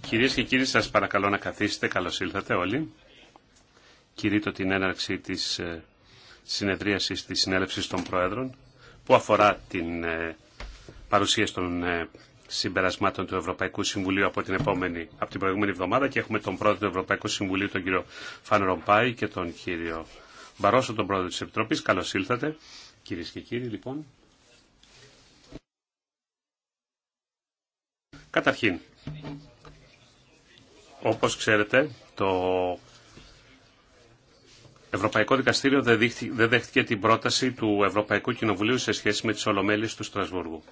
Κυρίες και κύριοι, σας παρακαλώ να καθίσετε. Καλώς ήλθατε όλοι. Κηρύττω την έναρξη της ε, συνεδρίασης της συνέλευσης των Προέδρων που αφορά την ε, παρουσίαση των ε, συμπερασμάτων του Ευρωπαϊκού Συμβουλίου από την, επόμενη, από την προηγούμενη εβδομάδα και έχουμε τον πρόεδρο του Ευρωπαϊκού Συμβουλίου, τον κύριο Φαν Ρομπάη και τον κύριο Μπαρόσο, τον πρόεδρο της Επιτροπής. Καλώς ήλθατε. Κυρίες και κύριοι, λοιπόν. Καταρχήν, όπως ξέρετε, το Ευρωπαϊκό Δικαστήριο δεν δέχτηκε την πρόταση του Ευρωπαϊκού Κοινοβουλίου σε σχέση με τις Ολομέλειες του Στρασβούργου.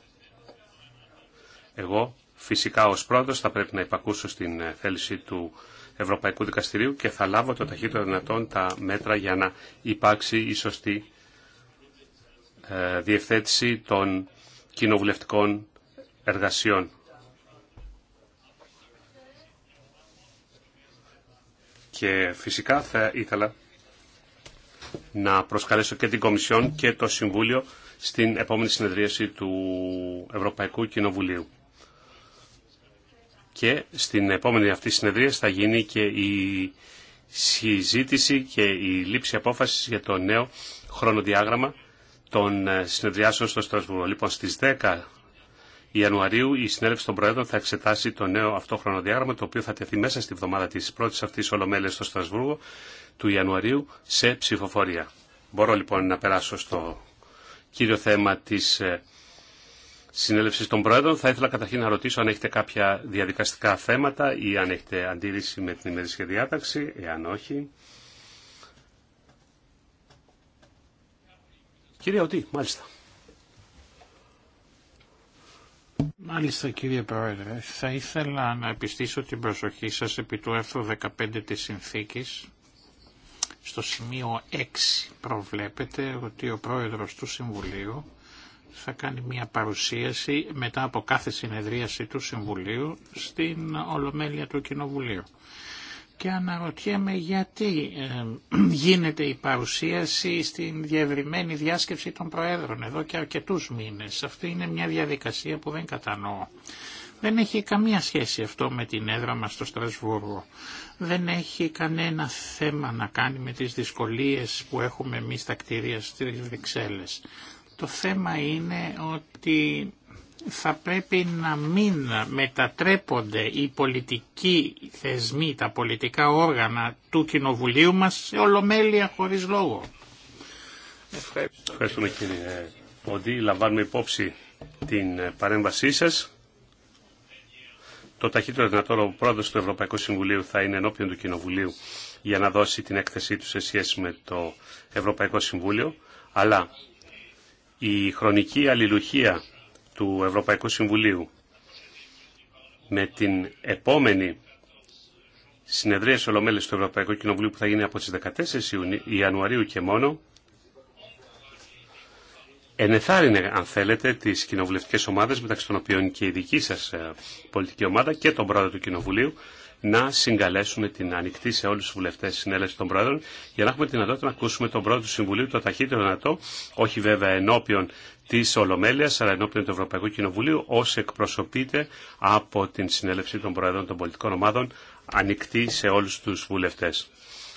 Εγώ φυσικά ως πρόεδρος θα πρέπει να υπακούσω στην ε, θέληση του Ευρωπαϊκού Δικαστηρίου και θα λάβω το ταχύτερο δυνατόν τα μέτρα για να υπάρξει η σωστή ε, διευθέτηση των κοινοβουλευτικών εργασιών Και φυσικά θα ήθελα να προσκαλέσω και την Κομισιόν και το Συμβούλιο στην επόμενη συνεδρίαση του Ευρωπαϊκού Κοινοβουλίου. Και στην επόμενη αυτή συνεδρία θα γίνει και η συζήτηση και η λήψη απόφασης για το νέο χρονοδιάγραμμα των συνεδριάσεων στο Στρασβούργο. Λοιπόν, στις 10 Ιανουαρίου η συνέλευση των Προέδρων θα εξετάσει το νέο αυτό χρονοδιάγραμμα, το οποίο θα τεθεί μέσα στη βδομάδα τη πρώτη αυτή ολομέλεια στο Στρασβούργο του Ιανουαρίου σε ψηφοφορία. Μπορώ λοιπόν να περάσω στο κύριο θέμα τη ε, συνέλευση των Προέδρων. Θα ήθελα καταρχήν να ρωτήσω αν έχετε κάποια διαδικαστικά θέματα ή αν έχετε αντίρρηση με την ημερήσια διάταξη, εάν όχι. Κύριε Οτή, μάλιστα. Μάλιστα κύριε Πρόεδρε, θα ήθελα να επιστήσω την προσοχή σας επί του έρθου 15 της συνθήκης. Στο σημείο 6 προβλέπετε ότι ο Πρόεδρος του Συμβουλίου θα κάνει μια παρουσίαση μετά από κάθε συνεδρίαση του Συμβουλίου στην Ολομέλεια του Κοινοβουλίου και αναρωτιέμαι γιατί γίνεται η παρουσίαση στην διευρυμένη διάσκεψη των Προέδρων εδώ και αρκετούς μήνες. Αυτή είναι μια διαδικασία που δεν κατανοώ. Δεν έχει καμία σχέση αυτό με την έδρα μας στο Στρασβούργο. Δεν έχει κανένα θέμα να κάνει με τις δυσκολίες που έχουμε εμείς τα κτίρια στις Βρυξέλλες. Το θέμα είναι ότι θα πρέπει να μην μετατρέπονται οι πολιτικοί θεσμοί, τα πολιτικά όργανα του Κοινοβουλίου μας σε ολομέλεια χωρίς λόγο. Ευχαριστώ. Ευχαριστούμε κύριε Ποντή. Λαμβάνουμε υπόψη την παρέμβασή σας. Το ταχύτερο δυνατόν ο πρόεδρος του Ευρωπαϊκού Συμβουλίου θα είναι ενώπιον του Κοινοβουλίου για να δώσει την έκθεσή του σε σχέση με το Ευρωπαϊκό Συμβούλιο, αλλά η χρονική αλληλουχία του Ευρωπαϊκού Συμβουλίου με την επόμενη συνεδρία σε ολομέλες του Ευρωπαϊκού Κοινοβουλίου που θα γίνει από τις 14 Ιανουαρίου και μόνο ενεθάρρυνε, αν θέλετε, τις κοινοβουλευτικές ομάδες μεταξύ των οποίων και η δική σας ε, πολιτική ομάδα και τον πρόεδρο του Κοινοβουλίου να συγκαλέσουμε την ανοιχτή σε όλου του βουλευτέ τη συνέλευση των Πρόεδρων για να έχουμε τη δυνατότητα να ακούσουμε τον πρόεδρο του Συμβουλίου το ταχύτερο δυνατό, όχι βέβαια ενώπιον τη Ολομέλεια, αλλά ενώπιον του Ευρωπαϊκού Κοινοβουλίου, ω εκπροσωπείται από την συνέλευση των Προέδρων των πολιτικών ομάδων ανοιχτή σε όλου του βουλευτέ.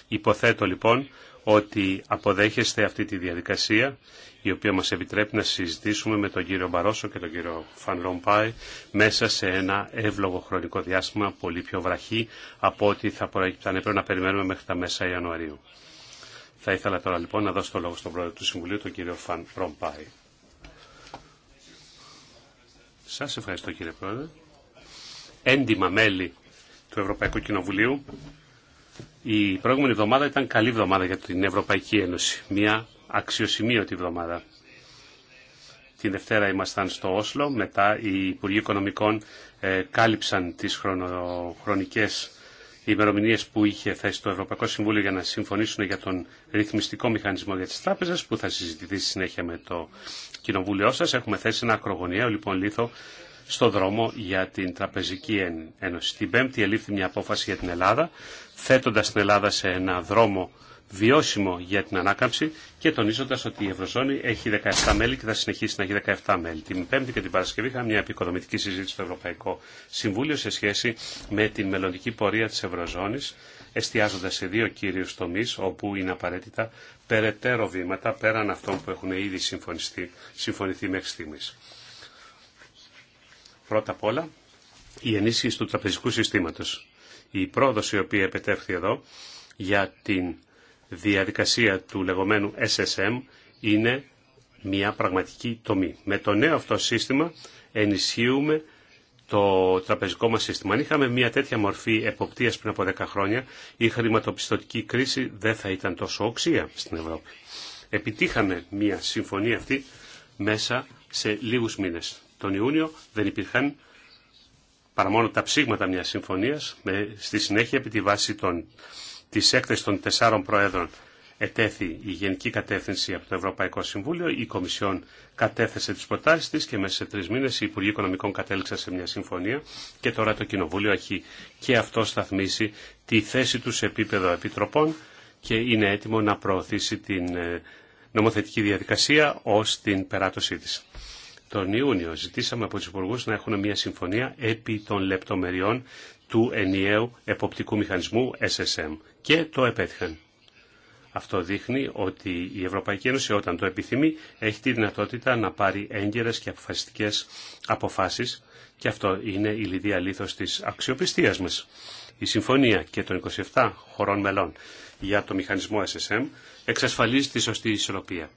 Υποθέτω λοιπόν ότι αποδέχεστε αυτή τη διαδικασία η οποία μας επιτρέπει να συζητήσουμε με τον κύριο Μπαρόσο και τον κύριο Φαν Ρομπάι μέσα σε ένα εύλογο χρονικό διάστημα πολύ πιο βραχή από ό,τι θα πρέπει να περιμένουμε μέχρι τα μέσα Ιανουαρίου. Θα ήθελα τώρα λοιπόν να δώσω το λόγο στον πρόεδρο του Συμβουλίου, τον κύριο Φαν Ρομπάι. Σας ευχαριστώ κύριε πρόεδρε. Έντιμα μέλη του Ευρωπαϊκού Κοινοβουλίου, η προηγούμενη εβδομάδα ήταν καλή εβδομάδα για την Ευρωπαϊκή Ένωση. Μια αξιοσημείωτη εβδομάδα. Την Δευτέρα ήμασταν στο Όσλο, μετά οι Υπουργοί Οικονομικών ε, κάλυψαν τις χρονικές ημερομηνίες που είχε θέσει το Ευρωπαϊκό Συμβούλιο για να συμφωνήσουν για τον ρυθμιστικό μηχανισμό για τις τράπεζες που θα συζητηθεί συνέχεια με το Κοινοβούλιο σας. Έχουμε θέσει ένα ακρογωνιαίο λοιπόν λίθο στο δρόμο για την Τραπεζική Ένωση. Την Πέμπτη ελήφθη μια απόφαση για την Ελλάδα, θέτοντας την Ελλάδα σε ένα δρόμο βιώσιμο για την ανάκαμψη και τονίζοντα ότι η Ευρωζώνη έχει 17 μέλη και θα συνεχίσει να έχει 17 μέλη. Την Πέμπτη και την Παρασκευή είχαμε μια επικοδομητική συζήτηση στο Ευρωπαϊκό Συμβούλιο σε σχέση με την μελλοντική πορεία τη Ευρωζώνη, εστιάζοντα σε δύο κύριου τομεί όπου είναι απαραίτητα περαιτέρω βήματα πέραν αυτών που έχουν ήδη συμφωνηθεί μέχρι στιγμή. Πρώτα απ' όλα, η ενίσχυση του τραπεζικού συστήματος. Η πρόοδος η οποία επιτεύχθη εδώ για την διαδικασία του λεγόμενου SSM είναι μια πραγματική τομή. Με το νέο αυτό σύστημα ενισχύουμε το τραπεζικό μας σύστημα. Αν είχαμε μια τέτοια μορφή εποπτείας πριν από 10 χρόνια, η χρηματοπιστωτική κρίση δεν θα ήταν τόσο οξία στην Ευρώπη. Επιτύχαμε μια συμφωνία αυτή μέσα σε λίγους μήνες τον Ιούνιο δεν υπήρχαν παρά μόνο τα ψήγματα μιας συμφωνίας. στη συνέχεια, επί τη βάση των, της έκθεσης των τεσσάρων προέδρων, ετέθη η Γενική Κατεύθυνση από το Ευρωπαϊκό Συμβούλιο, η Κομισιόν κατέθεσε τις προτάσεις της και μέσα σε τρεις μήνες οι Υπουργοί Οικονομικών κατέληξαν σε μια συμφωνία και τώρα το Κοινοβούλιο έχει και αυτό σταθμίσει τη θέση του σε επίπεδο επιτροπών και είναι έτοιμο να προωθήσει την ε, νομοθετική διαδικασία ως την περάτωσή της τον Ιούνιο. Ζητήσαμε από τους υπουργούς να έχουν μια συμφωνία επί των λεπτομεριών του ενιαίου εποπτικού μηχανισμού SSM και το επέτυχαν. Αυτό δείχνει ότι η Ευρωπαϊκή Ένωση όταν το επιθυμεί έχει τη δυνατότητα να πάρει έγκαιρες και αποφασιστικές αποφάσεις και αυτό είναι η λιδία λίθος της αξιοπιστίας μας. Η συμφωνία και των 27 χωρών μελών για το μηχανισμό SSM εξασφαλίζει τη σωστή ισορροπία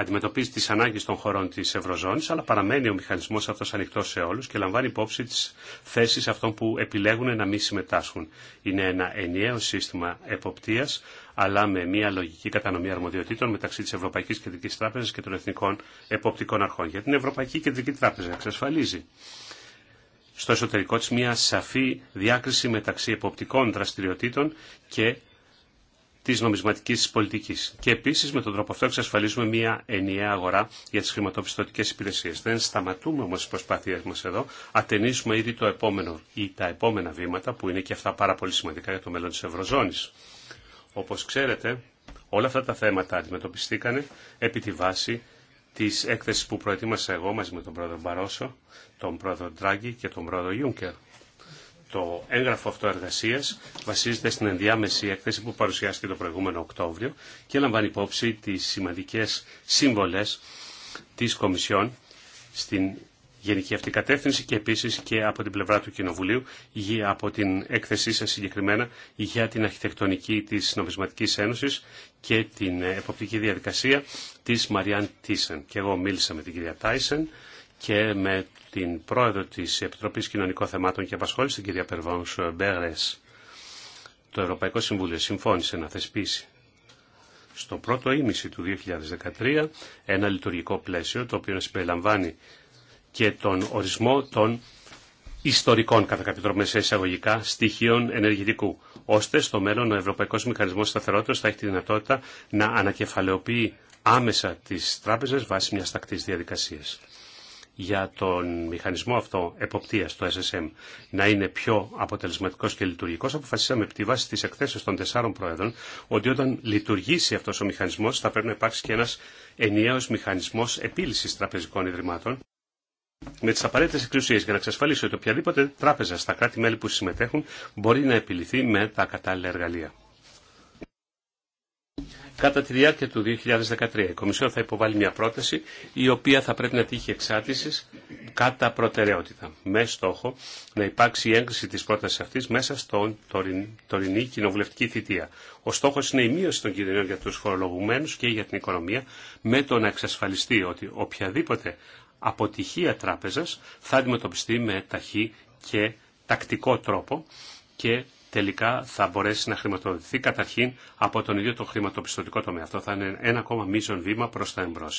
αντιμετωπίζει τι ανάγκε των χωρών τη Ευρωζώνη, αλλά παραμένει ο μηχανισμό αυτό ανοιχτό σε όλου και λαμβάνει υπόψη τι θέσει αυτών που επιλέγουν να μην συμμετάσχουν. Είναι ένα ενιαίο σύστημα εποπτεία, αλλά με μια λογική κατανομή αρμοδιοτήτων μεταξύ τη Ευρωπαϊκή Κεντρικής Τράπεζα και των Εθνικών Εποπτικών Αρχών. Για την Ευρωπαϊκή Κεντρική Τράπεζα εξασφαλίζει στο εσωτερικό της μια σαφή διάκριση μεταξύ εποπτικών δραστηριοτήτων και τη νομισματική πολιτική. Και επίση με τον τρόπο αυτό εξασφαλίζουμε μια ενιαία αγορά για τι χρηματοπιστωτικέ υπηρεσίε. Δεν σταματούμε όμω τι προσπάθειέ μα εδώ. Ατενίσουμε ήδη το επόμενο ή τα επόμενα βήματα που είναι και αυτά πάρα πολύ σημαντικά για το μέλλον τη Ευρωζώνη. Όπω ξέρετε, όλα αυτά τα θέματα αντιμετωπιστήκανε επί τη βάση τη έκθεση που προετοίμασα εγώ μαζί με τον πρόεδρο Μπαρόσο, τον πρόεδρο Ντράγκη και τον πρόεδρο Ιούνκερ το έγγραφο αυτό εργασία βασίζεται στην ενδιάμεση έκθεση που παρουσιάστηκε το προηγούμενο Οκτώβριο και λαμβάνει υπόψη τι σημαντικέ σύμβολε τη Κομισιόν στην γενική αυτή κατεύθυνση και επίση και από την πλευρά του Κοινοβουλίου ή από την έκθεσή σα συγκεκριμένα για την αρχιτεκτονική τη Νομισματική Ένωση και την εποπτική διαδικασία τη Μαριάν Τίσεν. Και εγώ μίλησα με την κυρία Τάισεν και με την πρόεδρο τη Επιτροπής Κοινωνικών Θεμάτων και Απασχόληση, την κυρία Περβόν Μπέρες. Το Ευρωπαϊκό Συμβούλιο συμφώνησε να θεσπίσει στο πρώτο ήμιση του 2013 ένα λειτουργικό πλαίσιο το οποίο συμπεριλαμβάνει και τον ορισμό των ιστορικών κατά κάποιο τρόπο μέσα εισαγωγικά στοιχείων ενεργητικού, ώστε στο μέλλον ο Ευρωπαϊκό Μηχανισμό Σταθερότητα θα έχει τη δυνατότητα να ανακεφαλαιοποιεί άμεσα τι τράπεζε βάσει μια τακτή διαδικασία για τον μηχανισμό αυτό εποπτεία το SSM, να είναι πιο αποτελεσματικό και λειτουργικό, αποφασίσαμε επί τη βάση τη εκθέσεω των τεσσάρων πρόεδρων ότι όταν λειτουργήσει αυτό ο μηχανισμό, θα πρέπει να υπάρξει και ένα ενιαίο μηχανισμό επίλυση τραπεζικών ιδρυμάτων με τι απαραίτητε εξουσίε για να εξασφαλίσει ότι οποιαδήποτε τράπεζα στα κράτη-μέλη που συμμετέχουν μπορεί να επιληθεί με τα κατάλληλα εργαλεία. Κατά τη διάρκεια του 2013 η Κομισιόν θα υποβάλει μια πρόταση η οποία θα πρέπει να τύχει εξάρτηση κατά προτεραιότητα με στόχο να υπάρξει η έγκριση της πρότασης αυτής μέσα στον τωρινή κοινοβουλευτική θητεία. Ο στόχος είναι η μείωση των κινδυνών για τους φορολογουμένους και για την οικονομία με το να εξασφαλιστεί ότι οποιαδήποτε αποτυχία τράπεζας θα αντιμετωπιστεί με ταχύ και τακτικό τρόπο και τελικά θα μπορέσει να χρηματοδοτηθεί καταρχήν από τον ίδιο το χρηματοπιστωτικό τομέα. Αυτό θα είναι ένα ακόμα μείζον βήμα προ τα εμπρό.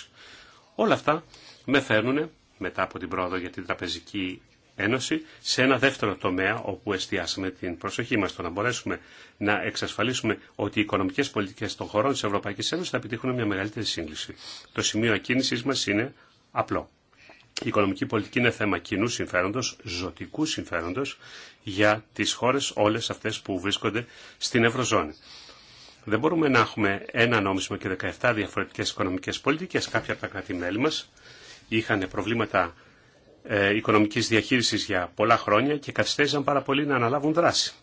Όλα αυτά με φέρνουν μετά από την πρόοδο για την Τραπεζική Ένωση σε ένα δεύτερο τομέα όπου εστιάσαμε την προσοχή μας στο να μπορέσουμε να εξασφαλίσουμε ότι οι οικονομικές πολιτικές των χωρών της Ευρωπαϊκή Ένωση θα επιτύχουν μια μεγαλύτερη σύγκληση. Το σημείο ακίνησης μας είναι απλό. Η οικονομική πολιτική είναι θέμα κοινού συμφέροντος, ζωτικού συμφέροντος για τις χώρες όλες αυτές που βρίσκονται στην Ευρωζώνη. Δεν μπορούμε να έχουμε ένα νόμισμα και 17 διαφορετικές οικονομικές πολιτικές. Κάποια από τα κράτη-μέλη μας είχαν προβλήματα ε, οικονομικής διαχείρισης για πολλά χρόνια και καθυστέρησαν πάρα πολύ να αναλάβουν δράση.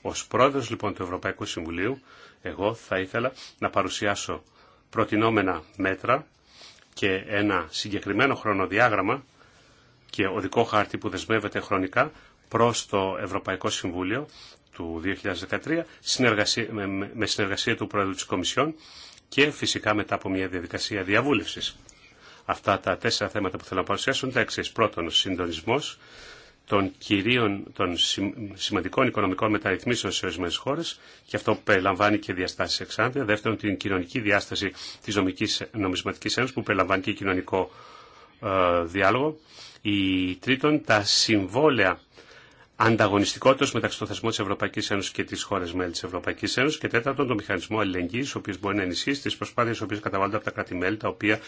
Ως πρόεδρος λοιπόν του Ευρωπαϊκού Συμβουλίου, εγώ θα ήθελα να παρουσιάσω προτινόμενα μέτρα και ένα συγκεκριμένο χρονοδιάγραμμα και οδικό χάρτη που δεσμεύεται χρονικά προς το Ευρωπαϊκό Συμβούλιο του 2013 με συνεργασία του Πρόεδρου της Κομισιόν και φυσικά μετά από μια διαδικασία διαβούλευσης. Αυτά τα τέσσερα θέματα που θέλω να παρουσιάσω είναι τα εξής. Πρώτον, συντονισμό των κυρίων των σημαντικών οικονομικών μεταρρυθμίσεων σε ορισμένε χώρε και αυτό περιλαμβάνει και διαστάσει εξάντια. Δεύτερον, την κοινωνική διάσταση τη νομισματική ένωση που περιλαμβάνει και κοινωνικό ε, διάλογο. Η, τρίτον, τα συμβόλαια ανταγωνιστικότητα μεταξύ των θεσμών τη Ευρωπαϊκή Ένωση και τη χώρε μέλη τη Ευρωπαϊκή Ένωση. Και τέταρτον, τον μηχανισμό αλληλεγγύη, ο οποίο μπορεί να ενισχύσει τι προσπάθειε οι οποίε καταβάλλονται από τα κράτη-μέλη, τα οποία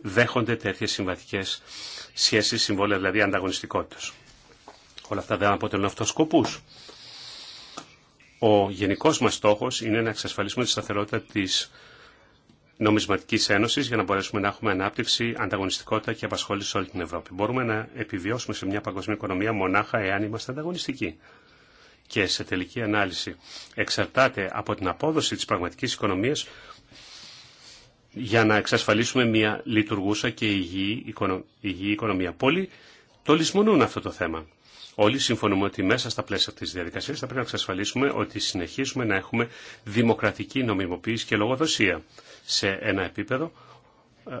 δέχονται τέτοιε συμβατικέ σχέσει, συμβόλαια δηλαδή ανταγωνιστικότητα. Όλα αυτά δεν αποτελούν αυτοσκοπούς. Ο γενικός μας στόχος είναι να εξασφαλίσουμε τη σταθερότητα της νομισματικής ένωσης για να μπορέσουμε να έχουμε ανάπτυξη, ανταγωνιστικότητα και απασχόληση σε όλη την Ευρώπη. Μπορούμε να επιβιώσουμε σε μια παγκοσμία οικονομία μονάχα εάν είμαστε ανταγωνιστικοί. Και σε τελική ανάλυση εξαρτάται από την απόδοση της πραγματικής οικονομίας για να εξασφαλίσουμε μια λειτουργούσα και υγιή, οικονομία. Πολλοί το λησμονούν αυτό το θέμα. Όλοι συμφωνούμε ότι μέσα στα πλαίσια αυτή τη διαδικασία θα πρέπει να εξασφαλίσουμε ότι συνεχίσουμε να έχουμε δημοκρατική νομιμοποίηση και λογοδοσία σε ένα επίπεδο, ε,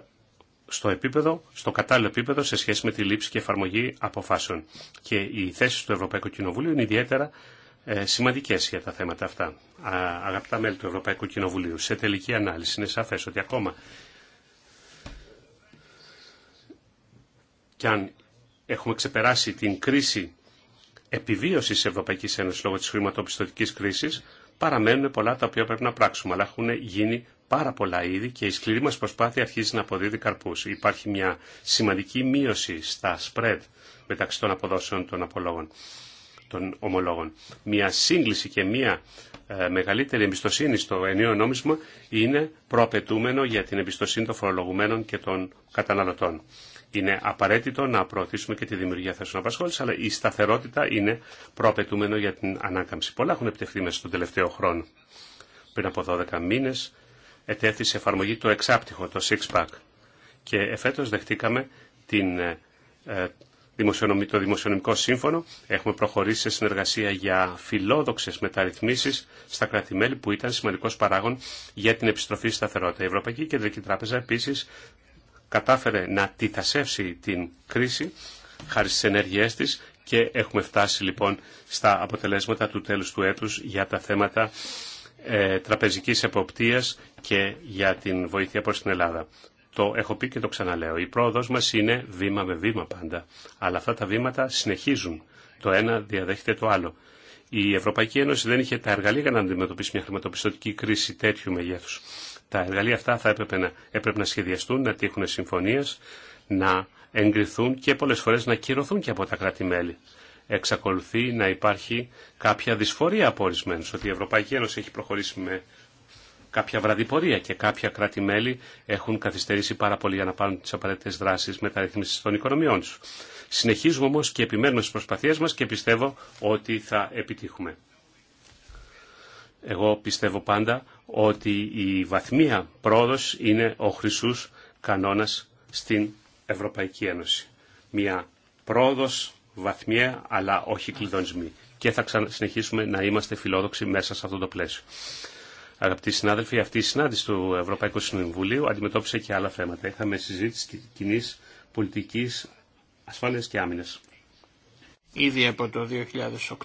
στο, επίπεδο, στο κατάλληλο επίπεδο σε σχέση με τη λήψη και εφαρμογή αποφάσεων. Και οι θέσει του Ευρωπαϊκού Κοινοβουλίου είναι ιδιαίτερα ε, σημαντικέ για τα θέματα αυτά. αγαπητά μέλη του Ευρωπαϊκού Κοινοβουλίου, σε τελική ανάλυση είναι σαφέ ότι ακόμα και αν έχουμε ξεπεράσει την κρίση Επιβίωση τη Ευρωπαϊκή Ένωση λόγω τη χρηματοπιστωτικής κρίση παραμένουν πολλά τα οποία πρέπει να πράξουμε, αλλά έχουν γίνει πάρα πολλά ήδη και η σκληρή μα προσπάθεια αρχίζει να αποδίδει καρπούς. Υπάρχει μια σημαντική μείωση στα spread μεταξύ των αποδόσεων των απολόγων των ομολόγων. Μια σύγκληση και μια ε, μεγαλύτερη εμπιστοσύνη στο ενίο νόμισμα είναι προαπαιτούμενο για την εμπιστοσύνη των φορολογουμένων και των καταναλωτών είναι απαραίτητο να προωθήσουμε και τη δημιουργία θέσεων απασχόληση, αλλά η σταθερότητα είναι προαπαιτούμενο για την ανάκαμψη. Πολλά έχουν επιτευχθεί μέσα στον τελευταίο χρόνο. Πριν από 12 μήνε ετέθη σε εφαρμογή το εξάπτυχο, το six pack. Και εφέτο δεχτήκαμε την, ε, το Δημοσιονομικό Σύμφωνο. Έχουμε προχωρήσει σε συνεργασία για φιλόδοξε μεταρρυθμίσει στα κρατη που ήταν σημαντικό παράγον για την επιστροφή σταθερότητα. Η Ευρωπαϊκή Κεντρική Τράπεζα επίση κατάφερε να τυθασεύσει την κρίση χάρη στις ενέργειές της και έχουμε φτάσει λοιπόν στα αποτελέσματα του τέλους του έτους για τα θέματα ε, τραπεζικής εποπτείας και για την βοήθεια προς την Ελλάδα. Το έχω πει και το ξαναλέω. Η πρόοδος μας είναι βήμα με βήμα πάντα. Αλλά αυτά τα βήματα συνεχίζουν. Το ένα διαδέχεται το άλλο. Η Ευρωπαϊκή Ένωση δεν είχε τα εργαλεία για να αντιμετωπίσει μια χρηματοπιστωτική κρίση τέτοιου μεγέθους. Τα εργαλεία αυτά θα έπρεπε να, έπρεπε να σχεδιαστούν, να τύχουν συμφωνίε, να εγκριθούν και πολλέ φορέ να κυρωθούν και από τα κράτη-μέλη. Εξακολουθεί να υπάρχει κάποια δυσφορία από ορισμένου ότι η Ευρωπαϊκή Ένωση έχει προχωρήσει με κάποια βραδιπορία και κάποια κράτη-μέλη έχουν καθυστερήσει πάρα πολύ για να πάρουν τι απαραίτητε δράσει μεταρρύθμιση των οικονομιών του. Συνεχίζουμε όμω και επιμένουμε στι προσπαθίε μα και πιστεύω ότι θα επιτύχουμε. Εγώ πιστεύω πάντα ότι η βαθμία πρόοδος είναι ο χρυσούς κανόνας στην Ευρωπαϊκή Ένωση. Μια πρόοδος βαθμία αλλά όχι κλειδονισμή. Και θα συνεχίσουμε να είμαστε φιλόδοξοι μέσα σε αυτό το πλαίσιο. Αγαπητοί συνάδελφοι, αυτή η συνάντηση του Ευρωπαϊκού Συμβουλίου αντιμετώπισε και άλλα θέματα. Είχαμε συζήτηση κοινή πολιτική ασφάλεια και άμυνα. Ήδη από το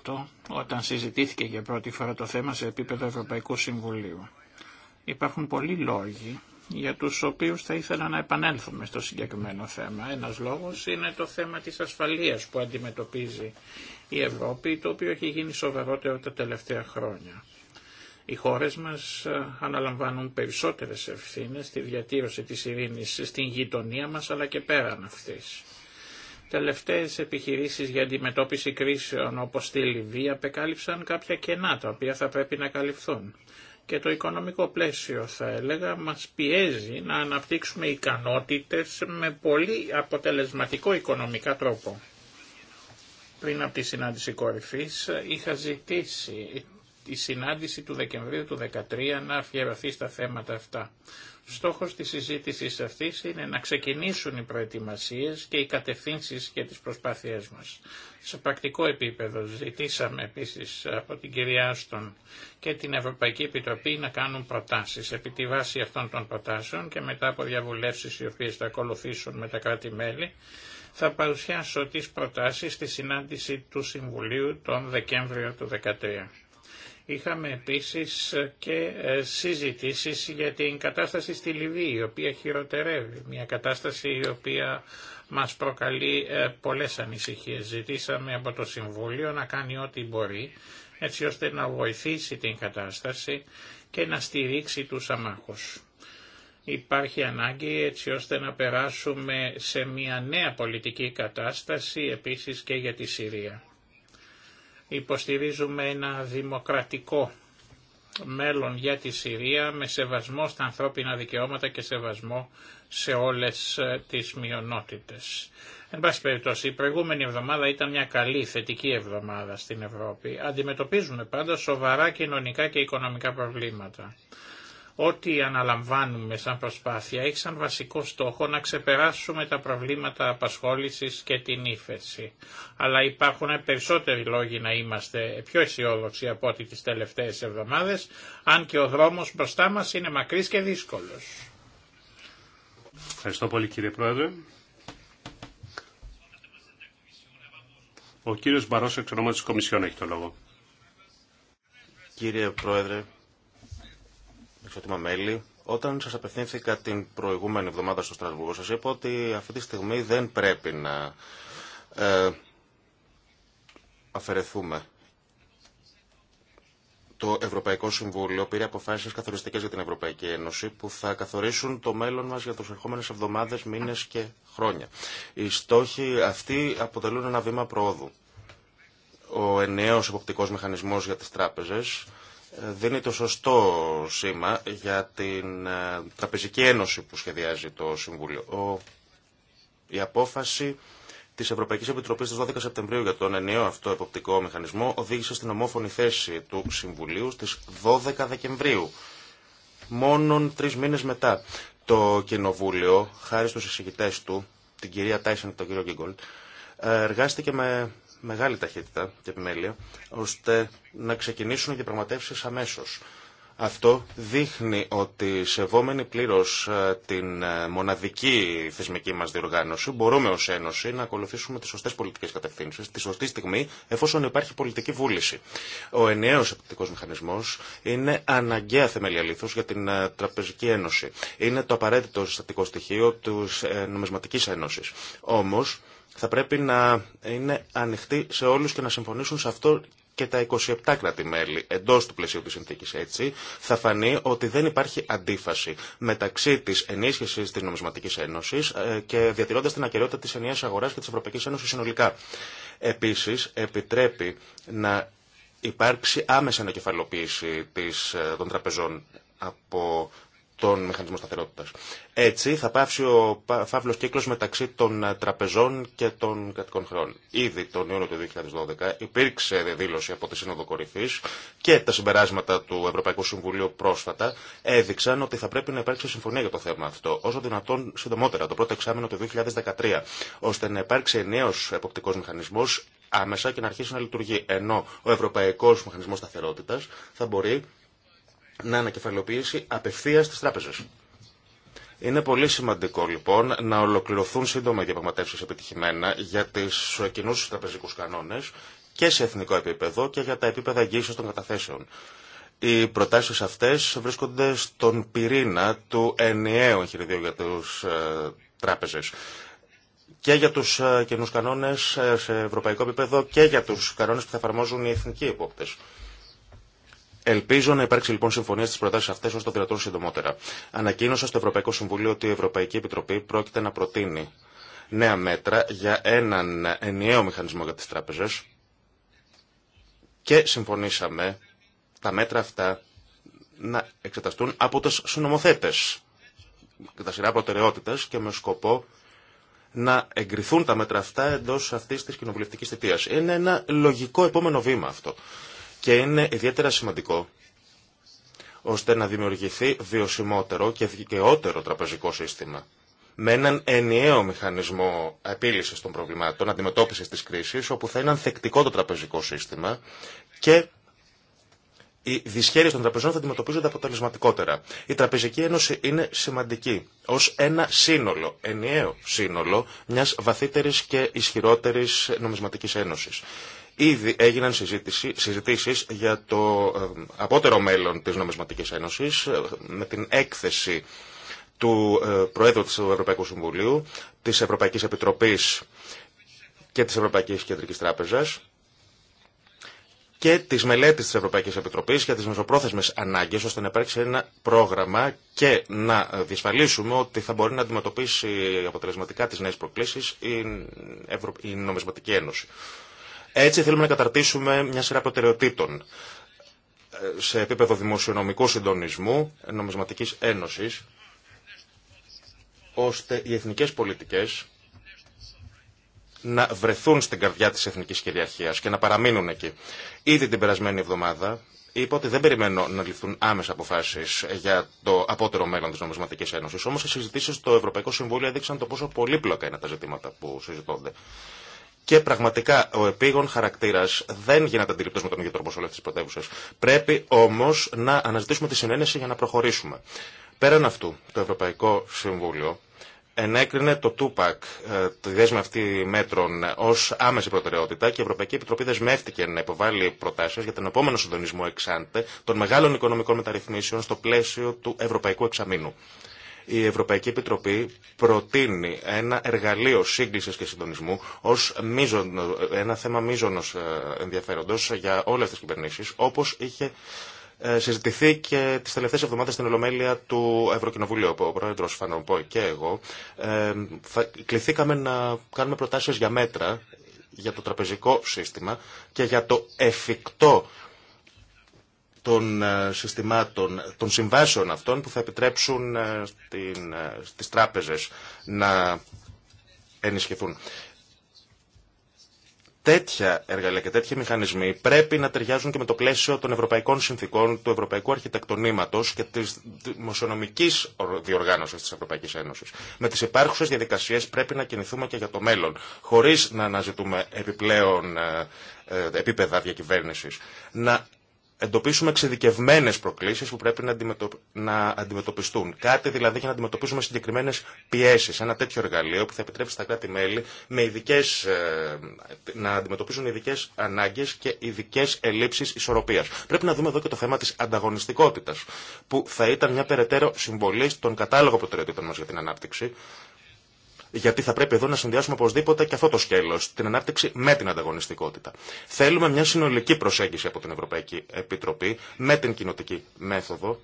2008, όταν συζητήθηκε για πρώτη φορά το θέμα σε επίπεδο Ευρωπαϊκού Συμβουλίου, υπάρχουν πολλοί λόγοι για τους οποίους θα ήθελα να επανέλθουμε στο συγκεκριμένο θέμα. Ένας λόγος είναι το θέμα της ασφαλείας που αντιμετωπίζει η Ευρώπη, το οποίο έχει γίνει σοβαρότερο τα τελευταία χρόνια. Οι χώρες μας ε, αναλαμβάνουν περισσότερες ευθύνες στη διατήρωση της ειρήνης στην γειτονία μας αλλά και πέραν αυτής τελευταίες επιχειρήσεις για αντιμετώπιση κρίσεων όπως στη Λιβύη απεκάλυψαν κάποια κενά τα οποία θα πρέπει να καλυφθούν. Και το οικονομικό πλαίσιο θα έλεγα μας πιέζει να αναπτύξουμε ικανότητες με πολύ αποτελεσματικό οικονομικά τρόπο. Πριν από τη συνάντηση κορυφής είχα ζητήσει τη συνάντηση του Δεκεμβρίου του 2013 να αφιερωθεί στα θέματα αυτά. Στόχος της συζήτησης αυτής είναι να ξεκινήσουν οι προετοιμασίες και οι κατευθύνσεις για τις προσπάθειές μας. Σε πρακτικό επίπεδο ζητήσαμε επίσης από την κυρία Άστον και την Ευρωπαϊκή Επιτροπή να κάνουν προτάσεις. Επί τη βάση αυτών των προτάσεων και μετά από διαβουλεύσεις οι οποίες θα ακολουθήσουν με τα κράτη-μέλη, θα παρουσιάσω τις προτάσεις στη συνάντηση του Συμβουλίου τον Δεκέμβριο του 2013. Είχαμε επίσης και ε, συζητήσεις για την κατάσταση στη Λιβύη, η οποία χειροτερεύει, μια κατάσταση η οποία μας προκαλεί ε, πολλές ανησυχίες. Ζητήσαμε από το Συμβούλιο να κάνει ό,τι μπορεί, έτσι ώστε να βοηθήσει την κατάσταση και να στηρίξει τους αμάχους. Υπάρχει ανάγκη έτσι ώστε να περάσουμε σε μια νέα πολιτική κατάσταση επίσης και για τη Συρία. Υποστηρίζουμε ένα δημοκρατικό μέλλον για τη Συρία με σεβασμό στα ανθρώπινα δικαιώματα και σεβασμό σε όλες ε, τις μειονότητες. Εν πάση περιπτώσει, η προηγούμενη εβδομάδα ήταν μια καλή θετική εβδομάδα στην Ευρώπη. Αντιμετωπίζουμε πάντα σοβαρά κοινωνικά και οικονομικά προβλήματα. Ό,τι αναλαμβάνουμε σαν προσπάθεια έχει σαν βασικό στόχο να ξεπεράσουμε τα προβλήματα απασχόλησης και την ύφεση. Αλλά υπάρχουν περισσότεροι λόγοι να είμαστε πιο αισιόδοξοι από ό,τι τις τελευταίες εβδομάδες, αν και ο δρόμος μπροστά μας είναι μακρύς και δύσκολος. Ευχαριστώ πολύ κύριε Πρόεδρε. Ο κύριος Μπαρός, εξ της Κομισιόν, έχει το λόγο. Κύριε Πρόεδρε, Εξωτήμα μέλη, όταν σας απευθύνθηκα την προηγούμενη εβδομάδα στο Στρασβούργο, σας είπα ότι αυτή τη στιγμή δεν πρέπει να ε, αφαιρεθούμε. Το Ευρωπαϊκό Συμβούλιο πήρε αποφάσει καθοριστικέ για την Ευρωπαϊκή Ένωση που θα καθορίσουν το μέλλον μα για τους ερχόμενε εβδομάδε, μήνε και χρόνια. Οι στόχοι αυτοί αποτελούν ένα βήμα προόδου. Ο ενιαίο εποπτικό μηχανισμό για τι τράπεζε, δίνει το σωστό σήμα για την ε, Τραπεζική Ένωση που σχεδιάζει το Συμβούλιο. Η απόφαση της Ευρωπαϊκής Επιτροπής της 12 Σεπτεμβρίου για τον ενιαίο αυτό εποπτικό μηχανισμό οδήγησε στην ομόφωνη θέση του Συμβουλίου στις 12 Δεκεμβρίου, μόνον τρεις μήνες μετά. Το Κοινοβούλιο, χάρη στους εισηγητές του, την κυρία Τάισεν και τον κύριο Γκίγκολτ, ε, εργάστηκε με μεγάλη ταχύτητα και επιμέλεια, ώστε να ξεκινήσουν οι διαπραγματεύσει αμέσω. Αυτό δείχνει ότι σεβόμενοι πλήρω ε, την ε, μοναδική θεσμική μα διοργάνωση μπορούμε ω Ένωση να ακολουθήσουμε τι σωστέ πολιτικέ κατευθύνσει, τη σωστή στιγμή εφόσον υπάρχει πολιτική βούληση. Ο ενιαίος επιτυχικό μηχανισμό είναι αναγκαία θεμελία για την ε, Τραπεζική Ένωση. Είναι το απαραίτητο συστατικό στοιχείο τη νομισματική Ένωση. Όμω, θα πρέπει να είναι ανοιχτή σε όλους και να συμφωνήσουν σε αυτό και τα 27 κράτη-μέλη εντός του πλαισίου της συνθήκης έτσι, θα φανεί ότι δεν υπάρχει αντίφαση μεταξύ της ενίσχυσης της νομισματικής ένωσης ε, και διατηρώντας την ακεραιότητα της ενιαίας αγοράς και της Ευρωπαϊκής Ένωσης συνολικά. Επίσης, επιτρέπει να υπάρξει άμεσα ανακεφαλοποίηση ε, των τραπεζών από τον μηχανισμό σταθερότητα. Έτσι θα πάψει ο φαύλο κύκλο μεταξύ των ε, τραπεζών και των κρατικών χρεών. Ήδη τον Ιούνιο του 2012 υπήρξε δήλωση από τη Σύνοδο Κορυφή και τα συμπεράσματα του Ευρωπαϊκού Συμβουλίου πρόσφατα έδειξαν ότι θα πρέπει να υπάρξει συμφωνία για το θέμα αυτό, όσο δυνατόν συντομότερα, το πρώτο εξάμεινο του 2013, ώστε να υπάρξει νέο εποπτικό μηχανισμό άμεσα και να αρχίσει να λειτουργεί. Ενώ ο Ευρωπαϊκό Μηχανισμό Σταθερότητα θα μπορεί να ανακεφαλοποιήσει απευθεία τι τράπεζε. Είναι πολύ σημαντικό λοιπόν να ολοκληρωθούν σύντομα οι διαπραγματεύσει επιτυχημένα για του κοινού τραπεζικού κανόνε και σε εθνικό επίπεδο και για τα επίπεδα εγγύηση των καταθέσεων. Οι προτάσει αυτέ βρίσκονται στον πυρήνα του ενιαίου εγχειριδίου για τους ε, τράπεζε και για του ε, κανόνε κανόνες ε, σε ευρωπαϊκό επίπεδο και για του κανόνε που θα εφαρμόζουν οι εθνικοί υπόπτες. Ελπίζω να υπάρξει λοιπόν συμφωνία στι προτάσει αυτέ ω το δυνατόν συντομότερα. Ανακοίνωσα στο Ευρωπαϊκό Συμβούλιο ότι η Ευρωπαϊκή Επιτροπή πρόκειται να προτείνει νέα μέτρα για έναν ενιαίο μηχανισμό για τι τράπεζε και συμφωνήσαμε τα μέτρα αυτά να εξεταστούν από του συνομοθέτε τα σειρά προτεραιότητε και με σκοπό να εγκριθούν τα μέτρα αυτά εντό αυτή τη κοινοβουλευτική θητεία. Είναι ένα λογικό επόμενο βήμα αυτό και είναι ιδιαίτερα σημαντικό ώστε να δημιουργηθεί βιωσιμότερο και δικαιότερο τραπεζικό σύστημα με έναν ενιαίο μηχανισμό επίλυσης των προβλημάτων, αντιμετώπισης της κρίσης, όπου θα είναι ανθεκτικό το τραπεζικό σύστημα και οι δυσχέρειες των τραπεζών θα αντιμετωπίζονται αποτελεσματικότερα. Η Τραπεζική Ένωση είναι σημαντική ως ένα σύνολο, ενιαίο σύνολο μιας βαθύτερης και ισχυρότερης νομισματικής ένωσης. Ήδη έγιναν συζητήσεις για το απότερο μέλλον της Νομισματικής Ένωσης ε, με την έκθεση του ε, Προέδρου του Ευρωπαϊκού Συμβουλίου, της Ευρωπαϊκής Επιτροπής και της Ευρωπαϊκής Κεντρικής Τράπεζας και τις μελέτη της Ευρωπαϊκής Επιτροπής για τις μεσοπρόθεσμες ανάγκες ώστε να υπάρξει ένα πρόγραμμα και να διασφαλίσουμε ότι θα μπορεί να αντιμετωπίσει αποτελεσματικά τι νέε προκλήσει η, Νομισματική Ένωση. Έτσι θέλουμε να καταρτήσουμε μια σειρά προτεραιοτήτων ε, σε επίπεδο δημοσιονομικού συντονισμού, νομισματικής ένωσης, ώστε οι εθνικές πολιτικές να βρεθούν στην καρδιά της εθνικής κυριαρχίας και να παραμείνουν εκεί. Ήδη την περασμένη εβδομάδα είπα ότι δεν περιμένω να ληφθούν άμεσα αποφάσεις για το απότερο μέλλον τη νομισματικής Ένωση. Όμω οι συζητήσει στο Ευρωπαϊκό Συμβούλιο έδειξαν το πόσο πολύπλοκα είναι τα ζητήματα που συζητώνται. Και πραγματικά ο επίγον χαρακτήρα δεν γίνεται αντιληπτό με τον ίδιο τρόπο σε όλε τι πρωτεύουσε. Πρέπει όμω να αναζητήσουμε τη συνένεση για να προχωρήσουμε. Πέραν αυτού, το Ευρωπαϊκό Συμβούλιο ενέκρινε το ΤΟΥΠΑΚ, ε, τη δέσμη αυτή μέτρων, ω άμεση προτεραιότητα και η Ευρωπαϊκή Επιτροπή δεσμεύτηκε να υποβάλει προτάσει για τον επόμενο συντονισμό εξάντε των μεγάλων οικονομικών μεταρρυθμίσεων στο πλαίσιο του Ευρωπαϊκού Εξαμήνου η Ευρωπαϊκή Επιτροπή προτείνει ένα εργαλείο σύγκληση και συντονισμού ως ένα θέμα μείζονο ε, ενδιαφέροντο για όλε τι κυβερνήσει, όπω είχε ε, συζητηθεί και τι τελευταίε εβδομάδε στην Ολομέλεια του Ευρωκοινοβουλίου, όπου ο πρόεδρο και εγώ ε, θα κληθήκαμε να κάνουμε προτάσει για μέτρα για το τραπεζικό σύστημα και για το εφικτό των ε, συστημάτων, των συμβάσεων αυτών που θα επιτρέψουν ε, στην, ε, στις τράπεζες να ενισχυθούν. Τέτοια εργαλεία και τέτοιοι μηχανισμοί πρέπει να ταιριάζουν και με το πλαίσιο των ευρωπαϊκών συνθήκων, του ευρωπαϊκού αρχιτεκτονήματο και τη δημοσιονομική διοργάνωση τη Ευρωπαϊκή Ένωση. Με τι υπάρχουσε διαδικασίε πρέπει να κινηθούμε και για το μέλλον, χωρί να αναζητούμε επιπλέον επίπεδα διακυβέρνηση. Να εντοπίσουμε εξειδικευμένε προκλήσει που πρέπει να, αντιμετωπιστούν. Κάτι δηλαδή για να αντιμετωπίσουμε συγκεκριμένε πιέσει. Ένα τέτοιο εργαλείο που θα επιτρέψει στα κράτη-μέλη ε, να αντιμετωπίσουν ειδικέ ανάγκε και ειδικέ ελλείψει ισορροπία. Πρέπει να δούμε εδώ και το θέμα τη ανταγωνιστικότητα, που θα ήταν μια περαιτέρω συμβολή στον κατάλογο προτεραιοτήτων μα για την ανάπτυξη γιατί θα πρέπει εδώ να συνδυάσουμε οπωσδήποτε και αυτό το σκέλο, την ανάπτυξη με την ανταγωνιστικότητα. Θέλουμε μια συνολική προσέγγιση από την Ευρωπαϊκή Επιτροπή με την κοινοτική μέθοδο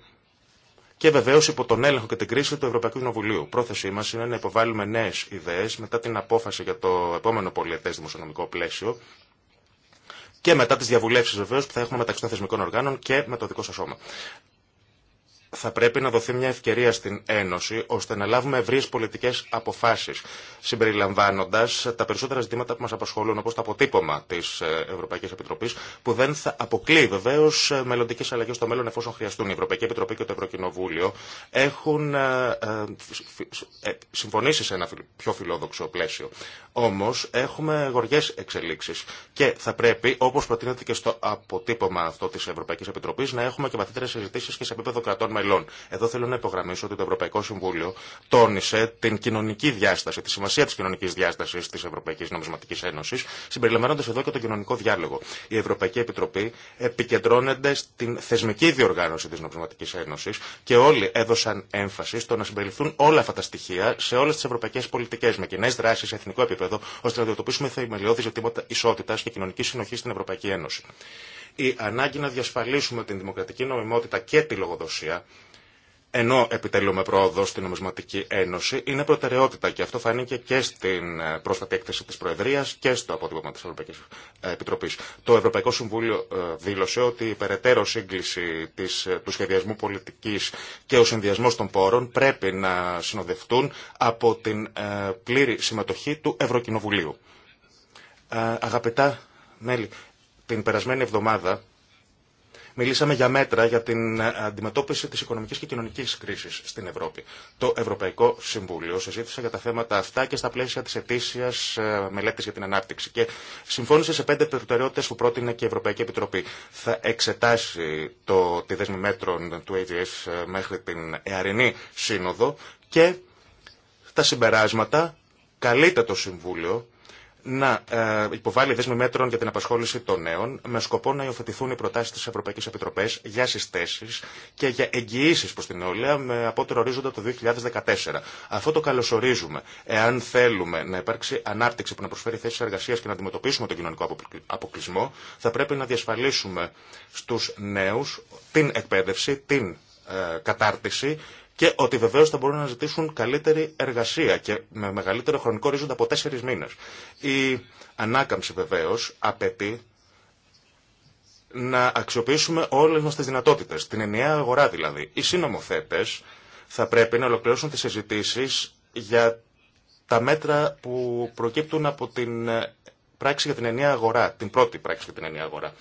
και βεβαίω υπό τον έλεγχο και την κρίση του Ευρωπαϊκού Κοινοβουλίου. Πρόθεσή μα είναι να υποβάλουμε νέε ιδέε μετά την απόφαση για το επόμενο πολιετέ δημοσιονομικό πλαίσιο και μετά τι διαβουλεύσει βεβαίω που θα έχουμε μεταξύ των θεσμικών οργάνων και με το δικό σα σώμα θα πρέπει να δοθεί μια ευκαιρία στην Ένωση ώστε να λάβουμε ευρείε πολιτικέ αποφάσει, συμπεριλαμβάνοντα τα περισσότερα ζητήματα που μα απασχολούν, όπω το αποτύπωμα τη ε, Ευρωπαϊκή Επιτροπή, που δεν θα αποκλεί βεβαίω ε, μελλοντικέ αλλαγέ στο μέλλον εφόσον χρειαστούν. Η Ευρωπαϊκή Επιτροπή και το Ευρωκοινοβούλιο έχουν ε, συμφωνήσει σε ένα πιο φιλόδοξο πλαίσιο. Όμω έχουμε γοργέ εξελίξει και θα πρέπει, όπω προτείνεται και στο αποτύπωμα αυτό τη Ευρωπαϊκή Επιτροπή, να έχουμε και βαθύτερε συζητήσει και σε επίπεδο κρατών μελών. Εδώ θέλω να υπογραμμίσω ότι το Ευρωπαϊκό Συμβούλιο τόνισε την κοινωνική διάσταση, τη σημασία τη κοινωνική διάσταση τη Ευρωπαϊκή Νομισματική Ένωση, συμπεριλαμβάνοντα εδώ και τον κοινωνικό διάλογο. Η Ευρωπαϊκή Επιτροπή επικεντρώνεται στην θεσμική διοργάνωση τη Νομισματική Ένωση και όλοι έδωσαν έμφαση στο να συμπεριληφθούν όλα αυτά τα στοιχεία σε όλε τι ευρωπαϊκέ πολιτικέ, με κοινέ δράσει σε εθνικό επίπεδο, ώστε να θεμελιώδη ζητήματα ισότητα και κοινωνική συνοχή στην Ευρωπαϊκή Ένωση. Η ανάγκη να διασφαλίσουμε την δημοκρατική νομιμότητα και τη λογοδοσία, ενώ επιτελούμε πρόοδο στην Νομισματική Ένωση, είναι προτεραιότητα και αυτό φάνηκε και στην ε, πρόσφατη έκθεση τη Προεδρία και στο αποτύπωμα τη Ευρωπαϊκή ε, Επιτροπή. Το Ευρωπαϊκό Συμβούλιο ε, δήλωσε ότι η περαιτέρω σύγκληση της, του σχεδιασμού πολιτική και ο συνδυασμό των πόρων πρέπει να συνοδευτούν από την πλήρη συμμετοχή του Ευρωκοινοβουλίου. Αγαπητά μέλη, την περασμένη εβδομάδα μιλήσαμε για μέτρα για την αντιμετώπιση της οικονομικής και κοινωνικής κρίσης στην Ευρώπη. Το Ευρωπαϊκό Συμβούλιο συζήτησε για τα θέματα αυτά και στα πλαίσια της ετήσιας ε, μελέτης για την ανάπτυξη και συμφώνησε σε πέντε προτεραιότητες που πρότεινε και η Ευρωπαϊκή Επιτροπή. Θα εξετάσει το, τη δέσμη μέτρων του AGS ε, μέχρι την Εαρινή Σύνοδο και τα συμπεράσματα καλείται το Συμβούλιο να ε, υποβάλει δέσμη μέτρων για την απασχόληση των νέων με σκοπό να υιοθετηθούν οι προτάσει τη Ευρωπαϊκή Επιτροπή για συστέσει και για εγγυήσει προ την όλια ε, με απότερο ορίζοντα το 2014. Αυτό το καλωσορίζουμε. Εάν θέλουμε να υπάρξει ανάπτυξη που να προσφέρει θέσει εργασία και να αντιμετωπίσουμε τον κοινωνικό αποκλεισμό, θα πρέπει να διασφαλίσουμε στου νέου την εκπαίδευση, την ε, κατάρτιση και ότι βεβαίω θα μπορούν να ζητήσουν καλύτερη εργασία και με μεγαλύτερο χρονικό ρίζοντα από τέσσερι μήνε. Η ανάκαμψη βεβαίω απαιτεί να αξιοποιήσουμε όλε μα τι δυνατότητε, την ενιαία αγορά δηλαδή. Οι συνομοθέτε θα πρέπει να ολοκληρώσουν τι συζητήσει για τα μέτρα που προκύπτουν από την πράξη για την ενιαία αγορά, την πρώτη πράξη για την ενιαία αγορά.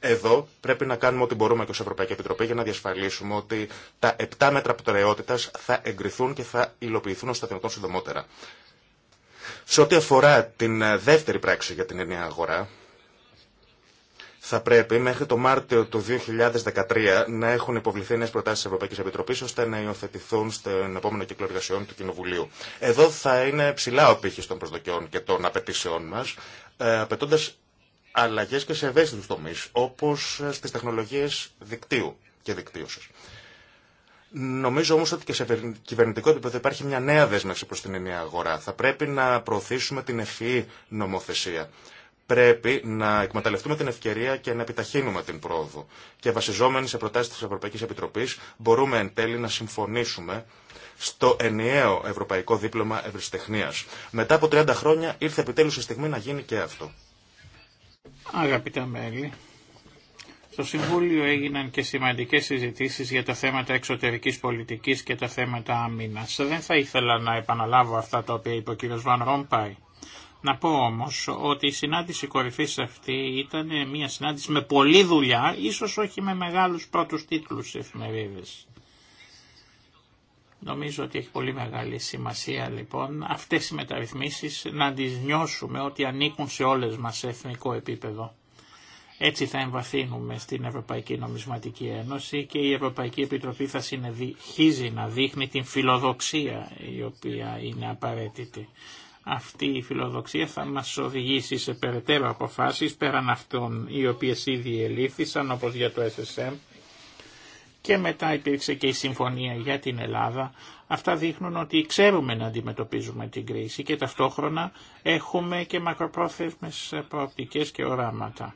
Εδώ πρέπει να κάνουμε ό,τι μπορούμε και ω Ευρωπαϊκή Επιτροπή για να διασφαλίσουμε ότι τα 7 μέτρα προτεραιότητα θα εγκριθούν και θα υλοποιηθούν ω τα δυνατόν συντομότερα. Σε ό,τι αφορά την ε, δεύτερη πράξη για την ενιαία αγορά, θα πρέπει μέχρι το Μάρτιο του 2013 να έχουν υποβληθεί νέε προτάσει τη Ευρωπαϊκή Επιτροπή ώστε να υιοθετηθούν στον επόμενο κύκλο εργασιών του Κοινοβουλίου. Εδώ θα είναι ψηλά ο πύχη των προσδοκιών και των απαιτήσεών μα, ε, απαιτώντα αλλαγές και σε ευαίσθητους τομείς, όπως στις τεχνολογίες δικτύου και δικτύωσης. Νομίζω όμως ότι και σε κυβερνητικό επίπεδο υπάρχει μια νέα δέσμευση προς την ενιαία αγορά. Θα πρέπει να προωθήσουμε την ευφυή νομοθεσία. Πρέπει να εκμεταλλευτούμε την ευκαιρία και να επιταχύνουμε την πρόοδο. Και βασιζόμενοι σε προτάσεις της Ευρωπαϊκής Επιτροπής μπορούμε εν τέλει να συμφωνήσουμε στο ενιαίο ευρωπαϊκό δίπλωμα ευρυστεχνία. Μετά από 30 χρόνια ήρθε επιτέλου η στιγμή να γίνει και αυτό. Αγαπητά μέλη, στο Συμβούλιο έγιναν και σημαντικές συζητήσεις για τα θέματα εξωτερικής πολιτικής και τα θέματα άμυνας. Δεν θα ήθελα να επαναλάβω αυτά τα οποία είπε ο κ. Βαν Ρόμπαϊ. Να πω όμως ότι η συνάντηση κορυφής αυτή ήταν μια συνάντηση με πολλή δουλειά, ίσως όχι με μεγάλους πρώτους τίτλους εφημερίδες. Νομίζω ότι έχει πολύ μεγάλη σημασία λοιπόν αυτές οι μεταρρυθμίσεις να τις νιώσουμε ότι ανήκουν σε όλες μας σε εθνικό επίπεδο. Έτσι θα εμβαθύνουμε στην Ευρωπαϊκή Νομισματική Ένωση και η Ευρωπαϊκή Επιτροπή θα συνεχίζει να δείχνει την φιλοδοξία η οποία είναι απαραίτητη. Αυτή η φιλοδοξία θα μας οδηγήσει σε περαιτέρω αποφάσεις πέραν αυτών οι οποίες ήδη ελήφθησαν όπως για το SSM και μετά υπήρξε και η συμφωνία για την Ελλάδα. Αυτά δείχνουν ότι ξέρουμε να αντιμετωπίζουμε την κρίση και ταυτόχρονα έχουμε και μακροπρόθεσμες προοπτικές και οράματα.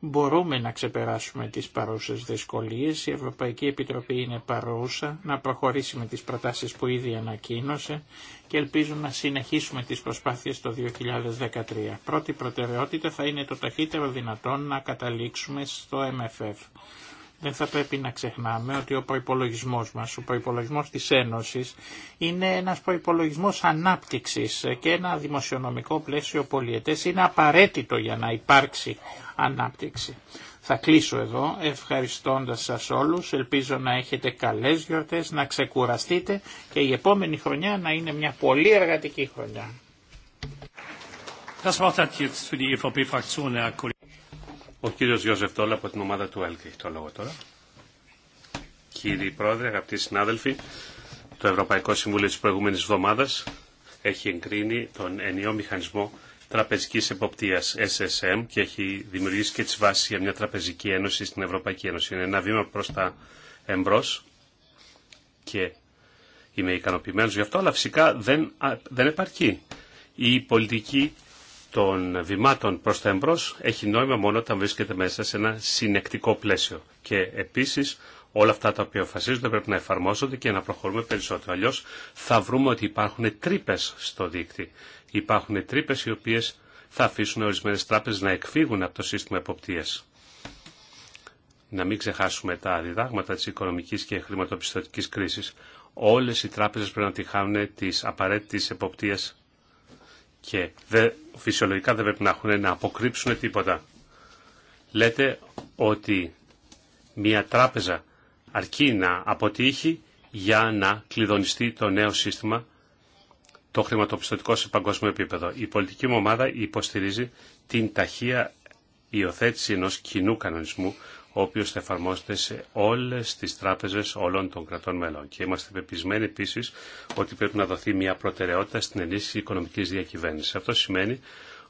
Μπορούμε να ξεπεράσουμε τις παρούσες δυσκολίες, η Ευρωπαϊκή Επιτροπή είναι παρούσα, να προχωρήσει με τις προτάσεις που ήδη ανακοίνωσε και ελπίζω να συνεχίσουμε τις προσπάθειες το 2013. Πρώτη προτεραιότητα θα είναι το ταχύτερο δυνατόν να καταλήξουμε στο MFF δεν θα πρέπει να ξεχνάμε ότι ο προπολογισμό μα, ο προπολογισμό τη Ένωση, είναι ένα προπολογισμό ανάπτυξη και ένα δημοσιονομικό πλαίσιο πολιετές είναι απαραίτητο για να υπάρξει ανάπτυξη. Θα κλείσω εδώ ευχαριστώντας σας όλους, ελπίζω να έχετε καλές γιορτές, να ξεκουραστείτε και η επόμενη χρονιά να είναι μια πολύ εργατική χρονιά. Ο κύριος Γιώσεφ Τόλα από την ομάδα του ΕΛΚ έχει το λόγο τώρα. Κύριε Πρόεδρε, αγαπητοί συνάδελφοι, το Ευρωπαϊκό Συμβούλιο της προηγούμενης εβδομάδας έχει εγκρίνει τον ενιαίο μηχανισμό τραπεζικής εποπτείας SSM και έχει δημιουργήσει και τις βάσεις για μια τραπεζική ένωση στην Ευρωπαϊκή Ένωση. Είναι ένα βήμα προς τα εμπρός και είμαι ικανοποιημένος γι' αυτό, αλλά φυσικά δεν, δεν επαρκεί. Η πολιτική των βημάτων προς τα εμπρός έχει νόημα μόνο όταν βρίσκεται μέσα σε ένα συνεκτικό πλαίσιο. Και επίσης όλα αυτά τα οποία αποφασίζονται πρέπει να εφαρμόζονται και να προχωρούμε περισσότερο. Αλλιώς θα βρούμε ότι υπάρχουν τρύπε στο δίκτυ. Υπάρχουν τρύπε οι οποίες θα αφήσουν ορισμένες τράπεζες να εκφύγουν από το σύστημα εποπτείας. Να μην ξεχάσουμε τα διδάγματα της οικονομικής και χρηματοπιστωτικής κρίσης. Όλες οι τράπεζες πρέπει να τη χάνουν απαραίτητες και δε, φυσιολογικά δεν πρέπει να έχουν να αποκρύψουν τίποτα. Λέτε ότι μια τράπεζα αρκεί να αποτύχει για να κλειδονιστεί το νέο σύστημα το χρηματοπιστωτικό σε παγκόσμιο επίπεδο. Η πολιτική μου ομάδα υποστηρίζει την ταχεία υιοθέτηση ενός κοινού κανονισμού ο οποίος θα εφαρμόζεται σε όλες τις τράπεζες όλων των κρατών μελών. Και είμαστε πεπισμένοι επίσης ότι πρέπει να δοθεί μια προτεραιότητα στην ενίσχυση οικονομικής διακυβέρνησης. Αυτό σημαίνει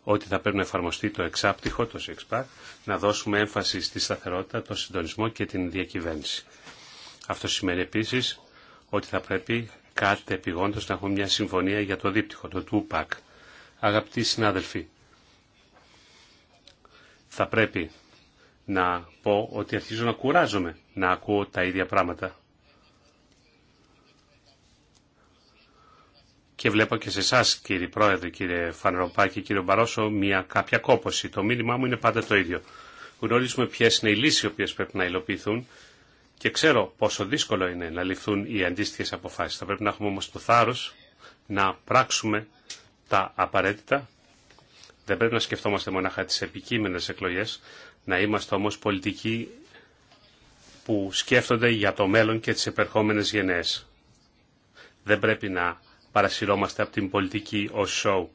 ότι θα πρέπει να εφαρμοστεί το εξάπτυχο, το ΣΕΚΣΠΑΚ, να δώσουμε έμφαση στη σταθερότητα, τον συντονισμό και την διακυβέρνηση. Αυτό σημαίνει επίσης ότι θα πρέπει κάτι επιγόντως να έχουμε μια συμφωνία για το δίπτυχο, το ΤΟΥΠΑΚ. Αγαπητοί συνάδελφοι, θα πρέπει να πω ότι αρχίζω να κουράζομαι να ακούω τα ίδια πράγματα. Και βλέπω και σε εσά, κύριε Πρόεδρε, κύριε Φανεροπάκη, κύριε Μπαρόσο, μια κάποια κόπωση. Το μήνυμά μου είναι πάντα το ίδιο. Γνωρίζουμε ποιε είναι οι λύσει οι οποίε πρέπει να υλοποιηθούν και ξέρω πόσο δύσκολο είναι να ληφθούν οι αντίστοιχε αποφάσει. Θα πρέπει να έχουμε όμω το θάρρο να πράξουμε τα απαραίτητα. Δεν πρέπει να σκεφτόμαστε μονάχα τι επικείμενε εκλογέ, να είμαστε όμως πολιτικοί που σκέφτονται για το μέλλον και τις επερχόμενες γενναίες. Δεν πρέπει να παρασυρώμαστε από την πολιτική ως σοου.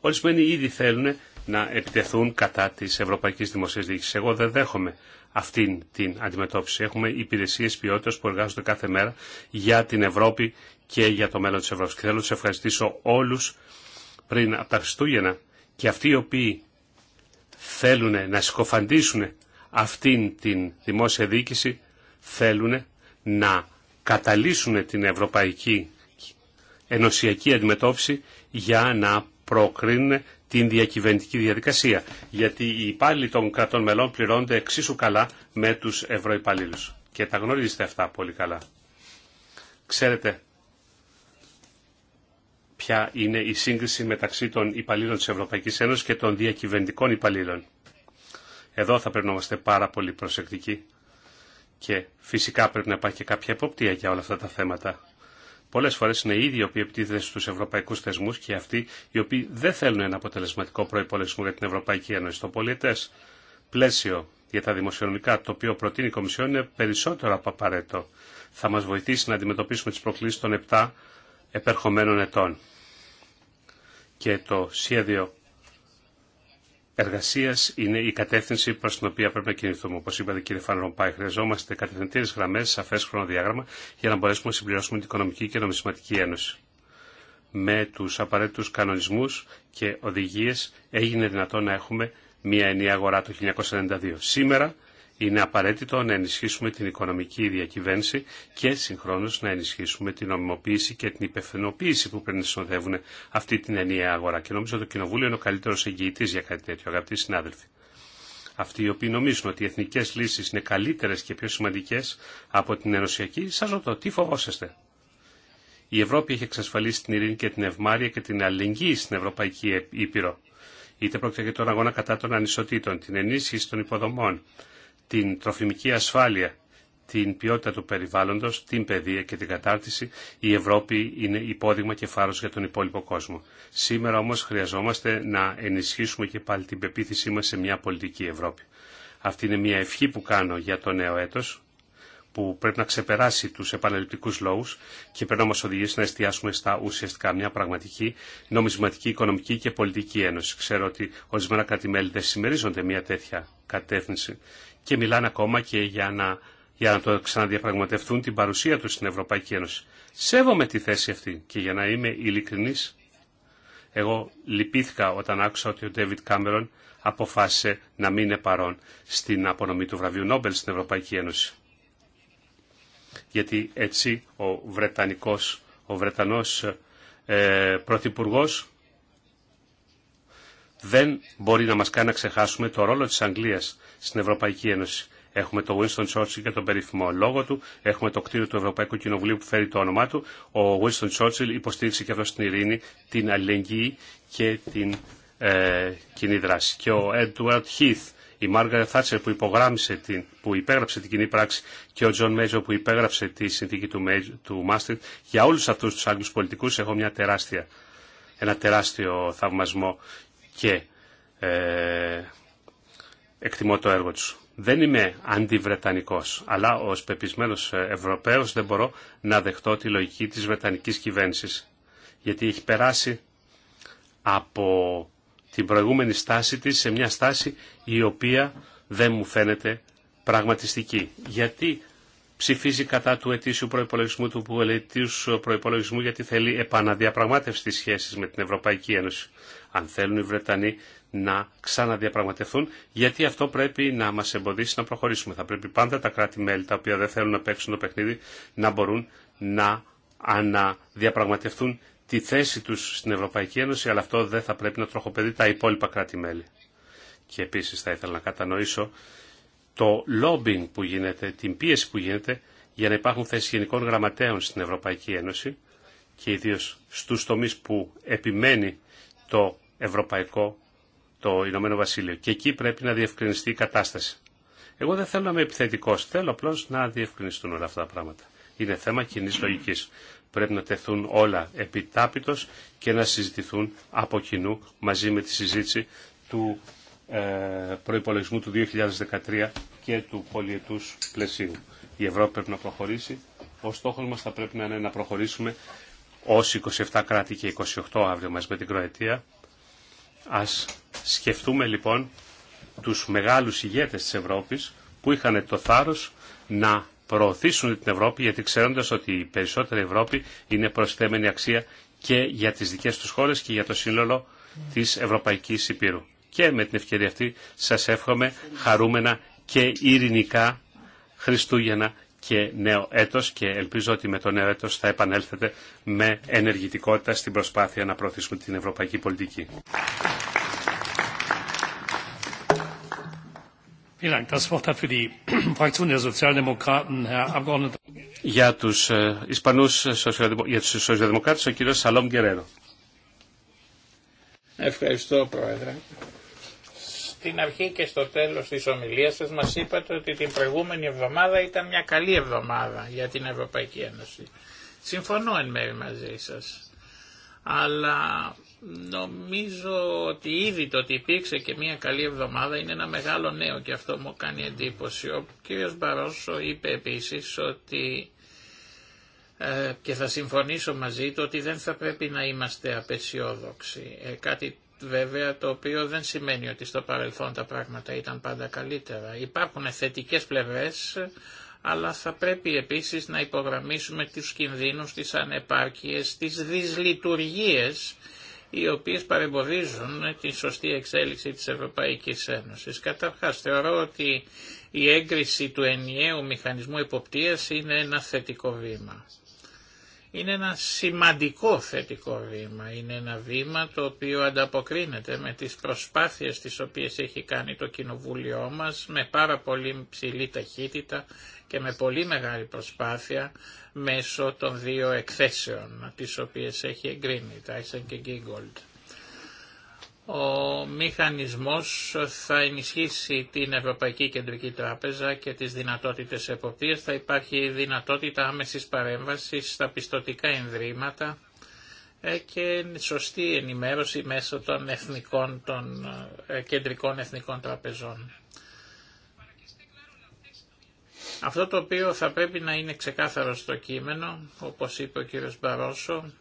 Ορισμένοι ήδη θέλουν να επιτεθούν κατά της Ευρωπαϊκής Δημοσίας Διοίκησης. Εγώ δεν δέχομαι αυτήν την αντιμετώπιση. Έχουμε υπηρεσίες ποιότητας που εργάζονται κάθε μέρα για την Ευρώπη και για το μέλλον της Ευρώπης. Και θέλω να τους ευχαριστήσω όλους πριν από τα Χριστούγεννα και αυτοί οι οποίοι θέλουν να συκοφαντήσουν αυτήν την δημόσια διοίκηση, θέλουν να καταλύσουν την ευρωπαϊκή ενωσιακή αντιμετώπιση για να προκρίνουν την διακυβερνητική διαδικασία. Γιατί οι υπάλληλοι των κρατών μελών πληρώνονται εξίσου καλά με τους ευρωυπαλλήλους. Και τα γνωρίζετε αυτά πολύ καλά. Ξέρετε ποια είναι η σύγκριση μεταξύ των υπαλλήλων της Ευρωπαϊκής Ένωσης και των διακυβερνητικών υπαλλήλων. Εδώ θα πρέπει να είμαστε πάρα πολύ προσεκτικοί και φυσικά πρέπει να υπάρχει και κάποια εποπτεία για όλα αυτά τα θέματα. Πολλέ φορέ είναι οι ίδιοι οι οποίοι επιτίθενται στου ευρωπαϊκού θεσμού και αυτοί οι οποίοι δεν θέλουν ένα αποτελεσματικό προπολογισμό για την Ευρωπαϊκή Ένωση. Το πολιτέ πλαίσιο για τα δημοσιονομικά το οποίο προτείνει η Κομισιόν είναι περισσότερο από απαραίτητο. Θα μα βοηθήσει να αντιμετωπίσουμε τι προκλήσει των 7 επερχομένων ετών και το σχέδιο εργασία είναι η κατεύθυνση προ την οποία πρέπει να κινηθούμε. Όπω είπατε, κύριε Φανρομπάη, χρειαζόμαστε κατευθυντήρε γραμμέ, σαφέ χρονοδιάγραμμα για να μπορέσουμε να συμπληρώσουμε την Οικονομική και Νομισματική Ένωση. Με του απαραίτητου κανονισμού και οδηγίε έγινε δυνατό να έχουμε μια ενιαία αγορά το 1992. Σήμερα είναι απαραίτητο να ενισχύσουμε την οικονομική διακυβέρνηση και συγχρόνω να ενισχύσουμε την νομιμοποίηση και την υπευθυνοποίηση που πρέπει να συνοδεύουν αυτή την ενιαία αγορά. Και νομίζω ότι το Κοινοβούλιο είναι ο καλύτερο εγγυητή για κάτι τέτοιο, αγαπητοί συνάδελφοι. Αυτοί οι οποίοι νομίζουν ότι οι εθνικέ λύσει είναι καλύτερε και πιο σημαντικέ από την ενωσιακή, σα ρωτώ, τι φοβόσαστε. Η Ευρώπη έχει εξασφαλίσει την ειρήνη και την ευμάρεια και την αλληλεγγύη στην Ευρωπαϊκή Ήπειρο. Είτε πρόκειται για τον αγώνα κατά των ανισοτήτων, την ενίσχυση των υποδομών, την τροφιμική ασφάλεια, την ποιότητα του περιβάλλοντος, την παιδεία και την κατάρτιση, η Ευρώπη είναι υπόδειγμα και φάρος για τον υπόλοιπο κόσμο. Σήμερα όμως χρειαζόμαστε να ενισχύσουμε και πάλι την πεποίθησή μας σε μια πολιτική Ευρώπη. Αυτή είναι μια ευχή που κάνω για το νέο έτος, που πρέπει να ξεπεράσει τους επαναληπτικούς λόγους και πρέπει να μας οδηγήσει να εστιάσουμε στα ουσιαστικά μια πραγματική νομισματική, οικονομική και πολιτική ένωση. Ξέρω ότι ορισμένα κράτη-μέλη δεν συμμερίζονται μια τέτοια κατεύθυνση και μιλάνε ακόμα και για να, για να το ξαναδιαπραγματευτούν την παρουσία τους στην Ευρωπαϊκή Ένωση. Σέβομαι τη θέση αυτή και για να είμαι ειλικρινής, εγώ λυπήθηκα όταν άκουσα ότι ο Ντέβιτ Κάμερον αποφάσισε να μην είναι παρόν στην απονομή του βραβείου Νόμπελ στην Ευρωπαϊκή Ένωση. Γιατί έτσι ο Βρετανικός, ο Βρετανός ε, Πρωθυπουργός δεν μπορεί να μας κάνει να ξεχάσουμε το ρόλο της Αγγλίας στην Ευρωπαϊκή Ένωση. Έχουμε το Winston Churchill και τον περίφημο λόγο του. Έχουμε το κτίριο του Ευρωπαϊκού Κοινοβουλίου που φέρει το όνομά του. Ο Winston Churchill υποστήριξε και αυτό στην ειρήνη, την αλληλεγγύη και την ε, κοινή δράση. Και ο Edward Heath, η Margaret Thatcher που, υπογράμμισε την, που υπέγραψε την κοινή πράξη και ο John Major που υπέγραψε τη συνθήκη του, του Για όλους αυτούς τους Άγγλους πολιτικούς έχω μια τεράστια, ένα τεράστιο θαυμασμό και ε, εκτιμώ το έργο τους. Δεν είμαι αντιβρετανικός, αλλά ως πεπισμένος ε, Ευρωπαίος δεν μπορώ να δεχτώ τη λογική της Βρετανικής κυβέρνησης, γιατί έχει περάσει από την προηγούμενη στάση της σε μια στάση η οποία δεν μου φαίνεται πραγματιστική. Γιατί ψηφίζει κατά του ετήσιου προϋπολογισμού του ετήσιου προϋπολογισμού γιατί θέλει επαναδιαπραγμάτευση της σχέσης με την Ευρωπαϊκή Ένωση αν θέλουν οι Βρετανοί να ξαναδιαπραγματευτούν, γιατί αυτό πρέπει να μα εμποδίσει να προχωρήσουμε. Θα πρέπει πάντα τα κράτη-μέλη τα οποία δεν θέλουν να παίξουν το παιχνίδι να μπορούν να αναδιαπραγματευτούν τη θέση του στην Ευρωπαϊκή Ένωση, αλλά αυτό δεν θα πρέπει να τροχοπεδεί τα υπόλοιπα κράτη-μέλη. Και επίση θα ήθελα να κατανοήσω το lobbying που γίνεται, την πίεση που γίνεται για να υπάρχουν θέσει γενικών γραμματέων στην Ευρωπαϊκή Ένωση και Ιδίω στου τομεί που επιμένει το ευρωπαϊκό το Ηνωμένο Βασίλειο. Και εκεί πρέπει να διευκρινιστεί η κατάσταση. Εγώ δεν θέλω να είμαι επιθετικό. Θέλω απλώ να διευκρινιστούν όλα αυτά τα πράγματα. Είναι θέμα κοινή λογική. Πρέπει να τεθούν όλα επιτάπητο και να συζητηθούν από κοινού μαζί με τη συζήτηση του ε, προπολογισμού του 2013 και του πολιετού πλαισίου. Η Ευρώπη πρέπει να προχωρήσει. Ο στόχο μα θα πρέπει να είναι να προχωρήσουμε ω 27 κράτη και 28 αύριο μαζί με την Κροατία Ας σκεφτούμε λοιπόν τους μεγάλους ηγέτες της Ευρώπης που είχαν το θάρρος να προωθήσουν την Ευρώπη γιατί ξέροντας ότι η περισσότερη Ευρώπη είναι προσθέμενη αξία και για τις δικές τους χώρες και για το σύνολο της Ευρωπαϊκής Υπήρου. Και με την ευκαιρία αυτή σας εύχομαι χαρούμενα και ειρηνικά Χριστούγεννα και νέο έτος και ελπίζω ότι με το νέο έτος θα επανέλθετε με ενεργητικότητα στην προσπάθεια να προωθήσουμε την ευρωπαϊκή πολιτική. Για τους ε, Ισπανούς για Σοσιαλδημοκράτες, ο κύριος Σαλόμ Γκερέρο. Ευχαριστώ, Πρόεδρε στην αρχή και στο τέλος της ομιλίας σας μας είπατε ότι την προηγούμενη εβδομάδα ήταν μια καλή εβδομάδα για την Ευρωπαϊκή Ένωση. Συμφωνώ εν μέρει μαζί σας. Αλλά νομίζω ότι ήδη το ότι υπήρξε και μια καλή εβδομάδα είναι ένα μεγάλο νέο και αυτό μου κάνει εντύπωση. Ο κύριος Μπαρόσο είπε επίσης ότι ε, και θα συμφωνήσω μαζί του ότι δεν θα πρέπει να είμαστε απεσιόδοξοι. Ε, κάτι βέβαια το οποίο δεν σημαίνει ότι στο παρελθόν τα πράγματα ήταν πάντα καλύτερα. Υπάρχουν θετικές πλευρές, αλλά θα πρέπει επίσης να υπογραμμίσουμε τους κινδύνους, τις ανεπάρκειες, τις δυσλειτουργίες οι οποίες παρεμποδίζουν τη σωστή εξέλιξη της Ευρωπαϊκής Ένωσης. Καταρχάς θεωρώ ότι η έγκριση του ενιαίου μηχανισμού υποπτία είναι ένα θετικό βήμα είναι ένα σημαντικό θετικό βήμα. Είναι ένα βήμα το οποίο ανταποκρίνεται με τις προσπάθειες τις οποίες έχει κάνει το Κοινοβούλιο μας με πάρα πολύ ψηλή ταχύτητα και με πολύ μεγάλη προσπάθεια μέσω των δύο εκθέσεων τις οποίες έχει εγκρίνει, Tyson και Giggold. Ο μηχανισμός θα ενισχύσει την Ευρωπαϊκή Κεντρική Τράπεζα και τις δυνατότητες εποπτείας. Θα υπάρχει δυνατότητα άμεσης παρέμβασης στα πιστοτικά ενδρύματα ε, και σωστή ενημέρωση μέσω των, εθνικών, των ε, κεντρικών εθνικών τραπεζών. Αυτό το οποίο θα πρέπει να είναι ξεκάθαρο στο κείμενο, όπως είπε ο κύριος Μπαρόσο,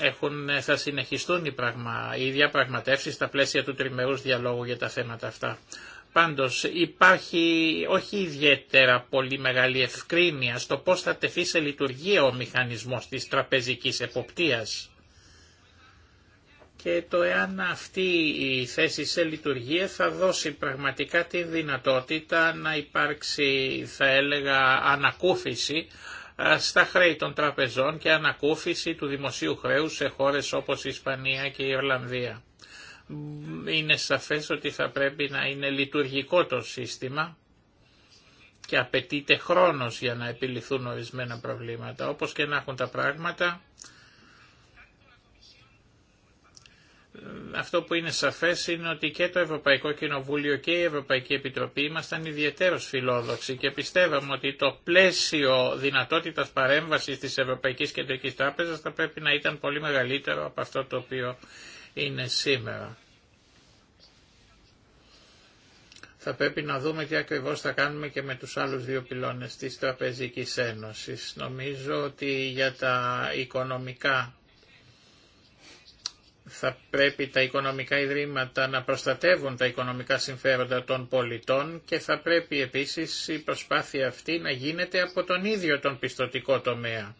έχουν, ε, θα συνεχιστούν οι, πραγμα, οι διαπραγματεύσεις στα πλαίσια του τριμερούς διαλόγου για τα θέματα αυτά. Πάντως υπάρχει όχι ιδιαίτερα πολύ μεγάλη ευκρίνεια στο πώς θα τεθεί σε λειτουργία ο μηχανισμός της τραπεζικής εποπτείας και το εάν αυτή η θέση σε λειτουργία θα δώσει πραγματικά τη δυνατότητα να υπάρξει θα έλεγα ανακούφιση ε, στα χρέη των τραπεζών και ανακούφιση του δημοσίου χρέους σε χώρες όπως η Ισπανία και η Ιρλανδία. Είναι σαφές ότι θα πρέπει να είναι λειτουργικό το σύστημα και απαιτείται χρόνος για να επιληθούν ορισμένα προβλήματα. Όπως και να έχουν τα πράγματα, αυτό που είναι σαφές είναι ότι και το Ευρωπαϊκό Κοινοβούλιο και η Ευρωπαϊκή Επιτροπή ήμασταν ιδιαίτερος φιλόδοξοι και πιστεύαμε ότι το πλαίσιο δυνατότητας παρέμβασης της Ευρωπαϊκής Κεντρικής Τράπεζας θα πρέπει να ήταν πολύ μεγαλύτερο από αυτό το οποίο είναι σήμερα. Θα πρέπει να δούμε τι ακριβώς θα κάνουμε και με τους άλλους δύο πυλώνες της Τραπεζικής Ένωσης. Νομίζω ότι για τα οικονομικά θα πρέπει τα οικονομικά ιδρύματα να προστατεύουν τα οικονομικά συμφέροντα των πολιτών και θα πρέπει επίσης η προσπάθεια αυτή να γίνεται από τον ίδιο τον πιστοτικό τομέα.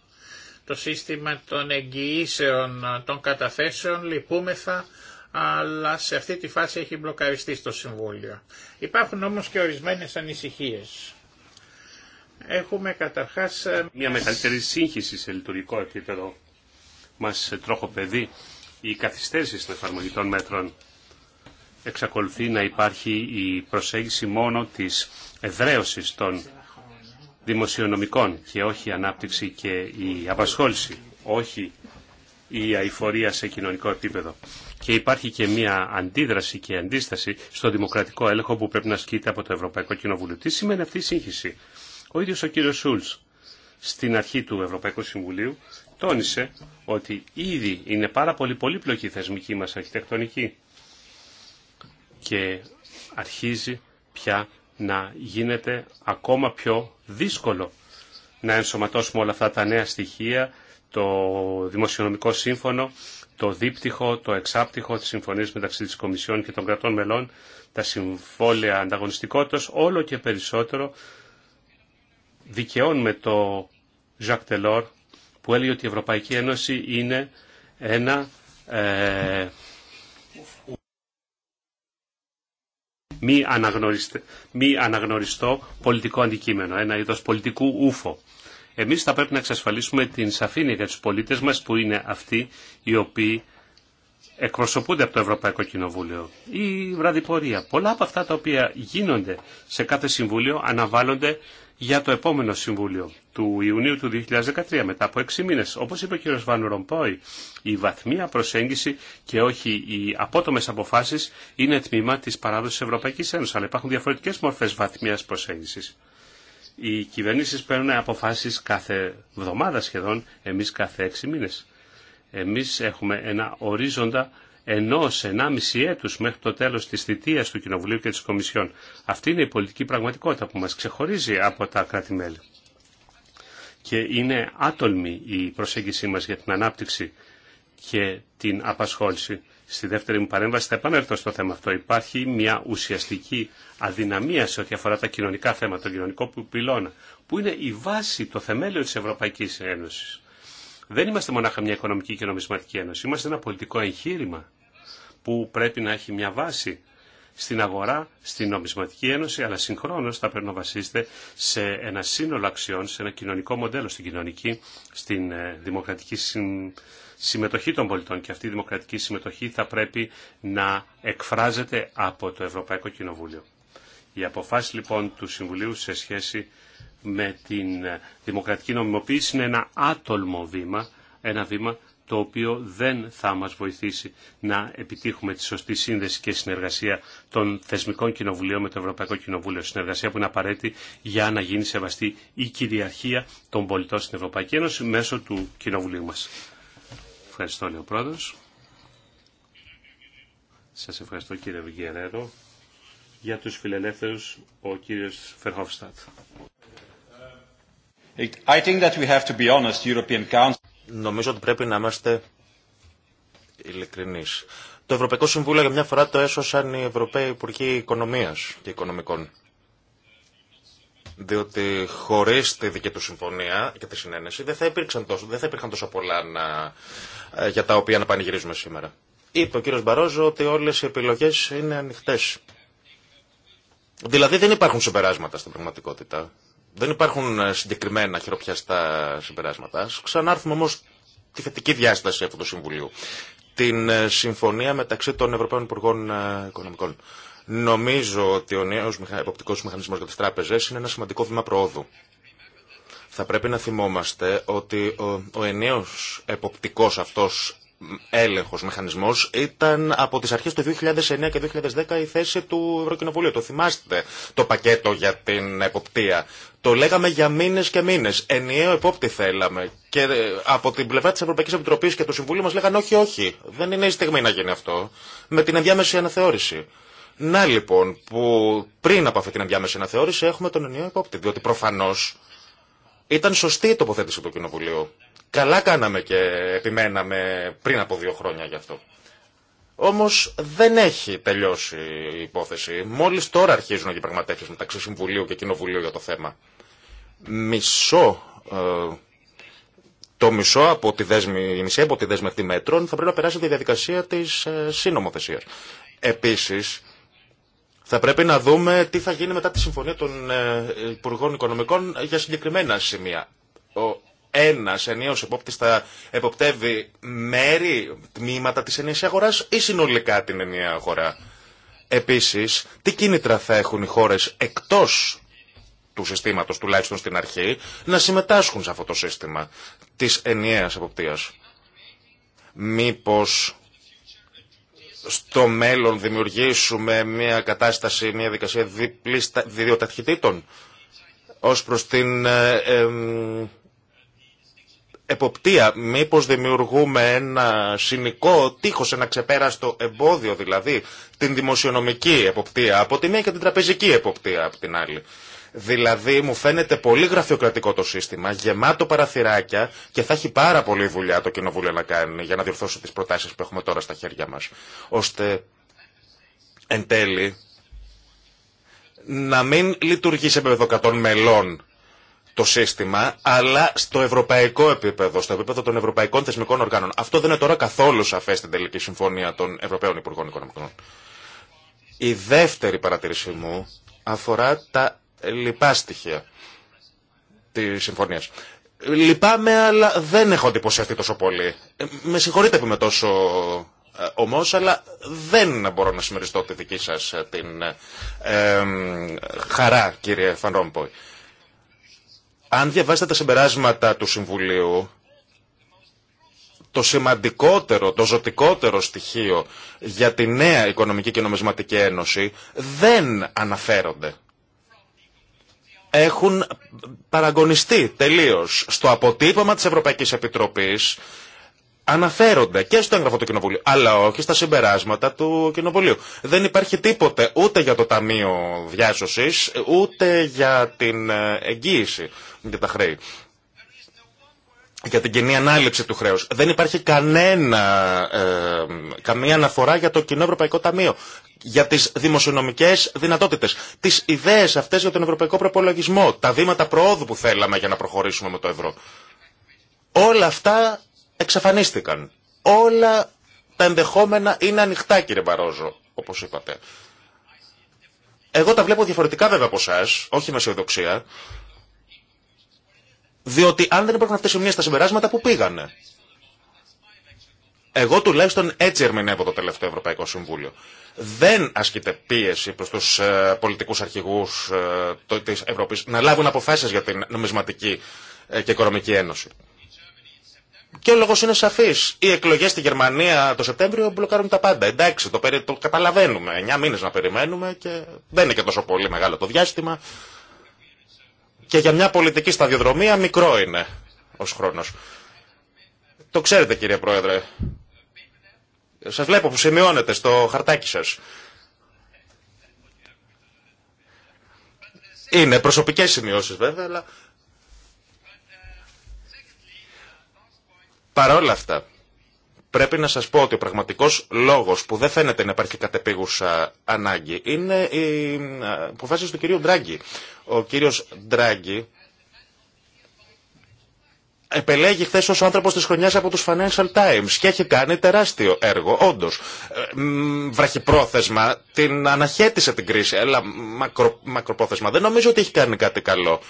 Το σύστημα των εγγυήσεων των καταθέσεων λυπούμεθα αλλά σε αυτή τη φάση έχει μπλοκαριστεί στο Συμβούλιο. Υπάρχουν όμως και ορισμένες ανησυχίες. Έχουμε καταρχάς... Ε, Μια μεγαλύτερη σύγχυση σε λειτουργικό επίπεδο. Μας παιδί η καθυστέρηση στην εφαρμογή των μέτρων. Εξακολουθεί να υπάρχει η προσέγγιση μόνο της εδραίωσης των δημοσιονομικών και όχι η ανάπτυξη και η απασχόληση, όχι η αηφορία σε κοινωνικό επίπεδο. Και υπάρχει και μια αντίδραση και αντίσταση στο δημοκρατικό έλεγχο που πρέπει να ασκείται από το Ευρωπαϊκό Κοινοβούλιο. Τι σημαίνει αυτή η σύγχυση. Ο ίδιος ο κύριος Σούλς στην αρχή του Ευρωπαϊκού Συμβουλίου τόνισε ότι ήδη είναι πάρα πολύ πολύπλοκη η θεσμική μας αρχιτεκτονική και αρχίζει πια να γίνεται ακόμα πιο δύσκολο να ενσωματώσουμε όλα αυτά τα νέα στοιχεία, το Δημοσιονομικό Σύμφωνο, το δίπτυχο, το εξάπτυχο, τις συμφωνίες μεταξύ της Κομισιόν και των κρατών μελών, τα συμβόλαια ανταγωνιστικότητας, όλο και περισσότερο με το Jacques Delors που έλεγε ότι η Ευρωπαϊκή Ένωση είναι ένα, ε, μη, μη αναγνωριστό πολιτικό αντικείμενο, ένα είδος πολιτικού ούφο. Εμείς θα πρέπει να εξασφαλίσουμε την σαφήνεια για τους πολίτες μας που είναι αυτοί οι οποίοι εκπροσωπούνται από το Ευρωπαϊκό Κοινοβούλιο. Η βραδιπορία. Πολλά από αυτά τα οποία γίνονται σε κάθε συμβούλιο αναβάλλονται για το επόμενο Συμβούλιο του Ιουνίου του 2013, μετά από έξι μήνες. Όπως είπε ο κ. Βαν η βαθμία προσέγγιση και όχι οι απότομες αποφάσεις είναι τμήμα της παράδοσης Ευρωπαϊκής Ένωσης, αλλά υπάρχουν διαφορετικές μορφές βαθμίας προσέγγισης. Οι κυβερνήσεις παίρνουν αποφάσεις κάθε εβδομάδα σχεδόν, εμείς κάθε έξι μήνες. Εμείς έχουμε ένα ορίζοντα ενός, ενάμιση έτους μέχρι το τέλος της θητείας του Κοινοβουλίου και της Κομισιόν. Αυτή είναι η πολιτική πραγματικότητα που μας ξεχωρίζει από τα κράτη-μέλη. Και είναι άτολμη η προσέγγιση μας για την ανάπτυξη και την απασχόληση. Στη δεύτερη μου παρέμβαση θα επανέλθω στο θέμα αυτό. Υπάρχει μια ουσιαστική αδυναμία σε ό,τι αφορά τα κοινωνικά θέματα, τον κοινωνικό πυλώνα, που είναι η βάση, το θεμέλιο της Ευρωπαϊκής Ένωσης. Δεν είμαστε μονάχα μια οικονομική και νομισματική ένωση, είμαστε ένα πολιτικό εγχείρημα που πρέπει να έχει μια βάση στην αγορά, στην νομισματική ένωση, αλλά συγχρόνως θα πρέπει να βασίστε σε ένα σύνολο αξιών, σε ένα κοινωνικό μοντέλο, στην κοινωνική, στην ε, δημοκρατική συμμετοχή των πολιτών. Και αυτή η δημοκρατική συμμετοχή θα πρέπει να εκφράζεται από το Ευρωπαϊκό Κοινοβούλιο. Η αποφάση λοιπόν του Συμβουλίου σε σχέση με την ε, δημοκρατική νομιμοποίηση είναι ένα άτολμο βήμα, ένα βήμα το οποίο δεν θα μας βοηθήσει να επιτύχουμε τη σωστή σύνδεση και συνεργασία των θεσμικών κοινοβουλίων με το Ευρωπαϊκό Κοινοβούλιο. Συνεργασία που είναι απαραίτητη για να γίνει σεβαστή η κυριαρχία των πολιτών στην Ευρωπαϊκή Ένωση μέσω του Κοινοβουλίου μας. Ευχαριστώ, λέει ο Σας ευχαριστώ κύριε Βιγερέρο. Για τους φιλελεύθερους, ο κύριος Φερχόφστατ. I think that we have to be honest, European Council. Νομίζω ότι πρέπει να είμαστε ειλικρινεί. Το Ευρωπαϊκό Συμβούλιο για μια φορά το έσωσαν οι Ευρωπαίοι Υπουργοί Οικονομία και Οικονομικών. Διότι χωρί τη δική του συμφωνία και τη συνένεση δεν θα, υπήρξαν τόσο, δεν θα υπήρχαν τόσο πολλά να, ε, για τα οποία να πανηγυρίζουμε σήμερα. Είπε ο κύριο Μπαρόζο ότι όλε οι επιλογέ είναι ανοιχτέ. Δηλαδή δεν υπάρχουν συμπεράσματα στην πραγματικότητα. Δεν υπάρχουν ε, συγκεκριμένα χειροπιαστά συμπεράσματα. Ξανάρθουμε όμω τη θετική διάσταση αυτού του Συμβουλίου. Την ε, συμφωνία μεταξύ των Ευρωπαίων Υπουργών ε, Οικονομικών. Νομίζω ότι ο νέο εποπτικό μηχανισμό για τις τράπεζες είναι ένα σημαντικό βήμα προόδου. Θα πρέπει να θυμόμαστε ότι ο, ο εποπτικός αυτός Έλεγχο μηχανισμό ήταν από τι αρχέ του 2009 και 2010 η θέση του Ευρωκοινοβουλίου. Το θυμάστε το πακέτο για την εποπτεία. Το λέγαμε για μήνε και μήνε. Ενιαίο επόπτη θέλαμε. Και ε, από την πλευρά τη Ευρωπαϊκή Επιτροπή και του Συμβουλίου μα λέγανε όχι, όχι. Δεν είναι η στιγμή να γίνει αυτό. Με την ενδιάμεση αναθεώρηση. Να λοιπόν που πριν από αυτή την ενδιάμεση αναθεώρηση έχουμε τον ενιαίο επόπτη. Διότι προφανώ ήταν σωστή η τοποθέτηση του Κοινοβουλίου. Καλά κάναμε και επιμέναμε πριν από δύο χρόνια γι' αυτό. Όμως δεν έχει τελειώσει η υπόθεση. Μόλις τώρα αρχίζουν οι πραγματεύσεις μεταξύ Συμβουλίου και Κοινοβουλίου για το θέμα. Μισό, ε, το μισό από τη δέσμη, μισή από τη δέσμη αυτή μέτρων θα πρέπει να περάσει τη διαδικασία της ε, σύνομοθεσίας. Επίσης, θα πρέπει να δούμε τι θα γίνει μετά τη συμφωνία των ε, Υπουργών Οικονομικών για συγκεκριμένα σημεία ένα ενίο επόπτη θα εποπτεύει μέρη, τμήματα τη ενιαία αγορά ή συνολικά την ενιαία αγορά. Επίση, τι κίνητρα θα έχουν οι χώρε εκτό του συστήματο, τουλάχιστον στην αρχή, να συμμετάσχουν σε αυτό το σύστημα τη ενιαία εποπτεία. Μήπω στο μέλλον δημιουργήσουμε μια κατάσταση, μια δικασία διπλή διδιοταχυτήτων ως προς την ε, ε, εποπτεία. Μήπως δημιουργούμε ένα συνικό τείχος, ένα ξεπέραστο εμπόδιο δηλαδή, την δημοσιονομική εποπτεία από τη μία και την τραπεζική εποπτεία από την άλλη. Δηλαδή μου φαίνεται πολύ γραφειοκρατικό το σύστημα, γεμάτο παραθυράκια και θα έχει πάρα πολλή δουλειά το Κοινοβούλιο να κάνει για να διορθώσει τις προτάσεις που έχουμε τώρα στα χέρια μας. Ώστε εν τέλει να μην λειτουργεί σε επίπεδο μελών το σύστημα, αλλά στο ευρωπαϊκό επίπεδο, στο επίπεδο των ευρωπαϊκών θεσμικών οργάνων. Αυτό δεν είναι τώρα καθόλου σαφέ στην τελική συμφωνία των Ευρωπαίων Υπουργών Οικονομικών. Η δεύτερη παρατήρησή μου αφορά τα λοιπά στοιχεία τη συμφωνία. Λυπάμαι, αλλά δεν έχω εντυπωσιαστεί τόσο πολύ. Ε, με συγχωρείτε που είμαι τόσο ε, Όμω, αλλά δεν μπορώ να συμμεριστώ τη δική σα ε, την χαρά κύριε Φανρόμποη. Αν διαβάσετε τα συμπεράσματα του Συμβουλίου, το σημαντικότερο, το ζωτικότερο στοιχείο για τη νέα Οικονομική και Νομισματική Ένωση δεν αναφέρονται. Έχουν παραγωνιστεί τελείως στο αποτύπωμα της Ευρωπαϊκής Επιτροπής αναφέρονται και στο έγγραφο του Κοινοβουλίου, αλλά όχι στα συμπεράσματα του Κοινοβουλίου. Δεν υπάρχει τίποτε ούτε για το Ταμείο Διάσωσης, ούτε για την ε, εγγύηση για τα χρέη για την κοινή ανάληψη του χρέους. Δεν υπάρχει κανένα, ε, καμία αναφορά για το Κοινό Ευρωπαϊκό Ταμείο, για τις δημοσιονομικές δυνατότητες, τις ιδέες αυτές για τον Ευρωπαϊκό Προπολογισμό, τα βήματα προόδου που θέλαμε για να προχωρήσουμε με το ευρώ. Όλα αυτά εξαφανίστηκαν. Όλα τα ενδεχόμενα είναι ανοιχτά κύριε Μπαρόζο, όπως είπατε. Εγώ τα βλέπω διαφορετικά βέβαια από εσά, όχι με αισιοδοξία, διότι αν δεν υπάρχουν αυτέ οι μνήμε στα συμπεράσματα που πήγανε. Εγώ τουλάχιστον έτσι ερμηνεύω το τελευταίο Ευρωπαϊκό Συμβούλιο. Δεν ασκείται πίεση προ του ε, πολιτικού αρχηγού ε, τη Ευρώπη να λάβουν αποφάσει για την νομισματική ε, και οικονομική ένωση. Και ο λόγο είναι σαφή. Οι εκλογέ στη Γερμανία το Σεπτέμβριο μπλοκάρουν τα πάντα. Εντάξει, το, περι... το καταλαβαίνουμε. 9 μήνε να περιμένουμε και δεν είναι και τόσο πολύ μεγάλο το διάστημα. Και για μια πολιτική σταδιοδρομία μικρό είναι ω χρόνο. Το ξέρετε κύριε Πρόεδρε. Σας βλέπω που σημειώνετε στο χαρτάκι σα. Είναι προσωπικέ σημειώσει, βέβαια, αλλά Παρ' όλα αυτά, πρέπει να σας πω ότι ο πραγματικός λόγος που δεν φαίνεται να υπάρχει κατεπίγουσα ανάγκη είναι οι ε, αποφάσεις του κυρίου Ντράγκη. Ο κύριος Ντράγκη επελέγει χθε ως άνθρωπος της χρονιάς από τους Financial Times και έχει κάνει τεράστιο έργο, όντω. Ε, βραχυπρόθεσμα την αναχέτησε την κρίση, αλλά μακροπρόθεσμα δεν νομίζω ότι έχει κάνει κάτι καλό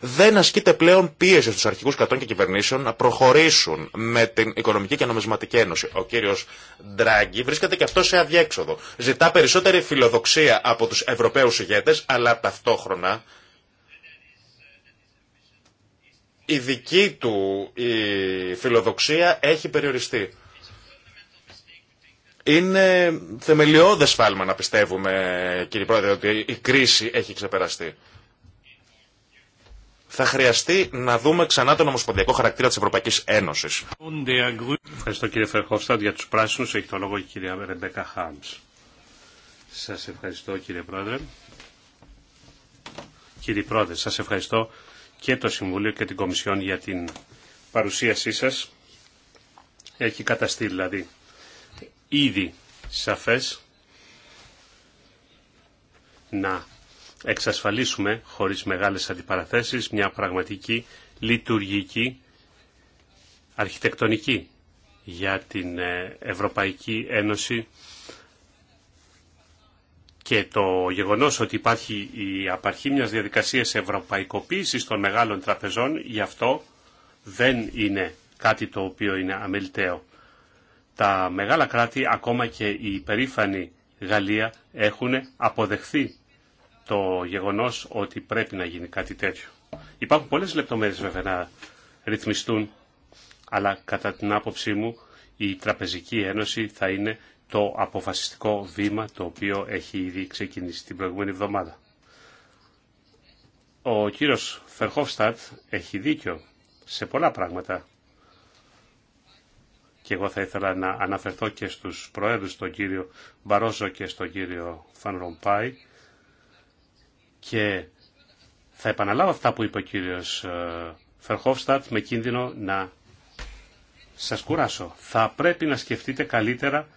δεν ασκείται πλέον πίεση στους αρχικούς κρατών και κυβερνήσεων να προχωρήσουν με την Οικονομική και Νομισματική Ένωση. Ο κύριος Ντράγκη βρίσκεται και αυτό σε αδιέξοδο. Ζητά περισσότερη φιλοδοξία από τους Ευρωπαίους ηγέτες, αλλά ταυτόχρονα η δική του η φιλοδοξία έχει περιοριστεί. Είναι θεμελιώδες φάλμα να πιστεύουμε, κύριε Πρόεδρε, ότι η κρίση έχει ξεπεραστεί θα χρειαστεί να δούμε ξανά τον ομοσπονδιακό χαρακτήρα της Ευρωπαϊκής Ένωσης. Ευχαριστώ κύριε Φερχόφσταντ για τους πράσινους. Έχει το λόγο η κυρία Ρεμπέκα Χάμς. Σας ευχαριστώ κύριε Πρόεδρε. Κύριε Πρόεδρε, σας ευχαριστώ και το Συμβουλίο και την Κομισιόν για την παρουσίασή σας. Έχει καταστεί δηλαδή ήδη σαφές να εξασφαλίσουμε χωρίς μεγάλες αντιπαραθέσεις μια πραγματική λειτουργική αρχιτεκτονική για την ε, Ευρωπαϊκή Ένωση και το γεγονός ότι υπάρχει η απαρχή μιας διαδικασίας ευρωπαϊκοποίησης των μεγάλων τραπεζών, γι' αυτό δεν είναι κάτι το οποίο είναι αμεληταίο. Τα μεγάλα κράτη, ακόμα και η περήφανη Γαλλία, έχουν αποδεχθεί το γεγονός ότι πρέπει να γίνει κάτι τέτοιο. Υπάρχουν πολλές λεπτομέρειες βέβαια να ρυθμιστούν, αλλά κατά την άποψή μου η Τραπεζική Ένωση θα είναι το αποφασιστικό βήμα το οποίο έχει ήδη ξεκινήσει την προηγούμενη εβδομάδα. Ο κύριος Φερχόφστατ έχει δίκιο σε πολλά πράγματα και εγώ θα ήθελα να αναφερθώ και στους προέδρους, τον κύριο Μπαρόζο και στον κύριο Φαν και θα επαναλάβω αυτά που είπε ο κύριος Φερχόφστατ με κίνδυνο να σας κουράσω. Θα πρέπει να σκεφτείτε καλύτερα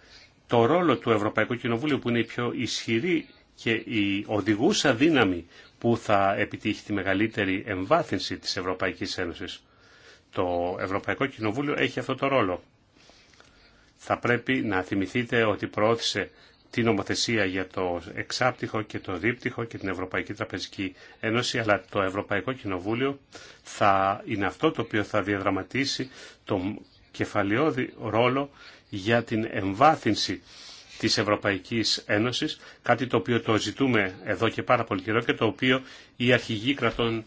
το ρόλο του Ευρωπαϊκού Κοινοβούλιο που είναι η πιο ισχυρή και η οδηγούσα δύναμη που θα επιτύχει τη μεγαλύτερη εμβάθυνση της Ευρωπαϊκής Ένωσης. Το Ευρωπαϊκό Κοινοβούλιο έχει αυτό το ρόλο. Θα πρέπει να θυμηθείτε ότι προώθησε την νομοθεσία για το εξάπτυχο και το δίπτυχο και την Ευρωπαϊκή Τραπεζική Ένωση, αλλά το Ευρωπαϊκό Κοινοβούλιο θα είναι αυτό το οποίο θα διαδραματίσει τον κεφαλαιόδη ρόλο για την εμβάθυνση της Ευρωπαϊκής Ένωσης, κάτι το οποίο το ζητούμε εδώ και πάρα πολύ καιρό και το οποίο οι αρχηγοί κρατών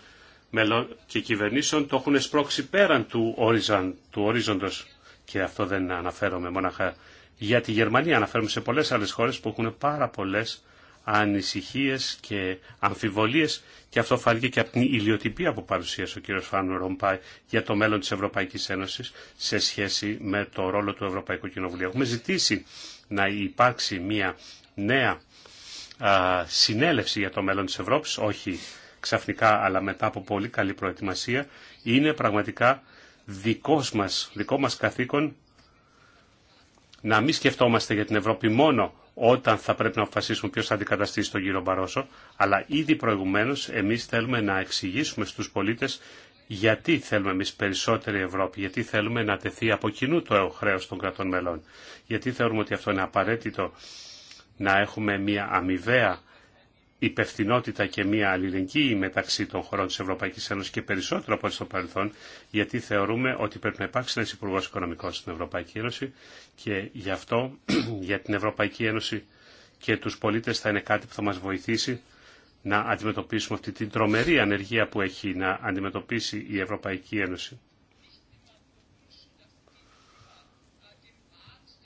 μελών και κυβερνήσεων το έχουν σπρώξει πέραν του, Ορίζοντο του ορίζοντος και αυτό δεν αναφέρομαι μόναχα για τη Γερμανία. αναφέρουμε σε πολλές άλλες χώρες που έχουν πάρα πολλές ανησυχίες και αμφιβολίες και αυτό φάνηκε και από την ηλιοτυπία που παρουσίασε ο κ. Φάνου Ρομπάι για το μέλλον της Ευρωπαϊκής Ένωσης σε σχέση με το ρόλο του Ευρωπαϊκού Κοινοβουλίου. Έχουμε ζητήσει να υπάρξει μια νέα α, συνέλευση για το μέλλον της Ευρώπης, όχι ξαφνικά αλλά μετά από πολύ καλή προετοιμασία. Είναι πραγματικά δικός μας, δικό μας καθήκον να μην σκεφτόμαστε για την Ευρώπη μόνο όταν θα πρέπει να αποφασίσουμε ποιο θα αντικαταστήσει τον κύριο Μπαρόσο, αλλά ήδη προηγουμένω εμεί θέλουμε να εξηγήσουμε στου πολίτε γιατί θέλουμε εμεί περισσότερη Ευρώπη, γιατί θέλουμε να τεθεί από κοινού το χρέο των κρατών μελών, γιατί θεωρούμε ότι αυτό είναι απαραίτητο να έχουμε μια αμοιβαία υπευθυνότητα και μία αλληλεγγύη μεταξύ των χωρών της Ευρωπαϊκής Ένωσης και περισσότερο από ό,τι στο παρελθόν, γιατί θεωρούμε ότι πρέπει να υπάρξει ένας υπουργό Οικονομικών στην Ευρωπαϊκή Ένωση και γι' αυτό για την Ευρωπαϊκή Ένωση και τους πολίτες θα είναι κάτι που θα μας βοηθήσει να αντιμετωπίσουμε αυτή την τρομερή ανεργία που έχει να αντιμετωπίσει η Ευρωπαϊκή Ένωση.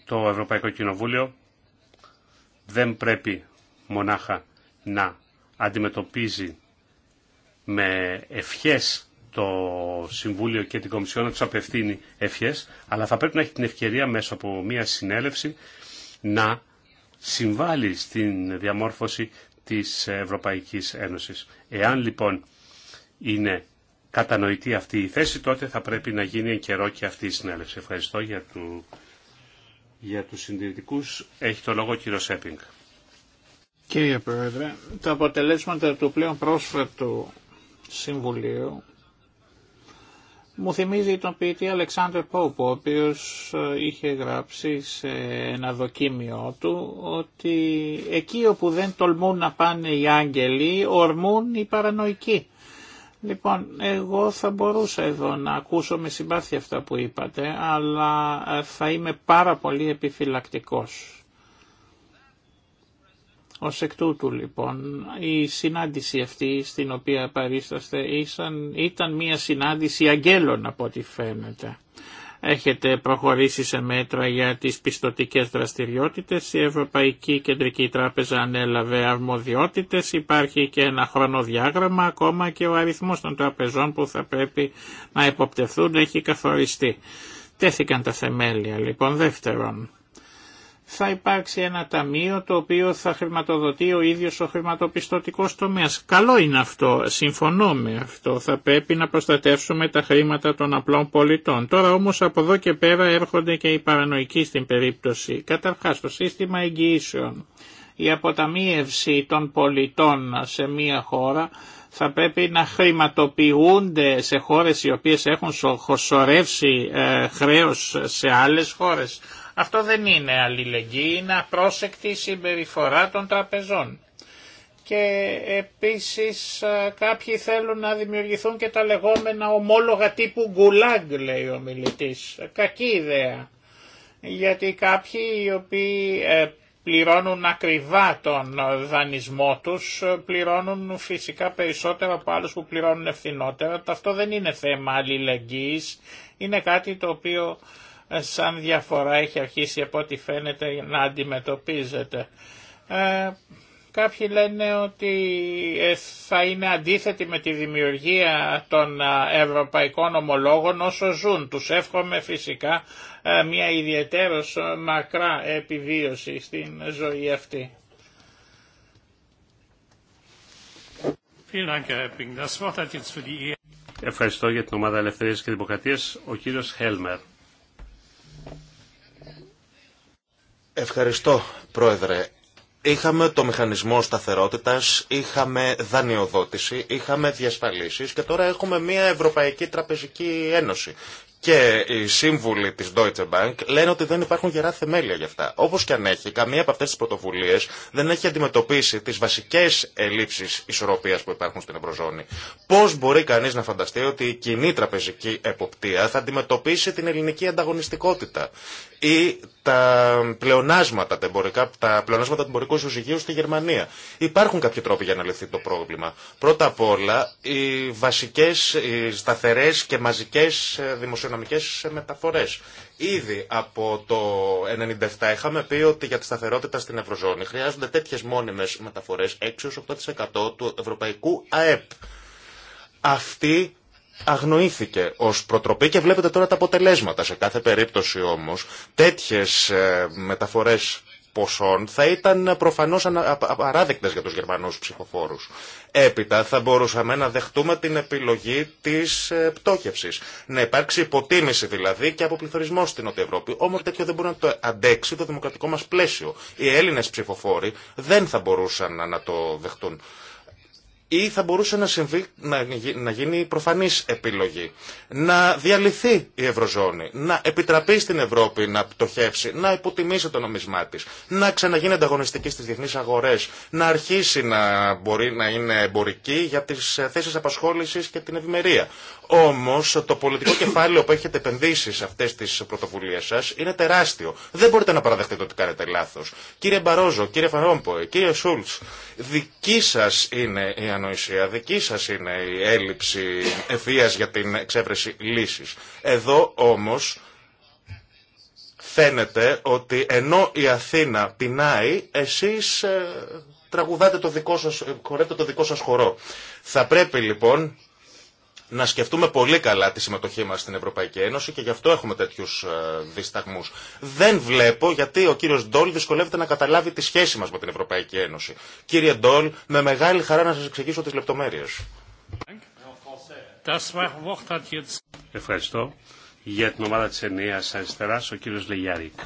Το Ευρωπαϊκό Κοινοβούλιο δεν πρέπει μονάχα να αντιμετωπίζει με ευχές το Συμβούλιο και την Κομισιόν να του απευθύνει ευχές, αλλά θα πρέπει να έχει την ευκαιρία μέσα από μια συνέλευση να συμβάλλει στην διαμόρφωση της Ευρωπαϊκής Ένωσης. Εάν λοιπόν είναι κατανοητή αυτή η θέση, τότε θα πρέπει να γίνει εν καιρό και αυτή η συνέλευση. Ευχαριστώ για, του... για τους συντηρητικούς. Έχει το λόγο ο κύριος Έπινγκ. Κύριε Πρόεδρε, τα αποτελέσματα του πλέον πρόσφατου Συμβουλίου μου θυμίζει τον ποιητή Αλεξάντερ Πόπου, ο οποίος ε, είχε γράψει σε ένα δοκίμιο του ότι εκεί όπου δεν τολμούν να πάνε οι άγγελοι, ορμούν οι παρανοϊκοί. Λοιπόν, εγώ θα μπορούσα εδώ να ακούσω με συμπάθεια αυτά που είπατε, αλλά ε, θα είμαι πάρα πολύ επιφυλακτικός. Ως εκ τούτου λοιπόν η συνάντηση αυτή στην οποία παρίσταστε ήσαν, ήταν μια συνάντηση αγγέλων από ό,τι φαίνεται. Έχετε προχωρήσει σε μέτρα για τις πιστοτικές δραστηριότητες, η Ευρωπαϊκή Κεντρική Τράπεζα ανέλαβε αρμοδιότητες, υπάρχει και ένα χρονοδιάγραμμα, ακόμα και ο αριθμός των τραπεζών που θα πρέπει να υποπτευθούν έχει καθοριστεί. Τέθηκαν τα θεμέλια λοιπόν δεύτερον θα υπάρξει ένα ταμείο το οποίο θα χρηματοδοτεί ο ίδιος ο χρηματοπιστωτικός τομέας. Καλό είναι αυτό, συμφωνώ με αυτό, θα πρέπει να προστατεύσουμε τα χρήματα των απλών πολιτών. Τώρα όμως από εδώ και πέρα έρχονται και οι παρανοϊκοί στην περίπτωση. Καταρχάς το σύστημα εγγυήσεων, η αποταμίευση των πολιτών σε μία χώρα θα πρέπει να χρηματοποιούνται σε χώρες οι οποίες έχουν σορεύσει ε, χρέος σε άλλες χώρες. Αυτό δεν είναι αλληλεγγύη, είναι απρόσεκτη συμπεριφορά των τραπεζών. Και επίσης κάποιοι θέλουν να δημιουργηθούν και τα λεγόμενα ομόλογα τύπου γκουλάγκ λέει ο μιλητής. Κακή ιδέα. Γιατί κάποιοι οι οποίοι ε, πληρώνουν ακριβά τον δανεισμό τους, ε, πληρώνουν φυσικά περισσότερο από άλλους που πληρώνουν ευθυνότερα. Αυτό δεν είναι θέμα αλληλεγγύης, είναι κάτι το οποίο σαν διαφορά έχει αρχίσει από ό,τι φαίνεται να αντιμετωπίζεται. Ε, κάποιοι λένε ότι ε, θα είναι αντίθετοι με τη δημιουργία των ε, ευρωπαϊκών ομολόγων όσο ζουν. Τους εύχομαι φυσικά μια ιδιαίτερος μακρά επιβίωση στην ζωή αυτή. E Ευχαριστώ για την ομάδα Ελευθερίας και Δημοκρατίας, ο κύριος Χέλμερ. Ευχαριστώ, Πρόεδρε. Είχαμε το μηχανισμό σταθερότητας, είχαμε δανειοδότηση, είχαμε διασφαλίσεις και τώρα έχουμε μια Ευρωπαϊκή Τραπεζική Ένωση και οι σύμβουλοι της Deutsche Bank λένε ότι δεν υπάρχουν γερά θεμέλια για αυτά. Όπω και αν έχει, καμία από αυτές τις πρωτοβουλίε δεν έχει αντιμετωπίσει τις βασικές ελλείψεις ισορροπίας που υπάρχουν στην Ευρωζώνη. Πώς μπορεί κανείς να φανταστεί ότι η κοινή τραπεζική εποπτεία θα αντιμετωπίσει την ελληνική ανταγωνιστικότητα ή τα πλεονάσματα, τα, τα πλεονάσματα του εμπορικού ισοζυγίου στη Γερμανία. Υπάρχουν κάποιοι τρόποι για να λυθεί το πρόβλημα. Πρώτα απ' όλα, οι βασικέ, οι σταθερέ και μαζικέ ε, δημοσιο δημοσιονομικές μεταφορές. Ήδη από το 1997 είχαμε πει ότι για τη σταθερότητα στην Ευρωζώνη χρειάζονται τέτοιες μόνιμες μεταφορές 6-8% του ευρωπαϊκού ΑΕΠ. Αυτή αγνοήθηκε ως προτροπή και βλέπετε τώρα τα αποτελέσματα. Σε κάθε περίπτωση όμως τέτοιες ε, μεταφορές ποσών θα ήταν προφανώς απαράδεκτες για τους Γερμανούς ψηφοφόρους. Έπειτα θα μπορούσαμε να δεχτούμε την επιλογή της ε, πτώχευσης. Να υπάρξει υποτίμηση δηλαδή και αποπληθωρισμό στην Νότια Ευρώπη. Όμως τέτοιο δεν μπορεί να το αντέξει το δημοκρατικό μας πλαίσιο. Οι Έλληνες ψηφοφόροι δεν θα μπορούσαν να το δεχτούν ή θα μπορούσε να, συμβεί, να, γίνει προφανής επιλογή. Να διαλυθεί η Ευρωζώνη, να επιτραπεί στην Ευρώπη να πτωχεύσει, να υποτιμήσει το νομισμά της, να ξαναγίνει ανταγωνιστική στις διεθνείς αγορές, να αρχίσει να μπορεί να είναι εμπορική για τις ε, θέσεις απασχόλησης και την ευημερία. Όμως το πολιτικό κεφάλαιο που έχετε επενδύσει σε αυτές τις πρωτοβουλίες σας είναι τεράστιο. Δεν μπορείτε να παραδεχτείτε ότι κάνετε λάθος. Κύριε Μπαρόζο, κύριε Φαρόμποε, κύριε Σούλτς, δική σας είναι η ανοησία. Δική σας είναι η έλλειψη ευθεία για την εξέβρεση λύσης. Εδώ όμως φαίνεται ότι ενώ η Αθήνα πεινάει, εσείς ε, τραγουδάτε το δικό σας, ε, το δικό σας χορό. Θα πρέπει λοιπόν να σκεφτούμε πολύ καλά τη συμμετοχή μας στην Ευρωπαϊκή Ένωση και γι' αυτό έχουμε τέτοιους ε, δισταγμούς. Δεν βλέπω γιατί ο κύριος Ντόλ δυσκολεύεται να καταλάβει τη σχέση μας με την Ευρωπαϊκή Ένωση. Κύριε Ντόλ, με μεγάλη χαρά να σας εξηγήσω τις λεπτομέρειες. Ευχαριστώ για την ομάδα της ενιαίας αριστεράς, ο κύριος Λεγιάρικ.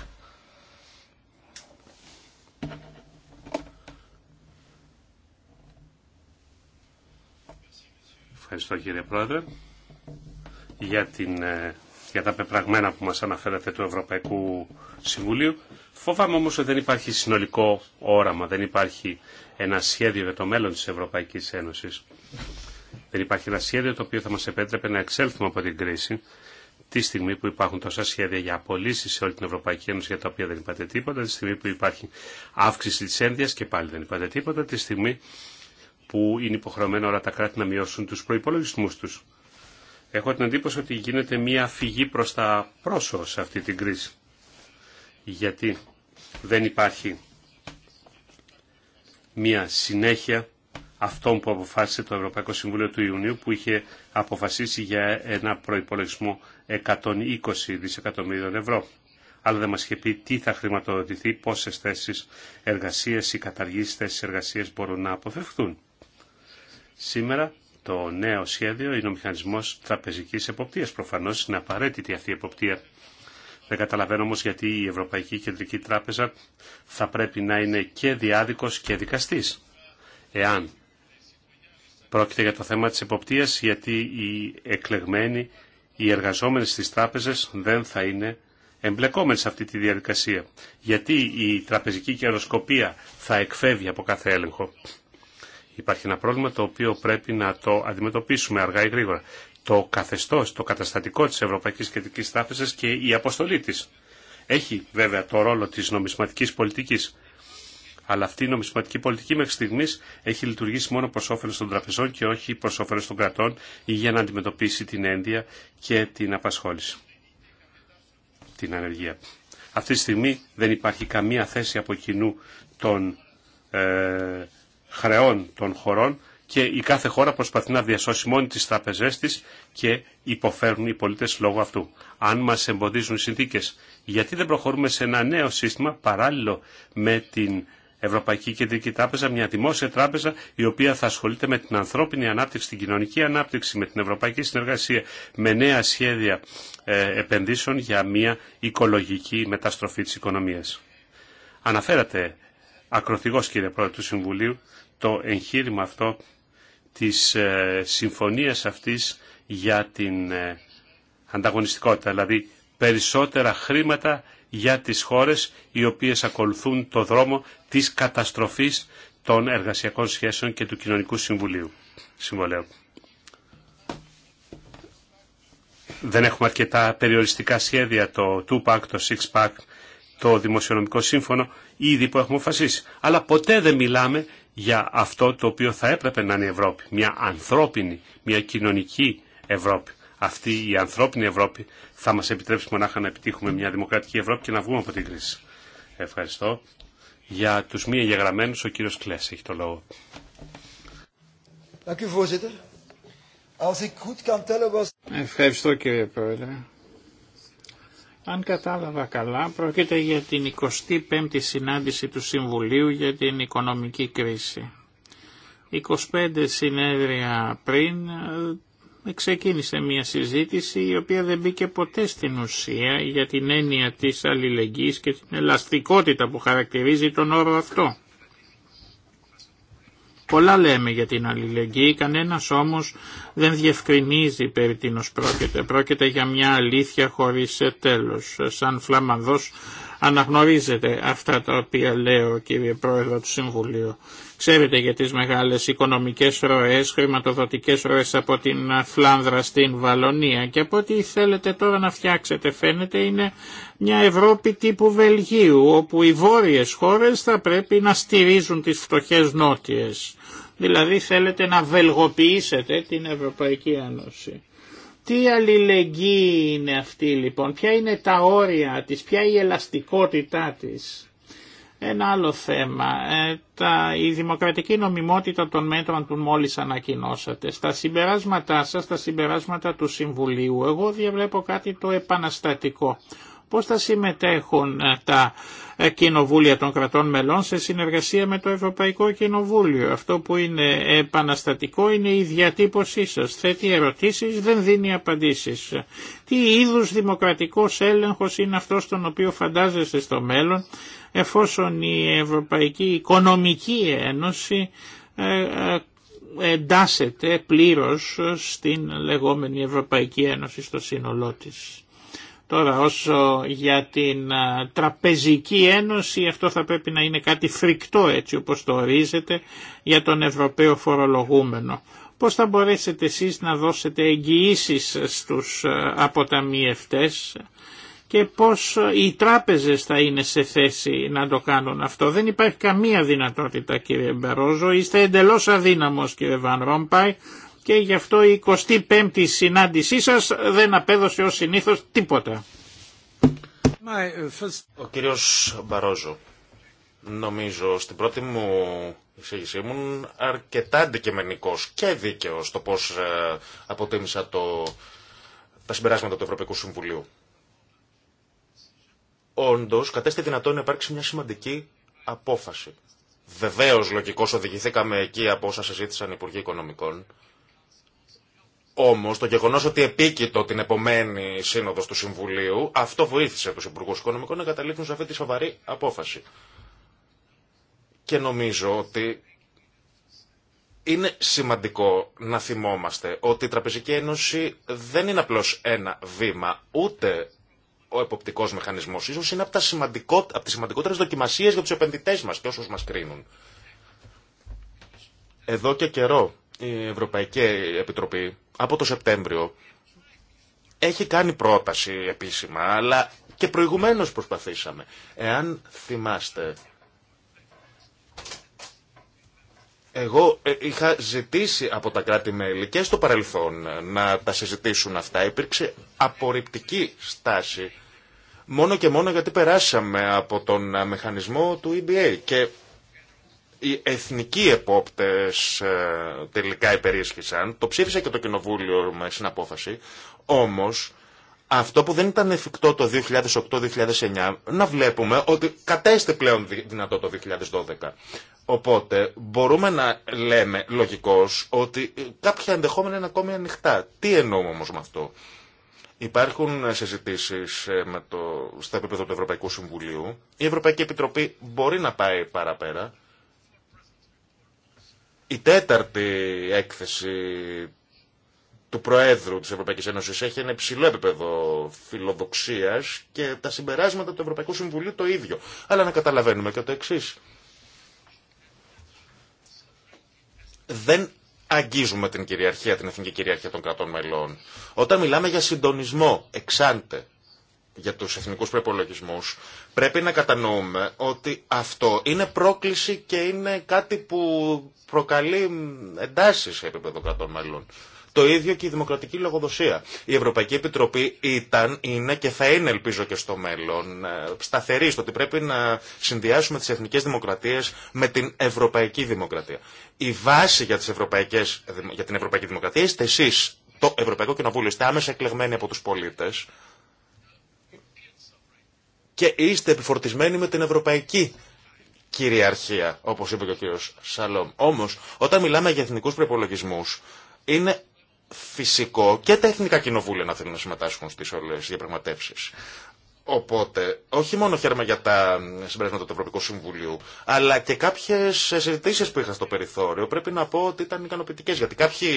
Ευχαριστώ κύριε Πρόεδρε για, την, ε, για τα πεπραγμένα που μας αναφέρατε του Ευρωπαϊκού Συμβουλίου. Φοβάμαι όμως ότι δεν υπάρχει συνολικό όραμα, δεν υπάρχει ένα σχέδιο για το μέλλον της Ευρωπαϊκής Ένωσης. Δεν υπάρχει ένα σχέδιο το οποίο θα μας επέτρεπε να εξέλθουμε από την κρίση τη στιγμή που υπάρχουν τόσα σχέδια για απολύσει σε όλη την Ευρωπαϊκή Ένωση για τα οποία δεν είπατε τίποτα, τη στιγμή που υπάρχει αύξηση τη ένδυα και πάλι δεν είπατε τίποτα, τη στιγμή που είναι υποχρεωμένα όλα τα κράτη να μειώσουν τους προϋπολογισμούς τους. Έχω την εντύπωση ότι γίνεται μια φυγή προς τα πρόσω σε αυτή την κρίση. Γιατί δεν υπάρχει μια συνέχεια αυτών που αποφάσισε το Ευρωπαϊκό Συμβούλιο του Ιουνίου που είχε αποφασίσει για ένα προϋπολογισμό 120 δισεκατομμύριων ευρώ. Αλλά δεν μας είχε πει τι θα χρηματοδοτηθεί, πόσες θέσεις εργασίας ή καταργήσεις θέσεις εργασίας μπορούν να αποφευχθούν. Σήμερα το νέο σχέδιο είναι ο μηχανισμός τραπεζικής εποπτείας. Προφανώς είναι απαραίτητη αυτή η εποπτεία. Δεν καταλαβαίνω όμως γιατί η Ευρωπαϊκή Κεντρική Τράπεζα θα πρέπει να είναι και διάδικος και δικαστής. Εάν πρόκειται για το θέμα της εποπτείας, γιατί οι εκλεγμένοι, οι εργαζόμενοι στις τράπεζες δεν θα είναι εμπλεκόμενοι σε αυτή τη διαδικασία. Γιατί η τραπεζική καιροσκοπία θα εκφεύγει από κάθε έλεγχο. Υπάρχει ένα πρόβλημα το οποίο πρέπει να το αντιμετωπίσουμε αργά ή γρήγορα. Το καθεστώς, το καταστατικό της Ευρωπαϊκής Κεντρικής Τράπεζας και η αποστολή της. Έχει βέβαια το ρόλο της νομισματικής πολιτικής. Αλλά αυτή η νομισματική πολιτική μέχρι στιγμή έχει λειτουργήσει μόνο προ όφελο των τραπεζών και όχι προ όφελο των κρατών για να αντιμετωπίσει την ένδια και την απασχόληση. Την ανεργία. Αυτή τη στιγμή δεν υπάρχει καμία θέση από κοινού των ε, χρεών των χωρών και η κάθε χώρα προσπαθεί να διασώσει μόνη τις τραπεζές της και υποφέρουν οι πολίτες λόγω αυτού. Αν μας εμποδίζουν οι συνθήκες, γιατί δεν προχωρούμε σε ένα νέο σύστημα παράλληλο με την Ευρωπαϊκή Κεντρική Τράπεζα, μια δημόσια τράπεζα η οποία θα ασχολείται με την ανθρώπινη ανάπτυξη, την κοινωνική ανάπτυξη, με την ευρωπαϊκή συνεργασία, με νέα σχέδια ε, επενδύσεων για μια οικολογική μεταστροφή τη οικονομία. Αναφέρατε ακροθυγός κύριε Πρόεδρε του Συμβουλίου το εγχείρημα αυτό της ε, συμφωνίας αυτής για την ε, ανταγωνιστικότητα, δηλαδή περισσότερα χρήματα για τις χώρες οι οποίες ακολουθούν το δρόμο της καταστροφής των εργασιακών σχέσεων και του κοινωνικού συμβουλίου. Δεν έχουμε αρκετά περιοριστικά σχέδια, το 2-pack, το 6-pack, το δημοσιονομικό σύμφωνο, ήδη που έχουμε αποφασίσει. Αλλά ποτέ δεν μιλάμε για αυτό το οποίο θα έπρεπε να είναι η Ευρώπη. Μια ανθρώπινη, μια κοινωνική Ευρώπη. Αυτή η ανθρώπινη Ευρώπη θα μας επιτρέψει μονάχα να επιτύχουμε μια δημοκρατική Ευρώπη και να βγούμε από την κρίση. Ευχαριστώ. Για τους μη εγγεγραμμένους, ο κύριος Κλέσ έχει το λόγο. Ευχαριστώ κύριε Πρόεδρε. Αν κατάλαβα καλά, πρόκειται για την 25η συνάντηση του Συμβουλίου για την οικονομική κρίση. 25 συνέδρια πριν ε, ξεκίνησε μια συζήτηση η οποία δεν μπήκε ποτέ στην ουσία για την έννοια της αλληλεγγύης και την ελαστικότητα που χαρακτηρίζει τον όρο αυτό. Πολλά λέμε για την αλληλεγγύη, κανένας όμως δεν διευκρινίζει περί τίνος πρόκειται. Πρόκειται για μια αλήθεια χωρίς τέλος. Σαν φλαμανδός Αναγνωρίζετε αυτά τα οποία λέω κύριε Πρόεδρο του Συμβουλίου. Ξέρετε για τις μεγάλες οικονομικές ροές, χρηματοδοτικές ροές από την Φλάνδρα στην Βαλονία και από ό,τι θέλετε τώρα να φτιάξετε φαίνεται είναι μια Ευρώπη τύπου Βελγίου όπου οι βόρειες χώρες θα πρέπει να στηρίζουν τις φτωχές νότιες. Δηλαδή θέλετε να βελγοποιήσετε την Ευρωπαϊκή Ένωση. Τι αλληλεγγύη είναι αυτή λοιπόν, ποια είναι τα όρια της, ποια η ελαστικότητά της. Ένα άλλο θέμα, ε, τα, η δημοκρατική νομιμότητα των μέτρων που μόλις ανακοινώσατε. Στα συμπεράσματά σας, στα συμπεράσματα του Συμβουλίου, εγώ διαβλέπω κάτι το επαναστατικό. Πώς θα συμμετέχουν ε, τα ε, κοινοβούλια των κρατών μελών σε συνεργασία με το Ευρωπαϊκό Κοινοβούλιο. Αυτό που είναι επαναστατικό είναι η διατύπωσή σας. Θέτει ερωτήσεις, δεν δίνει απαντήσεις. Τι είδους δημοκρατικός έλεγχος είναι αυτός τον οποίο φαντάζεστε στο μέλλον εφόσον η Ευρωπαϊκή Οικονομική Ένωση ε, εντάσσεται πλήρως στην λεγόμενη Ευρωπαϊκή Ένωση στο σύνολό της. Τώρα όσο για την τραπεζική ένωση αυτό θα πρέπει να είναι κάτι φρικτό έτσι όπως το ορίζετε για τον Ευρωπαίο φορολογούμενο. Πώς θα μπορέσετε εσείς να δώσετε εγγυήσει στους αποταμιευτές και πώς οι τράπεζες θα είναι σε θέση να το κάνουν αυτό. Δεν υπάρχει καμία δυνατότητα κύριε Μπερόζο, είστε εντελώς αδύναμος κύριε Βαν Ρόμπαϊ και γι' αυτό η 25η συνάντησή σας δεν απέδωσε ως συνήθως τίποτα. Uh, Ο κύριος Μπαρόζο, νομίζω στην πρώτη μου εισήγηση μου αρκετά αντικειμενικός και δίκαιος το πώς ε, αποτίμησα το, τα συμπεράσματα του Ευρωπαϊκού Συμβουλίου. Όντω, κατέστη δυνατόν να υπάρξει μια σημαντική απόφαση. Βεβαίω, λογικώ οδηγηθήκαμε εκεί από όσα συζήτησαν οι Υπουργοί Οικονομικών. Όμω το γεγονό ότι επίκειτο την επομένη σύνοδο του Συμβουλίου, αυτό βοήθησε του Υπουργού Οικονομικών να καταλήξουν σε αυτή τη σοβαρή απόφαση. Και νομίζω ότι είναι σημαντικό να θυμόμαστε ότι η Τραπεζική Ένωση δεν είναι απλώς ένα βήμα, ούτε ο εποπτικός μηχανισμός. Ίσως είναι από, τα σημαντικό, από τις σημαντικότερες δοκιμασίες για τους επενδυτές μας και όσους μας κρίνουν. Εδώ και καιρό η Ευρωπαϊκή Επιτροπή από το Σεπτέμβριο έχει κάνει πρόταση επίσημα, αλλά και προηγουμένως προσπαθήσαμε. Εάν θυμάστε, εγώ ε, είχα ζητήσει από τα κράτη-μέλη και στο παρελθόν να τα συζητήσουν αυτά. Υπήρξε απορριπτική στάση, μόνο και μόνο γιατί περάσαμε από τον μηχανισμό του EBA και οι εθνικοί επόπτες ε, τελικά υπερίσχυσαν. Το ψήφισε και το κοινοβούλιο με συναπόφαση. Όμως, αυτό που δεν ήταν εφικτό το 2008-2009, να βλέπουμε ότι κατέστη πλέον δυνατό το 2012. Οπότε μπορούμε να λέμε λογικώς ότι ε, κάποια ενδεχόμενα είναι ακόμη ανοιχτά. Τι εννοούμε όμως με αυτό. Υπάρχουν ε, συζητήσει με το, στα επίπεδο του Ευρωπαϊκού Συμβουλίου. Η Ευρωπαϊκή Επιτροπή μπορεί να πάει παραπέρα. Η τέταρτη έκθεση του Προέδρου της Ευρωπαϊκής Ένωσης έχει ένα υψηλό επίπεδο φιλοδοξίας και τα συμπεράσματα του Ευρωπαϊκού Συμβουλίου το ίδιο. Αλλά να καταλαβαίνουμε και το εξής. Δεν αγγίζουμε την κυριαρχία, την εθνική κυριαρχία των κρατών μελών. Όταν μιλάμε για συντονισμό, εξάντε, για τους εθνικούς προπολογισμού, πρέπει να κατανοούμε ότι αυτό είναι πρόκληση και είναι κάτι που προκαλεί εντάσεις σε επίπεδο κρατών μελών. Το ίδιο και η δημοκρατική λογοδοσία. Η Ευρωπαϊκή Επιτροπή ήταν, είναι και θα είναι, ελπίζω και στο μέλλον, ε, σταθερή στο ότι πρέπει να συνδυάσουμε τις εθνικές δημοκρατίες με την ευρωπαϊκή δημοκρατία. Η βάση για, τις ευρωπαϊκές, για την ευρωπαϊκή δημοκρατία είστε εσεί, το Ευρωπαϊκό Κοινοβούλιο. Είστε άμεσα εκλεγμένοι από του πολίτε και είστε επιφορτισμένοι με την ευρωπαϊκή κυριαρχία, όπως είπε και ο κύριος Σαλόμ. Όμως, όταν μιλάμε για εθνικούς προπολογισμού, είναι φυσικό και τα εθνικά κοινοβούλια να θέλουν να συμμετάσχουν στις όλες τις διαπραγματεύσεις. Οπότε, όχι μόνο χαίρομαι για τα συμπεράσματα του Ευρωπαϊκού Συμβουλίου, αλλά και κάποιε συζητήσει που είχα στο περιθώριο πρέπει να πω ότι ήταν ικανοποιητικέ. Γιατί κάποιοι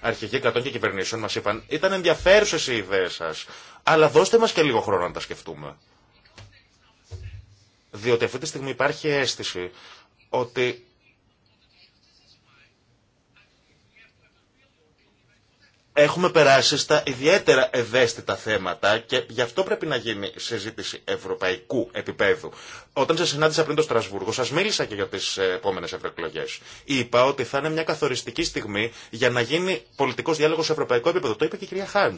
αρχηγοί κρατών και κυβερνήσεων μα είπαν: Ήταν ενδιαφέρουσε οι ιδέε σα, αλλά δώστε μα και λίγο χρόνο να τα σκεφτούμε. Διότι αυτή τη στιγμή υπάρχει αίσθηση ότι έχουμε περάσει στα ιδιαίτερα ευαίσθητα θέματα και γι' αυτό πρέπει να γίνει συζήτηση ευρωπαϊκού επίπεδου. Όταν σα συνάντησα πριν το Στρασβούργο, σα μίλησα και για τι ε, επόμενε ευρωεκλογέ. Είπα ότι θα είναι μια καθοριστική στιγμή για να γίνει πολιτικό διάλογο σε ευρωπαϊκό επίπεδο. Το είπε και η κυρία Χάρμ.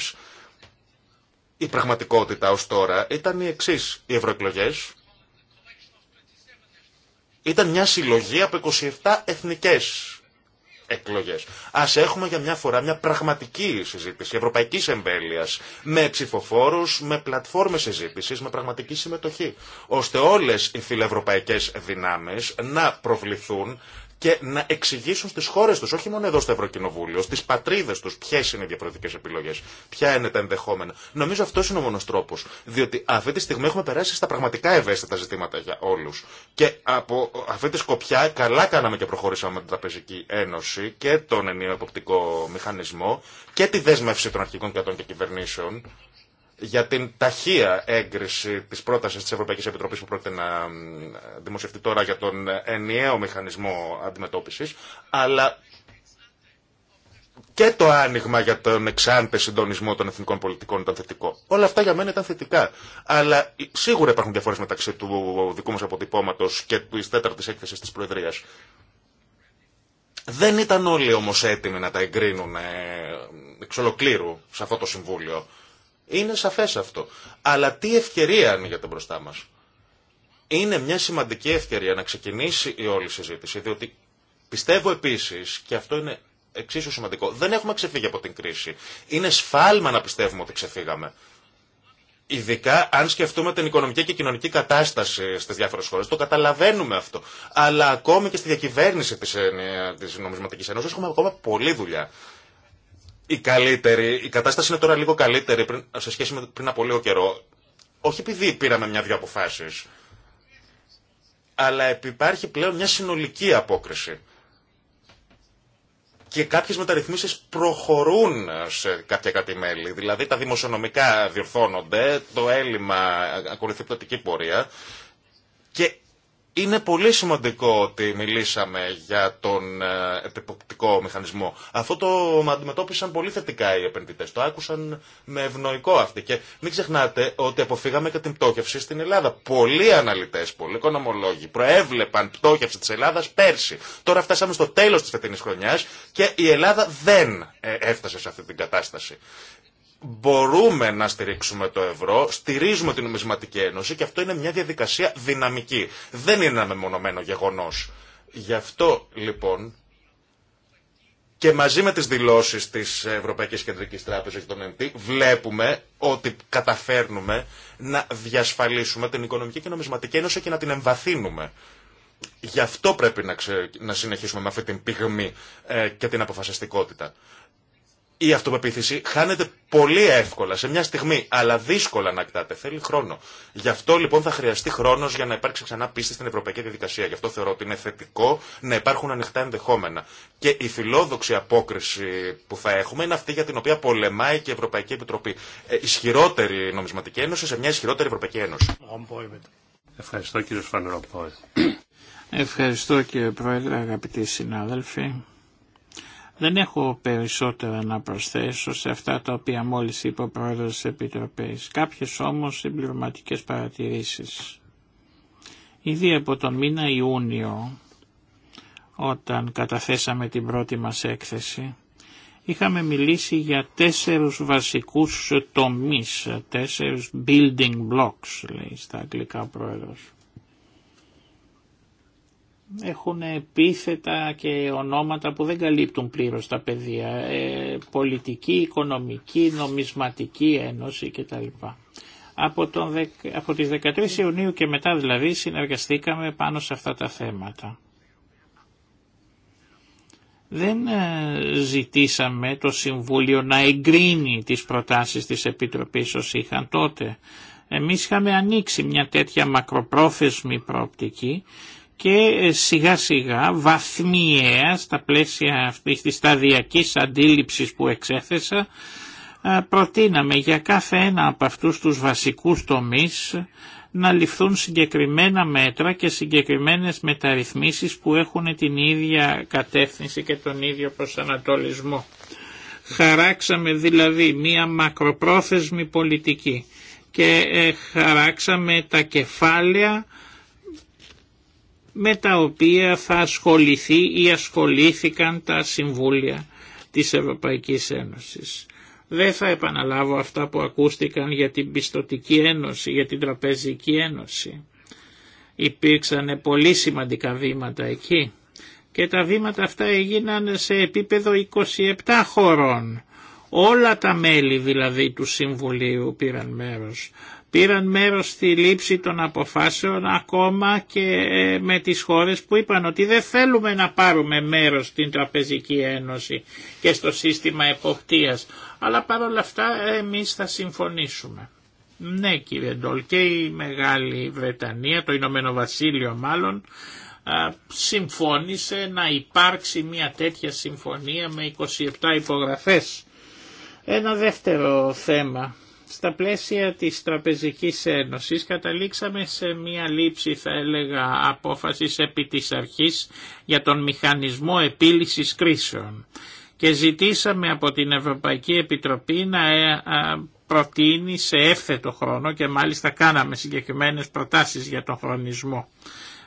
Η πραγματικότητα ω τώρα ήταν η εξή. Οι ευρωεκλογέ ήταν μια συλλογή από 27 εθνικές εκλογές. Ας έχουμε για μια φορά μια πραγματική συζήτηση, ευρωπαϊκής εμβέλειας, με ψηφοφόρους, με πλατφόρμες συζήτησης, με πραγματική συμμετοχή, ώστε όλες οι φιλευρωπαϊκές δυνάμεις να προβληθούν και να εξηγήσουν στι χώρε του, όχι μόνο εδώ στο Ευρωκοινοβούλιο, στι πατρίδε του, ποιε είναι οι διαφορετικέ επιλογέ, ποια είναι τα ενδεχόμενα. Νομίζω αυτό είναι ο μόνο τρόπο. Διότι αυτή τη στιγμή έχουμε περάσει στα πραγματικά ευαίσθητα ζητήματα για όλου. Και από αυτή τη σκοπιά καλά κάναμε και προχωρήσαμε με την Τραπεζική Ένωση και τον ενίο εποπτικό μηχανισμό και τη δέσμευση των αρχικών κρατών και κυβερνήσεων για την ταχεία έγκριση τη πρόταση τη Ευρωπαϊκή Επιτροπή που πρόκειται να δημοσιευτεί τώρα για τον ενιαίο μηχανισμό αντιμετώπιση. αλλά και το άνοιγμα για τον εξάντε συντονισμό των εθνικών πολιτικών ήταν θετικό. Όλα αυτά για μένα ήταν θετικά. Αλλά σίγουρα υπάρχουν διαφορέ μεταξύ του δικού μα αποτυπώματο και τη τέταρτη έκθεση τη Προεδρία. Δεν ήταν όλοι όμω έτοιμοι να τα εγκρίνουν ε, εξ ολοκλήρου σε αυτό το Συμβούλιο. Είναι σαφές αυτό. Αλλά τι ευκαιρία τον μπροστά μας. Είναι μια σημαντική ευκαιρία να ξεκινήσει η όλη συζήτηση, διότι πιστεύω επίσης, και αυτό είναι εξίσου σημαντικό, δεν έχουμε ξεφύγει από την κρίση. Είναι σφάλμα να πιστεύουμε ότι ξεφύγαμε. Ειδικά αν σκεφτούμε την οικονομική και κοινωνική κατάσταση στι διάφορε χώρε. Το καταλαβαίνουμε αυτό. Αλλά ακόμη και στη διακυβέρνηση τη ε, Νομισματική Ένωση έχουμε ακόμα πολλή δουλειά η καλύτερη, η κατάσταση είναι τώρα λίγο καλύτερη πριν, σε σχέση με πριν από λίγο καιρό. Όχι επειδή πήραμε μια-δυο αποφάσεις, αλλά υπάρχει πλέον μια δυο αποφάσει. αλλα υπαρχει απόκριση. Και κάποιε μεταρρυθμίσει προχωρούν σε κάποια κάτι Δηλαδή τα δημοσιονομικά διορθώνονται, το έλλειμμα ακολουθεί πτωτική πορεία είναι πολύ σημαντικό ότι μιλήσαμε για τον ε, επιποπτικό μηχανισμό. Αυτό το αντιμετώπισαν πολύ θετικά οι επενδυτέ. Το άκουσαν με ευνοϊκό αυτοί. Και μην ξεχνάτε ότι αποφύγαμε και την πτώχευση στην Ελλάδα. Πολλοί αναλυτέ, πολλοί οικονομολόγοι προέβλεπαν πτώχευση τη Ελλάδα πέρσι. Τώρα φτάσαμε στο τέλο τη φετινή χρονιά και η Ελλάδα δεν ε, έφτασε σε αυτή την κατάσταση μπορούμε να στηρίξουμε το ευρώ, στηρίζουμε την νομισματική ένωση και αυτό είναι μια διαδικασία δυναμική. Δεν είναι ένα μεμονωμένο γεγονός. Γι' αυτό λοιπόν και μαζί με τις δηλώσεις της Ευρωπαϊκής Κεντρικής Τράπεζας και των ΕΝΤΗ βλέπουμε ότι καταφέρνουμε να διασφαλίσουμε την οικονομική και νομισματική ένωση και να την εμβαθύνουμε. Γι' αυτό πρέπει να, να συνεχίσουμε με αυτή την πυγμή ε, και την αποφασιστικότητα η αυτοπεποίθηση χάνεται πολύ εύκολα σε μια στιγμή, αλλά δύσκολα να κτάτε. Θέλει χρόνο. Γι' αυτό λοιπόν θα χρειαστεί χρόνο για να υπάρξει ξανά πίστη στην ευρωπαϊκή διαδικασία. Γι' αυτό θεωρώ ότι είναι θετικό να υπάρχουν ανοιχτά ενδεχόμενα. Και η φιλόδοξη απόκριση που θα έχουμε είναι αυτή για την οποία πολεμάει και η Ευρωπαϊκή Επιτροπή. Ε, ισχυρότερη νομισματική ένωση σε μια ισχυρότερη Ευρωπαϊκή Ένωση. Ευχαριστώ κύριε Ευχαριστώ κύριε Πρόεδρε, αγαπητοί συνάδελφοι. Δεν έχω περισσότερα να προσθέσω σε αυτά τα οποία μόλις είπε ο Πρόεδρος της Επιτροπής. Κάποιες όμως συμπληρωματικέ παρατηρήσεις. Ήδη από τον μήνα Ιούνιο, όταν καταθέσαμε την πρώτη μας έκθεση, είχαμε μιλήσει για τέσσερους βασικούς τομείς, τέσσερους building blocks, λέει στα αγγλικά ο Πρόεδρος έχουν επίθετα και ονόματα που δεν καλύπτουν πλήρως τα παιδεία, ε, πολιτική, οικονομική, νομισματική ένωση κτλ. Από, τον, από τις 13 Ιουνίου και μετά δηλαδή συνεργαστήκαμε πάνω σε αυτά τα θέματα. Δεν ε, ζητήσαμε το Συμβούλιο να εγκρίνει τις προτάσεις της Επιτροπής όσοι είχαν τότε. Εμείς είχαμε ανοίξει μια τέτοια μακροπρόθεσμη προοπτική και ε, σιγά σιγά βαθμιαία στα πλαίσια αυτής της σταδιακής αντίληψης που εξέθεσα προτείναμε για κάθε ένα από αυτούς τους βασικούς τομείς να ληφθούν συγκεκριμένα μέτρα και συγκεκριμένες μεταρρυθμίσεις που έχουν την ίδια κατεύθυνση και τον ίδιο προσανατολισμό. Χαράξαμε δηλαδή μία μακροπρόθεσμη πολιτική και ε, χαράξαμε τα κεφάλαια με τα οποία θα ασχοληθεί ή ασχολήθηκαν τα συμβούλια της Ευρωπαϊκής Ένωσης. Δεν θα επαναλάβω αυτά που ακούστηκαν για την Πιστοτική Ένωση, για την Τραπεζική Ένωση. Υπήρξαν πολύ σημαντικά βήματα εκεί και τα βήματα αυτά έγιναν σε επίπεδο 27 χωρών. Όλα τα μέλη δηλαδή του Συμβουλίου πήραν μέρος πήραν μέρος στη λήψη των αποφάσεων ακόμα και ε, με τις χώρες που είπαν ότι δεν θέλουμε να πάρουμε μέρος στην Τραπεζική Ένωση και στο σύστημα εποπτείας. Αλλά παρόλα αυτά εμείς θα συμφωνήσουμε. Ναι κύριε Ντόλ και η Μεγάλη Βρετανία, το Ηνωμένο Βασίλειο μάλλον, συμφώνησε να υπάρξει μια τέτοια συμφωνία με 27 υπογραφές. Ένα δεύτερο θέμα στα πλαίσια της Τραπεζικής Ένωσης καταλήξαμε σε μία λήψη θα έλεγα απόφασης επί της αρχής για τον μηχανισμό επίλυσης κρίσεων και ζητήσαμε από την Ευρωπαϊκή Επιτροπή να ε, προτείνει σε εύθετο χρόνο και μάλιστα κάναμε συγκεκριμένες προτάσεις για τον χρονισμό.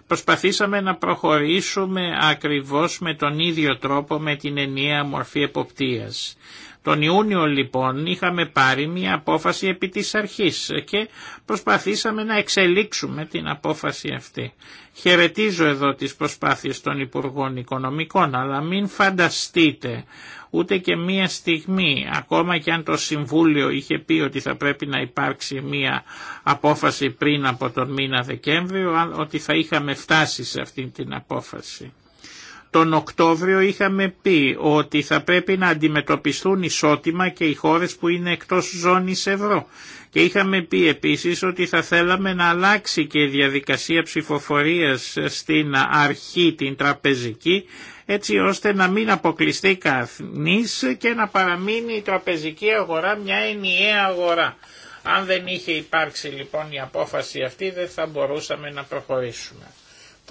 Προσπαθήσαμε να προχωρήσουμε ακριβώς με τον ίδιο τρόπο με την ενιαία μορφή εποπτείας. Τον Ιούνιο λοιπόν είχαμε πάρει μια απόφαση επί της αρχής και προσπαθήσαμε να εξελίξουμε την απόφαση αυτή. Χαιρετίζω εδώ τις προσπάθειες των Υπουργών Οικονομικών, αλλά μην φανταστείτε ούτε και μία στιγμή, ακόμα και αν το Συμβούλιο είχε πει ότι θα πρέπει να υπάρξει μία απόφαση πριν από τον μήνα Δεκέμβριο, ότι θα είχαμε φτάσει σε αυτή την απόφαση. Τον Οκτώβριο είχαμε πει ότι θα πρέπει να αντιμετωπιστούν ισότιμα και οι χώρες που είναι εκτός ζώνης ευρώ. Και είχαμε πει επίσης ότι θα θέλαμε να αλλάξει και η διαδικασία ψηφοφορίας στην αρχή την τραπεζική έτσι ώστε να μην αποκλειστεί καθνής και να παραμείνει η τραπεζική αγορά μια ενιαία αγορά. Αν δεν είχε υπάρξει λοιπόν η απόφαση αυτή δεν θα μπορούσαμε να προχωρήσουμε.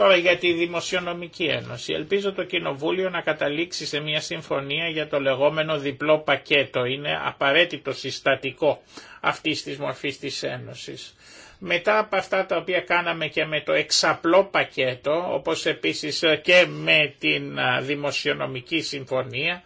Τώρα για τη Δημοσιονομική Ένωση. Ελπίζω το Κοινοβούλιο να καταλήξει σε μια συμφωνία για το λεγόμενο διπλό πακέτο. Είναι απαραίτητο συστατικό αυτής της μορφής της Ένωσης. Μετά από αυτά τα οποία κάναμε και με το εξαπλό πακέτο, όπως επίσης και με την Δημοσιονομική Συμφωνία,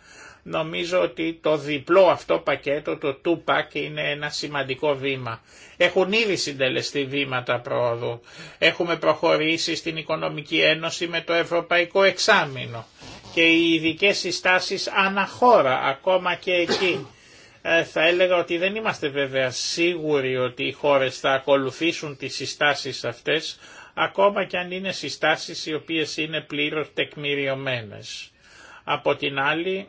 Νομίζω ότι το διπλό αυτό πακέτο, το 2 είναι ένα σημαντικό βήμα. Έχουν ήδη συντελεστεί βήματα πρόοδου. Έχουμε προχωρήσει στην Οικονομική Ένωση με το Ευρωπαϊκό Εξάμεινο και οι ειδικέ συστάσεις αναχώρα, ακόμα και εκεί. Ε, θα έλεγα ότι δεν είμαστε βέβαια σίγουροι ότι οι χώρες θα ακολουθήσουν τις συστάσεις αυτές, ακόμα και αν είναι συστάσεις οι οποίες είναι πλήρως τεκμηριωμένες. Από την άλλη,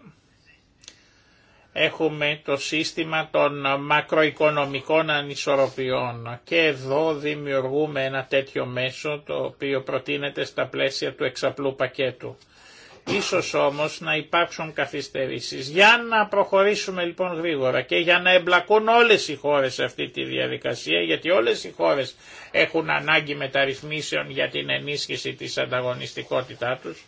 έχουμε το σύστημα των μακροοικονομικών ανισορροπιών και εδώ δημιουργούμε ένα τέτοιο μέσο το οποίο προτείνεται στα πλαίσια του εξαπλού πακέτου. Ίσως όμως να υπάρξουν καθυστερήσεις. Για να προχωρήσουμε λοιπόν γρήγορα και για να εμπλακούν όλες οι χώρες σε αυτή τη διαδικασία, γιατί όλες οι χώρες έχουν ανάγκη μεταρρυθμίσεων για την ενίσχυση της ανταγωνιστικότητά τους,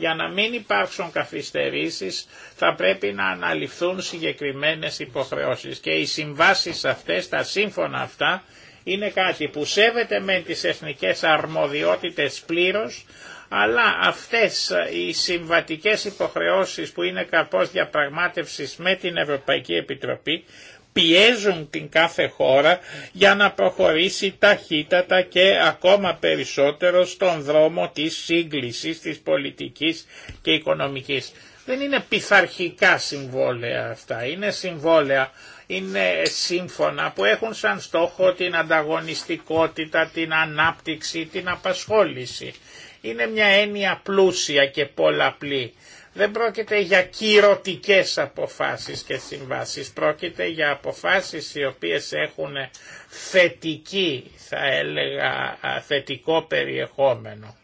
για να μην υπάρξουν καθυστερήσεις θα πρέπει να αναλυφθούν συγκεκριμένες υποχρεώσεις και οι συμβάσεις αυτές, τα σύμφωνα αυτά, είναι κάτι που σέβεται με τις εθνικές αρμοδιότητες πλήρως, αλλά αυτές οι συμβατικές υποχρεώσεις που είναι καρπός διαπραγμάτευσης με την Ευρωπαϊκή Επιτροπή πιέζουν την κάθε χώρα για να προχωρήσει ταχύτατα και ακόμα περισσότερο στον δρόμο της σύγκλησης της πολιτικής και οικονομικής. Δεν είναι πειθαρχικά συμβόλαια αυτά, είναι συμβόλαια, είναι σύμφωνα που έχουν σαν στόχο την ανταγωνιστικότητα, την ανάπτυξη, την απασχόληση. Είναι μια έννοια πλούσια και πολλαπλή. Δεν πρόκειται για κυρωτικές αποφάσεις και συμβάσεις, πρόκειται για αποφάσεις οι οποίες έχουν θετική, θα έλεγα, θετικό περιεχόμενο.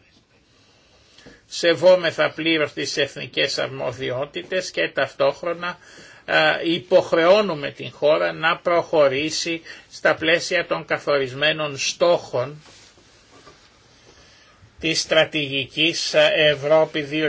Σεβόμεθα πλήρως τις εθνικές αρμοδιότητες και ταυτόχρονα υποχρεώνουμε την χώρα να προχωρήσει στα πλαίσια των καθορισμένων στόχων Τη στρατηγικής Ευρώπη 2020.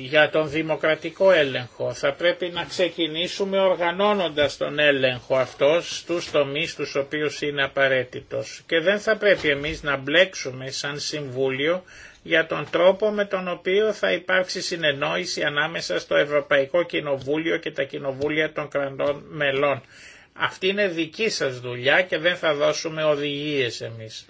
Για τον δημοκρατικό έλεγχο θα πρέπει να ξεκινήσουμε οργανώνοντας τον έλεγχο αυτό στους τομείς τους οποίους είναι απαραίτητος και δεν θα πρέπει εμείς να μπλέξουμε σαν Συμβούλιο για τον τρόπο με τον οποίο θα υπάρξει συνεννόηση ανάμεσα στο Ευρωπαϊκό Κοινοβούλιο και τα Κοινοβούλια των Κραντών Μελών. Αυτή είναι δική σας δουλειά και δεν θα δώσουμε οδηγίες εμείς.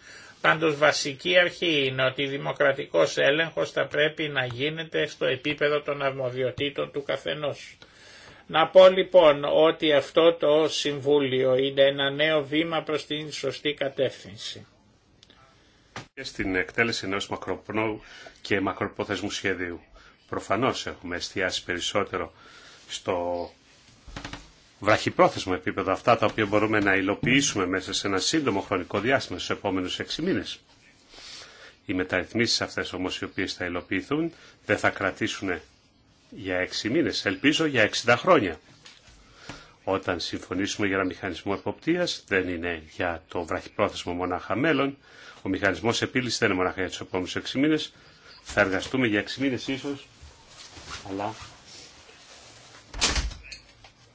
Πάντως βασική αρχή είναι ότι δημοκρατικός έλεγχος θα πρέπει να γίνεται στο επίπεδο των αρμοδιοτήτων του καθενός. Να πω λοιπόν ότι αυτό το Συμβούλιο είναι ένα νέο βήμα προς την σωστή κατεύθυνση. Στην εκτέλεση ενός μακροπνού και μακροπόθεσμου σχεδίου. Προφανώς έχουμε εστιάσει περισσότερο στο Βραχυπρόθεσμο επίπεδο, αυτά τα οποία μπορούμε να υλοποιήσουμε μέσα σε ένα σύντομο χρονικό διάστημα στους επόμενους 6 μήνες. Οι μεταρρυθμίσεις αυτές όμως οι οποίες θα υλοποιηθούν δεν θα κρατήσουν για 6 μήνες, ελπίζω για 60 χρόνια. Όταν συμφωνήσουμε για ένα μηχανισμό εποπτείας δεν είναι για το βραχυπρόθεσμο μονάχα μέλλον. Ο μηχανισμός επίλυσης δεν είναι μονάχα για τους επόμενους 6 μήνες. Θα εργαστούμε για 6 μήνες ίσως, αλλά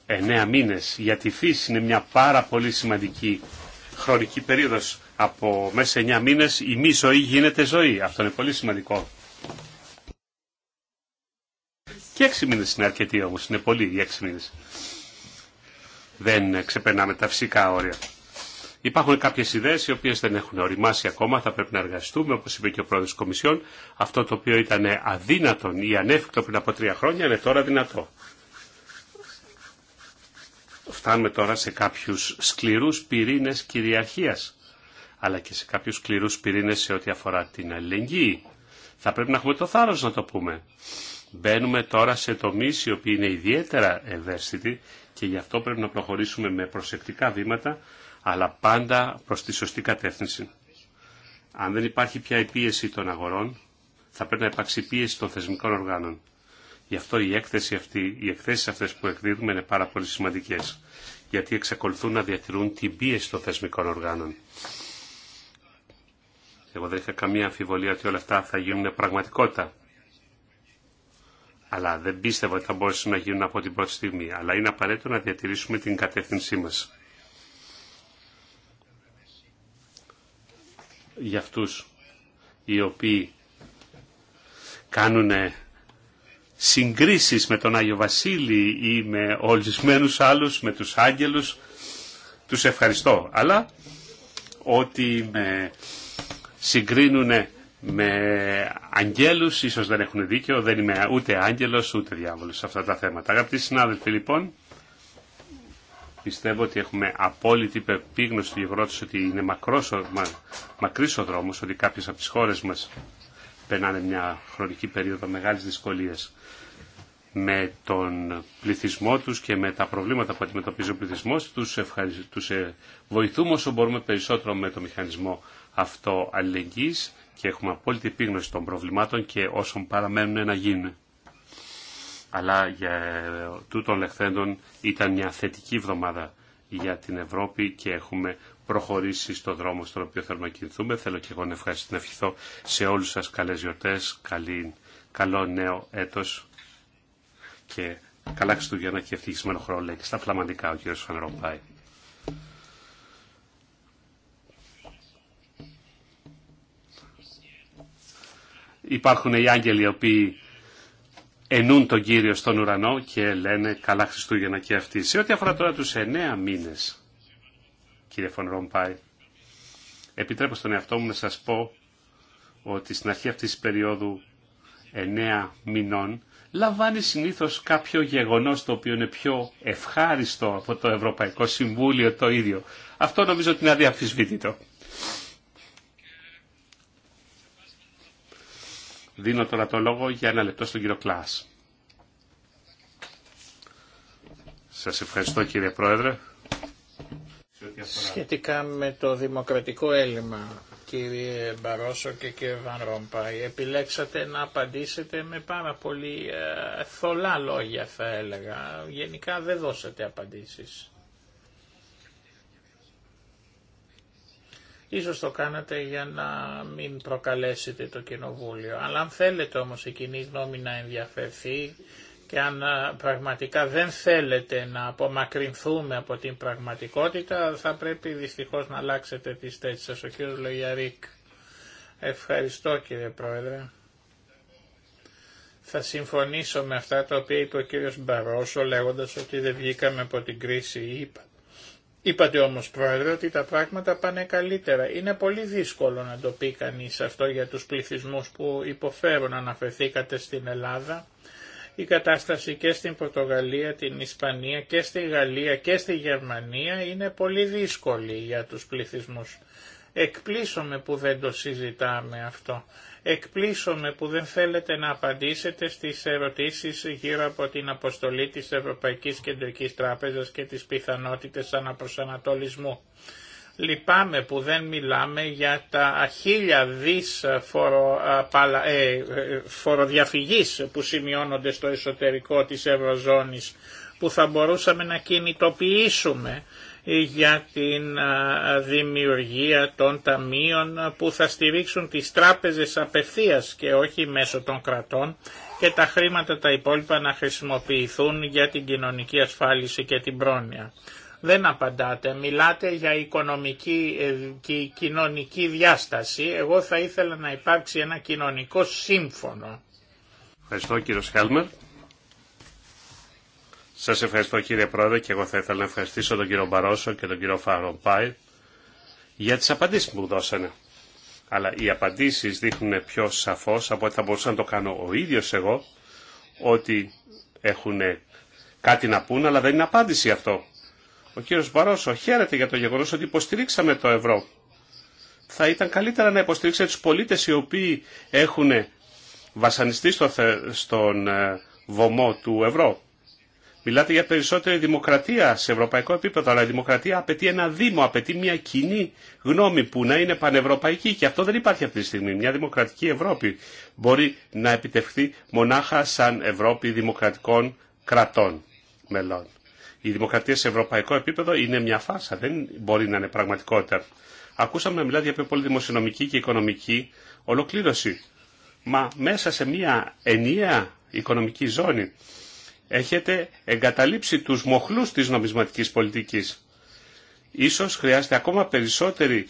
εννέα μήνες για τη φύση είναι μια πάρα πολύ σημαντική χρονική περίοδος. Από μέσα εννέα μήνες η μη ζωή γίνεται ζωή. Αυτό είναι πολύ σημαντικό. Και έξι μήνες είναι αρκετοί όμως, είναι πολύ οι έξι μήνες. Δεν ξεπερνάμε τα φυσικά όρια. Υπάρχουν κάποιες ιδέες οι οποίες δεν έχουν οριμάσει ακόμα, θα πρέπει να εργαστούμε, όπως είπε και ο πρόεδρος Κομισιόν. Αυτό το οποίο ήταν αδύνατον ή ανέφικτο πριν από τρία χρόνια είναι τώρα δυνατό φτάνουμε τώρα σε κάποιους σκληρούς πυρήνες κυριαρχίας, αλλά και σε κάποιους σκληρούς πυρήνες σε ό,τι αφορά την αλληλεγγύη. Θα πρέπει να έχουμε το θάρρος να το πούμε. Μπαίνουμε τώρα σε τομείς οι οποίοι είναι ιδιαίτερα ευαίσθητοι και γι' αυτό πρέπει να προχωρήσουμε με προσεκτικά βήματα, αλλά πάντα προς τη σωστή κατεύθυνση. Αν δεν υπάρχει πια η πίεση των αγορών, θα πρέπει να υπάρξει πίεση των θεσμικών οργάνων. Γι' αυτό η έκθεση αυτή, οι εκθέσεις αυτές που εκδίδουμε είναι πάρα πολύ σημαντικές, γιατί εξακολουθούν να διατηρούν την πίεση των θεσμικών οργάνων. Εγώ δεν είχα καμία αμφιβολία ότι όλα αυτά θα γίνουν πραγματικότητα. Αλλά δεν πίστευα ότι θα μπορούσαν να γίνουν από την πρώτη στιγμή. Αλλά είναι απαραίτητο να διατηρήσουμε την κατεύθυνσή μας. Για αυτούς οι οποίοι κάνουν συγκρίσεις με τον Άγιο Βασίλη ή με ορισμένους άλλους, με τους άγγελους, τους ευχαριστώ. Αλλά ότι με συγκρίνουν με αγγέλους, ίσως δεν έχουν δίκιο, δεν είμαι ούτε άγγελος ούτε διάβολος σε αυτά τα θέματα. Αγαπητοί συνάδελφοι λοιπόν, πιστεύω ότι έχουμε απόλυτη υπεπίγνωση του γεγονότος ότι είναι μακρός, μα, μακρύς ο δρόμος, ότι κάποιες από τις χώρες μας περνάνε μια χρονική περίοδο μεγάλες δυσκολίες. με τον πληθυσμό τους και με τα προβλήματα που αντιμετωπίζει ο πληθυσμός τους, τους ε, βοηθούμε όσο μπορούμε περισσότερο με το μηχανισμό αυτό αλληλεγγύης και έχουμε απόλυτη επίγνωση των προβλημάτων και όσων παραμένουν να γίνουν. Αλλά για ε, τούτων λεχθέντων ήταν μια θετική εβδομάδα για την Ευρώπη και έχουμε προχωρήσει στον δρόμο στον οποίο θέλουμε να κινηθούμε. Θέλω και εγώ να ευχαριστήσω να ευχηθώ σε όλους σας καλές γιορτές, καλή, καλό νέο έτος και καλά Χριστούγεννα και ευτυχισμένο χρόνο λέει και στα φλαμαντικά ο κύριος Φανρομπάη. Υπάρχουν οι άγγελοι οι οποίοι ενούν τον Κύριο στον ουρανό και λένε καλά Χριστούγεννα και αυτοί. Σε ό,τι αφορά τώρα τους εννέα μήνες κύριε Φων Ρομπάι. Επιτρέπω στον εαυτό μου να σας πω ότι στην αρχή αυτής της περίοδου εννέα μηνών λαμβάνει συνήθως κάποιο γεγονός το οποίο είναι πιο ευχάριστο από το Ευρωπαϊκό Συμβούλιο το ίδιο. Αυτό νομίζω ότι είναι αδιαφυσβήτητο. Δίνω τώρα το λόγο για ένα λεπτό στον κύριο Κλάς. Σας ευχαριστώ κύριε Πρόεδρε. Σχετικά με το δημοκρατικό έλλειμμα, κύριε Μπαρόσο και κύριε Βαν Ρομπάη, επιλέξατε να απαντήσετε με πάρα πολύ ε, θολά λόγια θα έλεγα. Γενικά δεν δώσατε απαντήσεις. Ίσως το κάνατε για να μην προκαλέσετε το κοινοβούλιο. Αλλά αν θέλετε όμως η κοινή γνώμη να ενδιαφερθεί και αν ε, πραγματικά δεν θέλετε να απομακρυνθούμε από την πραγματικότητα θα πρέπει δυστυχώς να αλλάξετε τις θέσεις σας. Ο κύριος Λογιαρίκ. Ευχαριστώ κύριε Πρόεδρε. Θα συμφωνήσω με αυτά τα οποία είπε ο κύριος Μπαρόσο λέγοντας ότι δεν βγήκαμε από την κρίση Είπατε όμως πρόεδρε ότι τα πράγματα πάνε καλύτερα. Είναι πολύ δύσκολο να το πει κανείς αυτό για τους πληθυσμούς που υποφέρουν. Αναφερθήκατε στην Ελλάδα η κατάσταση και στην Πορτογαλία, την Ισπανία και στη Γαλλία και στη Γερμανία είναι πολύ δύσκολη για τους πληθυσμούς. Εκπλήσωμε που δεν το συζητάμε αυτό. Εκπλήσωμε που δεν θέλετε να απαντήσετε στις ερωτήσεις γύρω από την αποστολή της Ευρωπαϊκής Κεντρικής Τράπεζας και τις πιθανότητες αναπροσανατολισμού. Λυπάμαι που δεν μιλάμε για τα χίλια δις φορο, ε, ε, φοροδιαφυγής που σημειώνονται στο εσωτερικό της Ευρωζώνης που θα μπορούσαμε να κινητοποιήσουμε για την δημιουργία των ταμείων που θα στηρίξουν τις τράπεζες απευθείας και όχι μέσω των κρατών και τα χρήματα τα υπόλοιπα να χρησιμοποιηθούν για την κοινωνική ασφάλιση και την πρόνοια δεν απαντάτε. Μιλάτε για οικονομική ε, και κοινωνική διάσταση. Εγώ θα ήθελα να υπάρξει ένα κοινωνικό σύμφωνο. Ευχαριστώ κύριο Χέλμερ. Σας ευχαριστώ κύριε Πρόεδρε και εγώ θα ήθελα να ευχαριστήσω τον κύριο Μπαρόσο και τον κύριο Φαρομπάι για τις απαντήσεις που μου δώσανε. Αλλά οι απαντήσεις δείχνουν πιο σαφώς από ότι θα μπορούσα να το κάνω ο ίδιος εγώ ότι έχουν κάτι να πούν αλλά δεν είναι απάντηση αυτό. Ο κύριος Μπαρόσο χαίρεται για το γεγονός ότι υποστηρίξαμε το ευρώ. Θα ήταν καλύτερα να υποστηρίξετε τους πολίτες οι οποίοι έχουν βασανιστεί στον ε, βωμό του ευρώ. Μιλάτε για περισσότερη δημοκρατία σε ευρωπαϊκό επίπεδο, αλλά η δημοκρατία απαιτεί ένα Δήμο, απαιτεί μια κοινή γνώμη που να είναι πανευρωπαϊκή και αυτό δεν υπάρχει αυτή τη στιγμή. Μια δημοκρατική Ευρώπη μπορεί να επιτευχθεί μονάχα σαν Ευρώπη δημοκρατικών κρατών μελών η δημοκρατία σε ευρωπαϊκό επίπεδο είναι μια φάσα, δεν μπορεί να είναι πραγματικότητα. Ακούσαμε να μιλάτε για πιο πολύ δημοσιονομική και οικονομική ολοκλήρωση. Μα μέσα σε μια ενιαία οικονομική ζώνη έχετε εγκαταλείψει τους μοχλούς της νομισματικής πολιτικής. Ίσως χρειάζεται ακόμα περισσότερη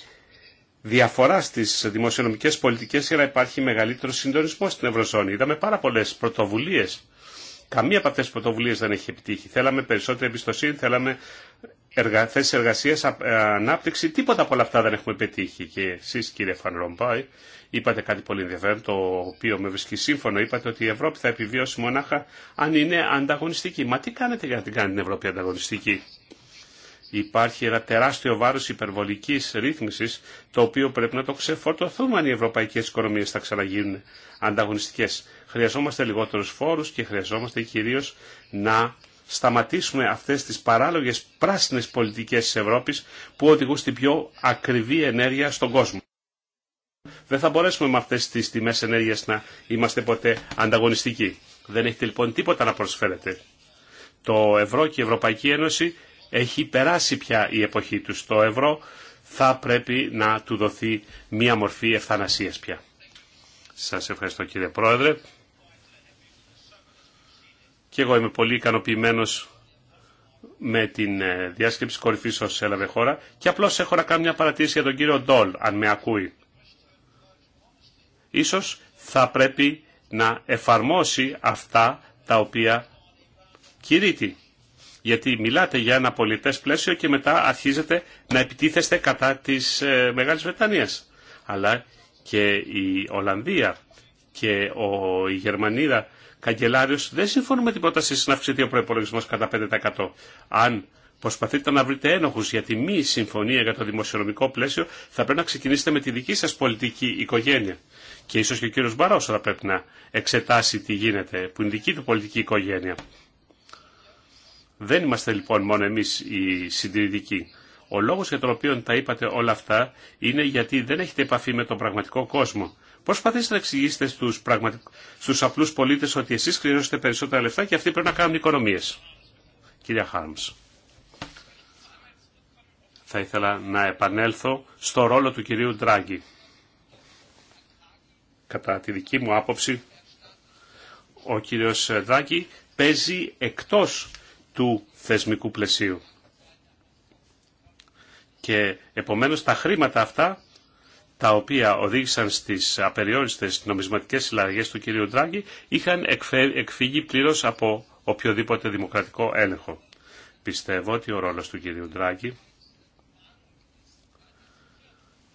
διαφορά στις δημοσιονομικές πολιτικές για να υπάρχει μεγαλύτερο συντονισμό στην Ευρωζώνη. Είδαμε πάρα πολλές πρωτοβουλίες Καμία από αυτές τις πρωτοβουλίες δεν έχει επιτύχει. Θέλαμε περισσότερη εμπιστοσύνη, θέλαμε εργα... θέσεις εργασίας, ε, ανάπτυξη, τίποτα από όλα αυτά δεν έχουμε πετύχει. Και εσείς κύριε Φαν Ρομπάι είπατε κάτι πολύ ενδιαφέρον, το οποίο με βρίσκει σύμφωνο, είπατε ότι η Ευρώπη θα επιβιώσει μονάχα αν είναι ανταγωνιστική. Μα τι κάνετε για να την κάνει την Ευρώπη ανταγωνιστική. Υπάρχει ένα τεράστιο βάρο υπερβολική ρύθμιση, το οποίο πρέπει να το ξεφορτωθούμε αν οι Ευρωπαϊκέ οικονομίε θα ξαναγίνουν ανταγωνιστικέ. Χρειαζόμαστε λιγότερους φόρους και χρειαζόμαστε κυρίως να σταματήσουμε αυτές τις παράλογες πράσινες πολιτικές της Ευρώπης που οδηγούν στην πιο ακριβή ενέργεια στον κόσμο. Δεν θα μπορέσουμε με αυτές τις τιμές ενέργειας να είμαστε ποτέ ανταγωνιστικοί. Δεν έχετε λοιπόν τίποτα να προσφέρετε. Το ευρώ και η Ευρωπαϊκή Ένωση έχει περάσει πια η εποχή του. Το ευρώ θα πρέπει να του δοθεί μία μορφή ευθανασίας πια. Σας ευχαριστώ κύριε Πρόεδρε. Και εγώ είμαι πολύ ικανοποιημένο με την ε, διάσκεψη κορυφή όσο έλαβε χώρα. Και απλώ έχω να κάνω μια παρατήρηση για τον κύριο Ντόλ, αν με ακούει. Ίσως θα πρέπει να εφαρμόσει αυτά τα οποία κηρύττει. Γιατί μιλάτε για ένα πολιτέ πλαίσιο και μετά αρχίζετε να επιτίθεστε κατά της ε, Μεγάλης Βρετανίας. Αλλά και η Ολλανδία και η Γερμανίδα καγκελάριο δεν συμφωνούμε με την πρότασή να αυξηθεί ο προπολογισμό κατά 5%. Αν προσπαθείτε να βρείτε ένοχου για τη μη συμφωνία για το δημοσιονομικό πλαίσιο, θα πρέπει να ξεκινήσετε με τη δική σα πολιτική οικογένεια. Και ίσω και ο κύριο Μπαρόσο θα πρέπει να εξετάσει τι γίνεται, που είναι δική του πολιτική οικογένεια. Δεν είμαστε λοιπόν μόνο εμεί οι συντηρητικοί. Ο λόγος για τον οποίο τα είπατε όλα αυτά είναι γιατί δεν έχετε επαφή με τον πραγματικό κόσμο. Προσπαθήστε να εξηγήσετε στους, πραγματικ... στους απλούς πολίτες ότι εσείς χρειάζεστε περισσότερα λεφτά και αυτοί πρέπει να κάνουν οικονομίες. Κυρία Χάρμς. Θα ήθελα να επανέλθω στο ρόλο του κυρίου Ντράγκη. Κατά τη δική μου άποψη, ο κύριος Ντράγκη παίζει εκτός του θεσμικού πλαισίου. Και επομένως τα χρήματα αυτά τα οποία οδήγησαν στις απεριόριστες νομισματικές συλλαγές του κ. Ντράγκη είχαν εκφύγει πλήρως από οποιοδήποτε δημοκρατικό έλεγχο. Πιστεύω ότι ο ρόλος του κ. Ντράγκη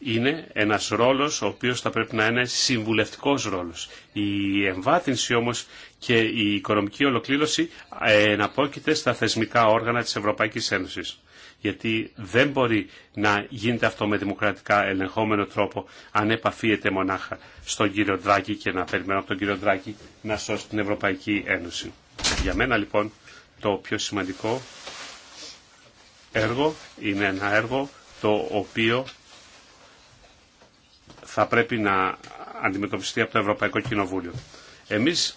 είναι ένας ρόλος ο οποίος θα πρέπει να είναι συμβουλευτικός ρόλος. Η εμβάθυνση όμως και η οικονομική ολοκλήρωση ε, εναπόκειται στα θεσμικά όργανα της Ευρωπαϊκής Ένωσης γιατί δεν μπορεί να γίνεται αυτό με δημοκρατικά ελεγχόμενο τρόπο αν επαφίεται μονάχα στον κύριο Ντράκη και να περιμένω από τον κύριο Ντράκη να σώσει την Ευρωπαϊκή Ένωση. Για μένα λοιπόν το πιο σημαντικό έργο είναι ένα έργο το οποίο θα πρέπει να αντιμετωπιστεί από το Ευρωπαϊκό Κοινοβούλιο. Εμείς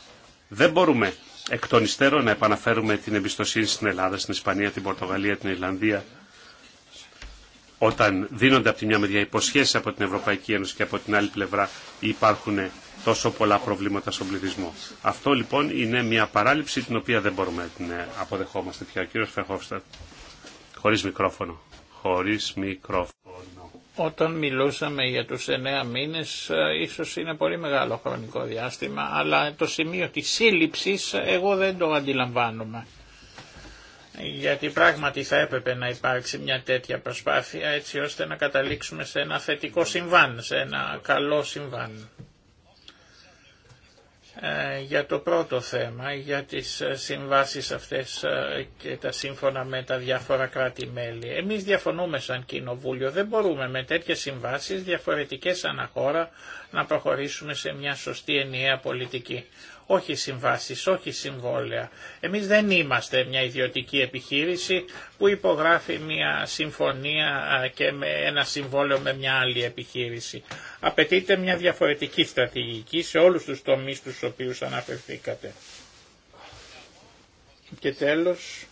δεν μπορούμε εκ των υστέρων να επαναφέρουμε την εμπιστοσύνη στην Ελλάδα, στην Ισπανία, την Πορτογαλία, την Ιρλανδία, όταν δίνονται από τη μια μεριά υποσχέσει από την Ευρωπαϊκή Ένωση και από την άλλη πλευρά υπάρχουν τόσο πολλά προβλήματα στον πληθυσμό. Αυτό λοιπόν είναι μια παράληψη την οποία δεν μπορούμε να την ε, αποδεχόμαστε πια. Κύριο Φεχόφστατ, χωρίς μικρόφωνο. Χωρίς μικρόφωνο. Όταν μιλούσαμε για τους εννέα μήνες, ε, ίσως είναι πολύ μεγάλο χρονικό διάστημα, αλλά το σημείο της σύλληψης εγώ δεν το αντιλαμβάνομαι. Γιατί πράγματι θα έπρεπε να υπάρξει μια τέτοια προσπάθεια έτσι ώστε να καταλήξουμε σε ένα θετικό συμβάν, σε ένα καλό συμβάν. Ε, για το πρώτο θέμα, για τις ε, συμβάσεις αυτές ε, και τα σύμφωνα με τα διάφορα κράτη-μέλη. Εμείς διαφωνούμε σαν Κοινοβούλιο, δεν μπορούμε με τέτοιες συμβάσεις διαφορετικές αναχώρα να προχωρήσουμε σε μια σωστή ενιαία πολιτική όχι συμβάσεις, όχι συμβόλαια. Εμείς δεν είμαστε μια ιδιωτική επιχείρηση που υπογράφει μια συμφωνία και με ένα συμβόλαιο με μια άλλη επιχείρηση. Απαιτείται μια διαφορετική στρατηγική σε όλους τους τομείς τους οποίους αναφερθήκατε. Και τέλος,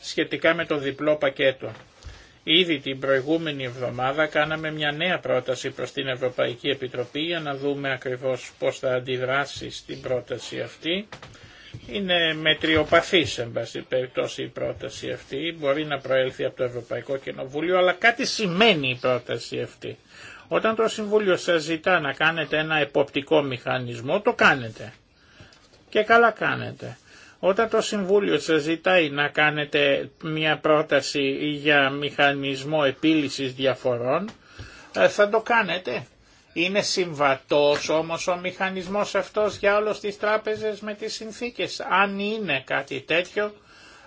σχετικά με το διπλό πακέτο. Ήδη την προηγούμενη εβδομάδα κάναμε μια νέα πρόταση προς την Ευρωπαϊκή Επιτροπή για να δούμε ακριβώς πώς θα αντιδράσει στην πρόταση αυτή. Είναι μετριοπαθής, εν πάση περιπτώσει, η πρόταση αυτή. Μπορεί να προέλθει από το Ευρωπαϊκό Κοινοβούλιο, αλλά κάτι σημαίνει η πρόταση αυτή. Όταν το Συμβούλιο σας ζητά να κάνετε ένα εποπτικό μηχανισμό, το κάνετε. Και καλά κάνετε. Όταν το Συμβούλιο σας ζητάει να κάνετε μια πρόταση για μηχανισμό επίλυσης διαφορών, ε, θα το κάνετε. Είναι συμβατός όμως ο μηχανισμός αυτός για όλες τις τράπεζες με τις συνθήκες. Αν είναι κάτι τέτοιο,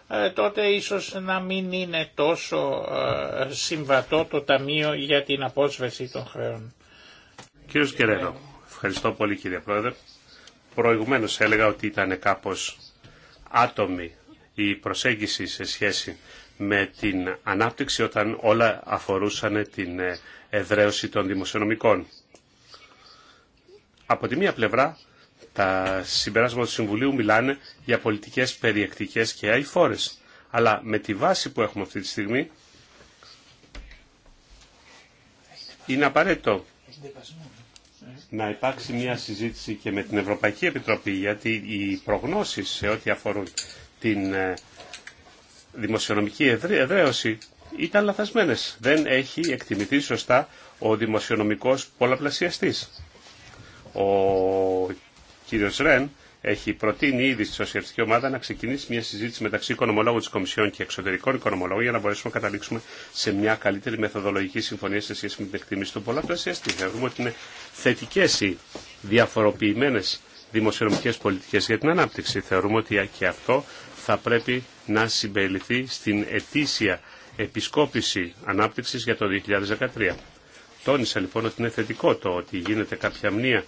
ε, τότε ίσως να μην είναι τόσο ε, συμβατό το Ταμείο για την απόσβεση των χρεών. Κύριος Κεραίρο, ευχαριστώ πολύ κύριε Πρόεδρε. Προηγουμένως έλεγα ότι ήταν κάπως άτομη η προσέγγιση σε σχέση με την ανάπτυξη όταν όλα αφορούσαν την ε, εδραίωση των δημοσιονομικών. Από τη μία πλευρά τα συμπεράσματα του Συμβουλίου μιλάνε για πολιτικές περιεκτικές και αηφόρες. Αλλά με τη βάση που έχουμε αυτή τη στιγμή είναι απαραίτητο να υπάρξει μια συζήτηση και με την Ευρωπαϊκή Επιτροπή, γιατί οι προγνώσεις σε ό,τι αφορούν την ε, δημοσιονομική εδραίωση ήταν λαθασμένες. Δεν έχει εκτιμηθεί σωστά ο δημοσιονομικός πολλαπλασιαστής. Ο κύριος Ρεν έχει προτείνει ήδη στη Σοσιαλιστική Ομάδα να ξεκινήσει μια συζήτηση μεταξύ οικονομολόγων τη Κομισιόν και εξωτερικών οικονομολόγων για να μπορέσουμε να καταλήξουμε σε μια καλύτερη μεθοδολογική συμφωνία σε σχέση με την εκτίμηση των Τι Θεωρούμε ότι είναι θετικέ οι διαφοροποιημένε δημοσιονομικέ πολιτικέ για την ανάπτυξη. Θεωρούμε ότι και αυτό θα πρέπει να συμπεριληφθεί στην ετήσια επισκόπηση ανάπτυξη για το 2013. Τόνισα λοιπόν ότι είναι θετικό το ότι γίνεται κάποια μνήμα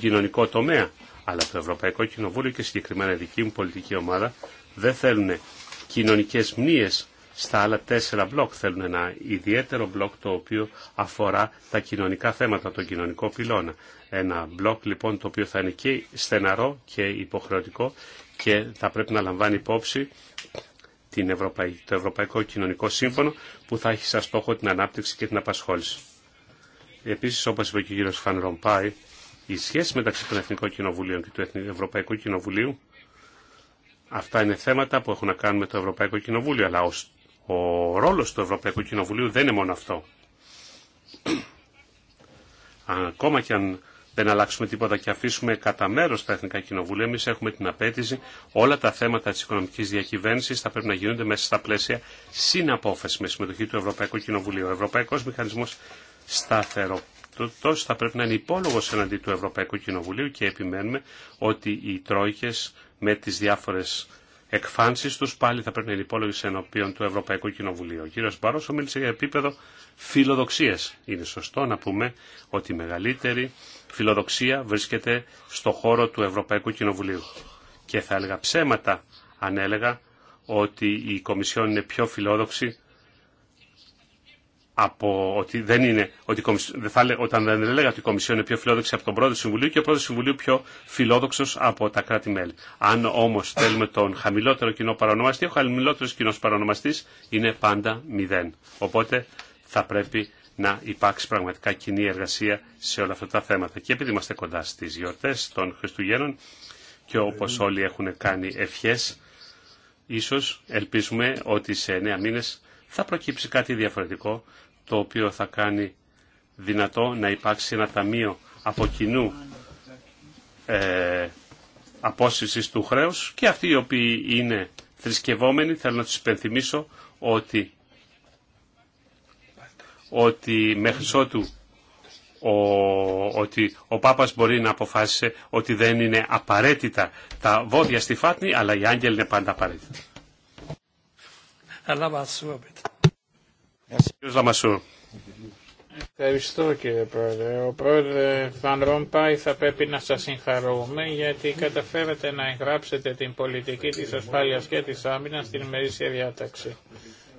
κοινωνικό τομέα αλλά το Ευρωπαϊκό Κοινοβούλιο και συγκεκριμένα η δική μου πολιτική ομάδα δεν θέλουν κοινωνικές μνήες στα άλλα τέσσερα μπλοκ. Θέλουν ένα ιδιαίτερο μπλοκ το οποίο αφορά τα κοινωνικά θέματα, τον κοινωνικό πυλώνα. Ένα μπλοκ λοιπόν το οποίο θα είναι και στεναρό και υποχρεωτικό και θα πρέπει να λαμβάνει υπόψη την Ευρωπαϊ... το Ευρωπαϊκό Κοινωνικό Σύμφωνο που θα έχει σαν στόχο την ανάπτυξη και την απασχόληση. Επίσης όπως είπε και ο κύριος Φαν η σχέση μεταξύ των Εθνικών Κοινοβουλίων και του Ευρωπαϊκού Κοινοβουλίου αυτά είναι θέματα που έχουν να κάνουν με το Ευρωπαϊκό Κοινοβούλιο αλλά ο, ο ρόλος του Ευρωπαϊκού Κοινοβουλίου δεν είναι μόνο αυτό. Ακόμα και αν δεν αλλάξουμε τίποτα και αφήσουμε κατά μέρο τα Εθνικά Κοινοβούλια. Εμεί έχουμε την απέτηση όλα τα θέματα τη οικονομική διακυβέρνηση θα πρέπει να γίνονται μέσα στα πλαίσια συναπόφαση με συμμετοχή του Ευρωπαϊκού Κοινοβουλίου. Ο Ευρωπαϊκό Μηχανισμό Σταθερο αυτό θα πρέπει να είναι υπόλογος εναντί του Ευρωπαϊκού Κοινοβουλίου και επιμένουμε ότι οι τρόικες με τις διάφορες εκφάνσεις τους πάλι θα πρέπει να είναι υπόλογοι ενώπιον του Ευρωπαϊκού Κοινοβουλίου. Ο κύριος Μπαρόσο μίλησε για επίπεδο φιλοδοξίας. Είναι σωστό να πούμε ότι η μεγαλύτερη φιλοδοξία βρίσκεται στο χώρο του Ευρωπαϊκού Κοινοβουλίου. Και θα έλεγα ψέματα αν έλεγα ότι η Κομισιόν είναι πιο φιλόδοξη από ότι δεν είναι, ότι, θα λέ, όταν δεν έλεγα ότι η Κομισιόν είναι πιο φιλόδοξη από τον πρόεδρο Συμβουλίου και ο πρόεδρο του Συμβουλίου πιο φιλόδοξο από τα κράτη-μέλη. Αν όμω θέλουμε τον χαμηλότερο κοινό παρονομαστή, ο χαμηλότερο κοινό παρονομαστή είναι πάντα μηδέν. Οπότε θα πρέπει να υπάρξει πραγματικά κοινή εργασία σε όλα αυτά τα θέματα. Και επειδή είμαστε κοντά στι γιορτέ των Χριστουγέννων και όπω όλοι έχουν κάνει ευχέ, ίσω ελπίζουμε ότι σε 9 μήνε θα προκύψει κάτι διαφορετικό, το οποίο θα κάνει δυνατό να υπάρξει ένα ταμείο από κοινού ε, του χρέους και αυτοί οι οποίοι είναι θρησκευόμενοι θέλω να τους υπενθυμίσω ότι, ότι μέχρι ότου ο, ότι ο Πάπας μπορεί να αποφάσισε ότι δεν είναι απαραίτητα τα βόδια στη φάτνη αλλά οι άγγελοι είναι πάντα απαραίτητοι. Ευχαριστώ κύριε Πρόεδρε. Ο Πρόεδρε Βαν Ρομπάι θα πρέπει να σας συγχαρούμε γιατί καταφέρατε να εγγράψετε την πολιτική της ασφάλειας και της άμυνας στην ημερήσια διάταξη.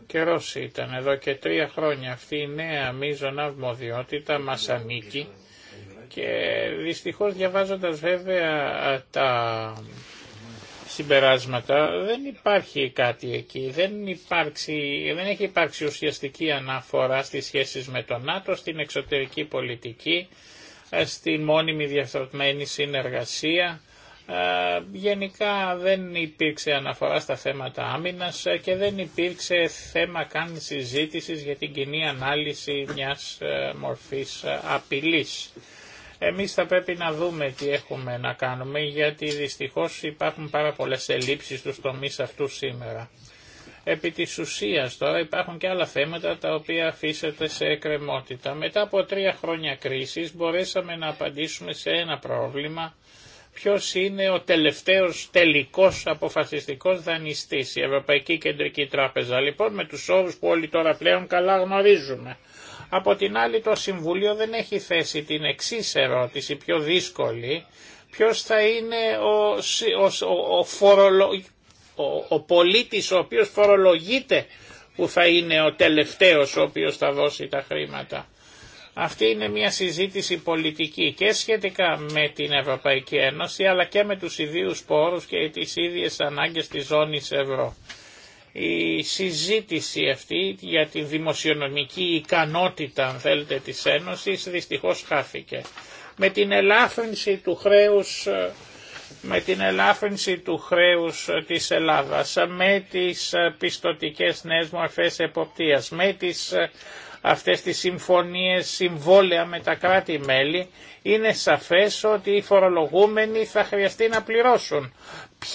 Καιρός ήταν εδώ και τρία χρόνια αυτή η νέα μείζων αυμοδιότητα μας ανήκει και δυστυχώς διαβάζοντας βέβαια τα συμπεράσματα δεν υπάρχει κάτι εκεί, δεν, υπάρξει, δεν έχει υπάρξει ουσιαστική αναφορά στις σχέσεις με τον ΝΑΤΟ, στην εξωτερική πολιτική, ε, στη μόνιμη διαφθορτμένη συνεργασία. Ε, γενικά δεν υπήρξε αναφορά στα θέματα άμυνας ε, και δεν υπήρξε θέμα καν συζήτησης για την κοινή ανάλυση μιας μορφής απειλής. Εμείς θα πρέπει να δούμε τι έχουμε να κάνουμε γιατί δυστυχώς υπάρχουν πάρα πολλές ελλείψεις στους τομείς αυτού σήμερα. Επί της ουσίας τώρα υπάρχουν και άλλα θέματα τα οποία αφήσετε σε εκκρεμότητα. Μετά από τρία χρόνια κρίσης μπορέσαμε να απαντήσουμε σε ένα πρόβλημα ποιος είναι ο τελευταίος τελικός αποφασιστικός δανειστής, η Ευρωπαϊκή Κεντρική Τράπεζα. Λοιπόν με τους όρους που όλοι τώρα πλέον καλά γνωρίζουμε. Από την άλλη το Συμβούλιο δεν έχει θέσει την εξή ερώτηση, πιο δύσκολη, ποιος θα είναι ο, ο, ο, φορολο, ο, ο πολίτης ο οποίος φορολογείται που θα είναι ο τελευταίος ο οποίος θα δώσει τα χρήματα. Αυτή είναι μια συζήτηση πολιτική και σχετικά με την Ευρωπαϊκή Ένωση αλλά και με τους ιδίους πόρους και τις ίδιες ανάγκες της ζώνης ευρώ. Η συζήτηση αυτή για τη δημοσιονομική ικανότητα, αν θέλετε, της Ένωσης δυστυχώς χάθηκε. Με την ελάφρυνση του χρέους ε, με την ελάφρυνση του χρέους ε, της Ελλάδας, ε, με τις πιστοτικές νέες μορφές εποπτείας, με τις, αυτές τις συμφωνίες, συμβόλαια με τα κράτη-μέλη, είναι σαφές ότι οι φορολογούμενοι θα χρειαστεί να πληρώσουν.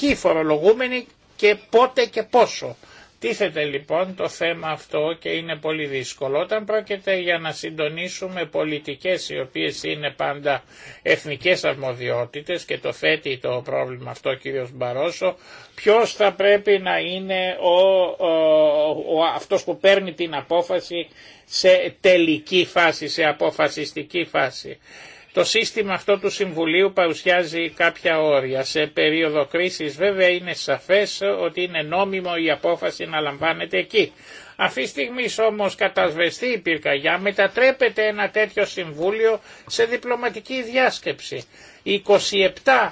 Ποιοι φορολογούμενοι και πότε και πόσο. Τίθεται λοιπόν το θέμα αυτό και είναι πολύ δύσκολο. Όταν πρόκειται για να συντονίσουμε πολιτικές οι οποίες είναι πάντα εθνικές αρμοδιότητες και το θέτει το πρόβλημα αυτό κύριος Μπαρόσο, ποιος θα πρέπει να είναι ο, αυτός που παίρνει την απόφαση σε τελική φάση, σε αποφασιστική φάση. Το σύστημα αυτό του Συμβουλίου παρουσιάζει κάποια όρια. Σε περίοδο κρίσης βέβαια είναι σαφές ότι είναι νόμιμο η απόφαση να λαμβάνεται εκεί. Αυτή τη στιγμή όμως κατασβεστεί η πυρκαγιά, μετατρέπεται ένα τέτοιο συμβούλιο σε διπλωματική διάσκεψη. 27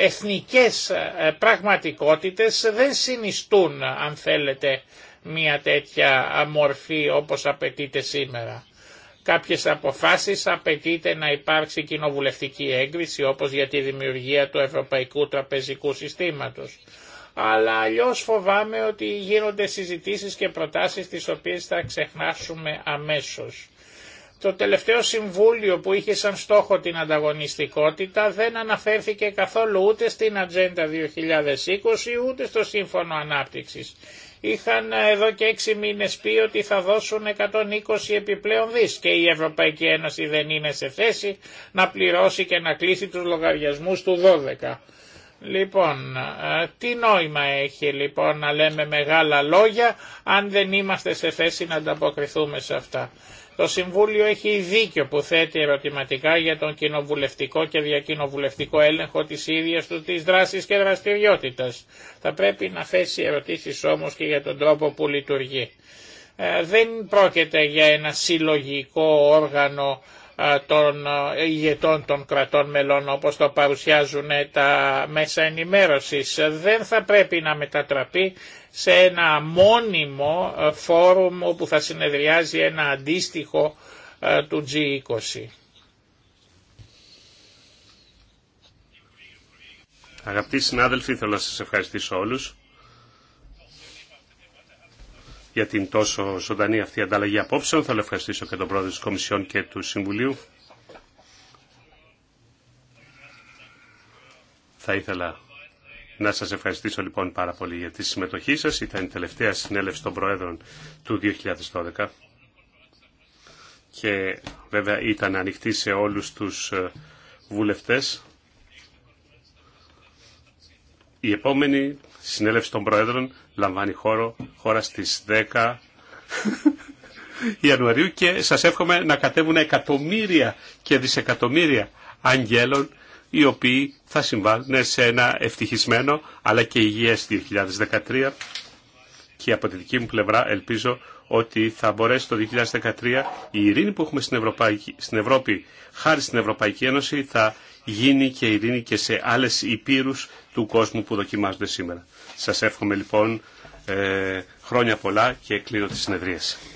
εθνικές πραγματικότητες δεν συνιστούν, αν θέλετε, μια τέτοια μορφή όπως απαιτείται σήμερα κάποιες αποφάσεις απαιτείται να υπάρξει κοινοβουλευτική έγκριση όπως για τη δημιουργία του Ευρωπαϊκού Τραπεζικού Συστήματος. Αλλά αλλιώς φοβάμαι ότι γίνονται συζητήσεις και προτάσεις τις οποίες θα ξεχνάσουμε αμέσως. Το τελευταίο συμβούλιο που είχε σαν στόχο την ανταγωνιστικότητα δεν αναφέρθηκε καθόλου ούτε στην Ατζέντα 2020 ούτε στο Σύμφωνο Ανάπτυξης είχαν εδώ και έξι μήνες πει ότι θα δώσουν 120 επιπλέον δις και η Ευρωπαϊκή Ένωση δεν είναι σε θέση να πληρώσει και να κλείσει τους λογαριασμούς του 12. Λοιπόν, ε, τι νόημα έχει λοιπόν να λέμε μεγάλα λόγια αν δεν είμαστε σε θέση να ανταποκριθούμε σε αυτά. Το Συμβούλιο έχει δίκιο που θέτει ερωτηματικά για τον κοινοβουλευτικό και διακοινοβουλευτικό έλεγχο της ίδιας του της δράσης και δραστηριότητας. Θα πρέπει να θέσει ερωτήσεις όμως και για τον τρόπο που λειτουργεί. Ε, δεν πρόκειται για ένα συλλογικό όργανο ε, των ε, ηγετών των κρατών μελών όπως το παρουσιάζουν τα μέσα ενημέρωσης δεν θα πρέπει να μετατραπεί σε ένα μόνιμο ε, φόρουμ όπου θα συνεδριάζει ένα αντίστοιχο του G20. Αγαπητοί συνάδελφοι, θέλω να σας ευχαριστήσω όλους για την τόσο ζωντανή αυτή ανταλλαγή απόψεων. Θα ευχαριστήσω και τον πρόεδρο της Κομισιόν και του Συμβουλίου. Θα ήθελα να σας ευχαριστήσω λοιπόν πάρα πολύ για τη συμμετοχή σας. Ήταν η τελευταία συνέλευση των Προέδρων του 2012 και βέβαια ήταν ανοιχτή σε όλους τους ε, βουλευτές. Η επόμενη συνέλευση των Προέδρων λαμβάνει χώρο, χώρα στις 10 Ιανουαρίου και σας εύχομαι να κατέβουν εκατομμύρια και δισεκατομμύρια αγγέλων οι οποίοι θα συμβάλλουν σε ένα ευτυχισμένο αλλά και υγιές 2013 και από τη δική μου πλευρά ελπίζω ότι θα μπορέσει το 2013 η ειρήνη που έχουμε στην, Ευρωπαϊκή, στην Ευρώπη χάρη στην Ευρωπαϊκή Ένωση θα γίνει και ειρήνη και σε άλλες υπήρους του κόσμου που δοκιμάζονται σήμερα. Σας εύχομαι λοιπόν ε, χρόνια πολλά και κλείνω τη συνεδρίαση.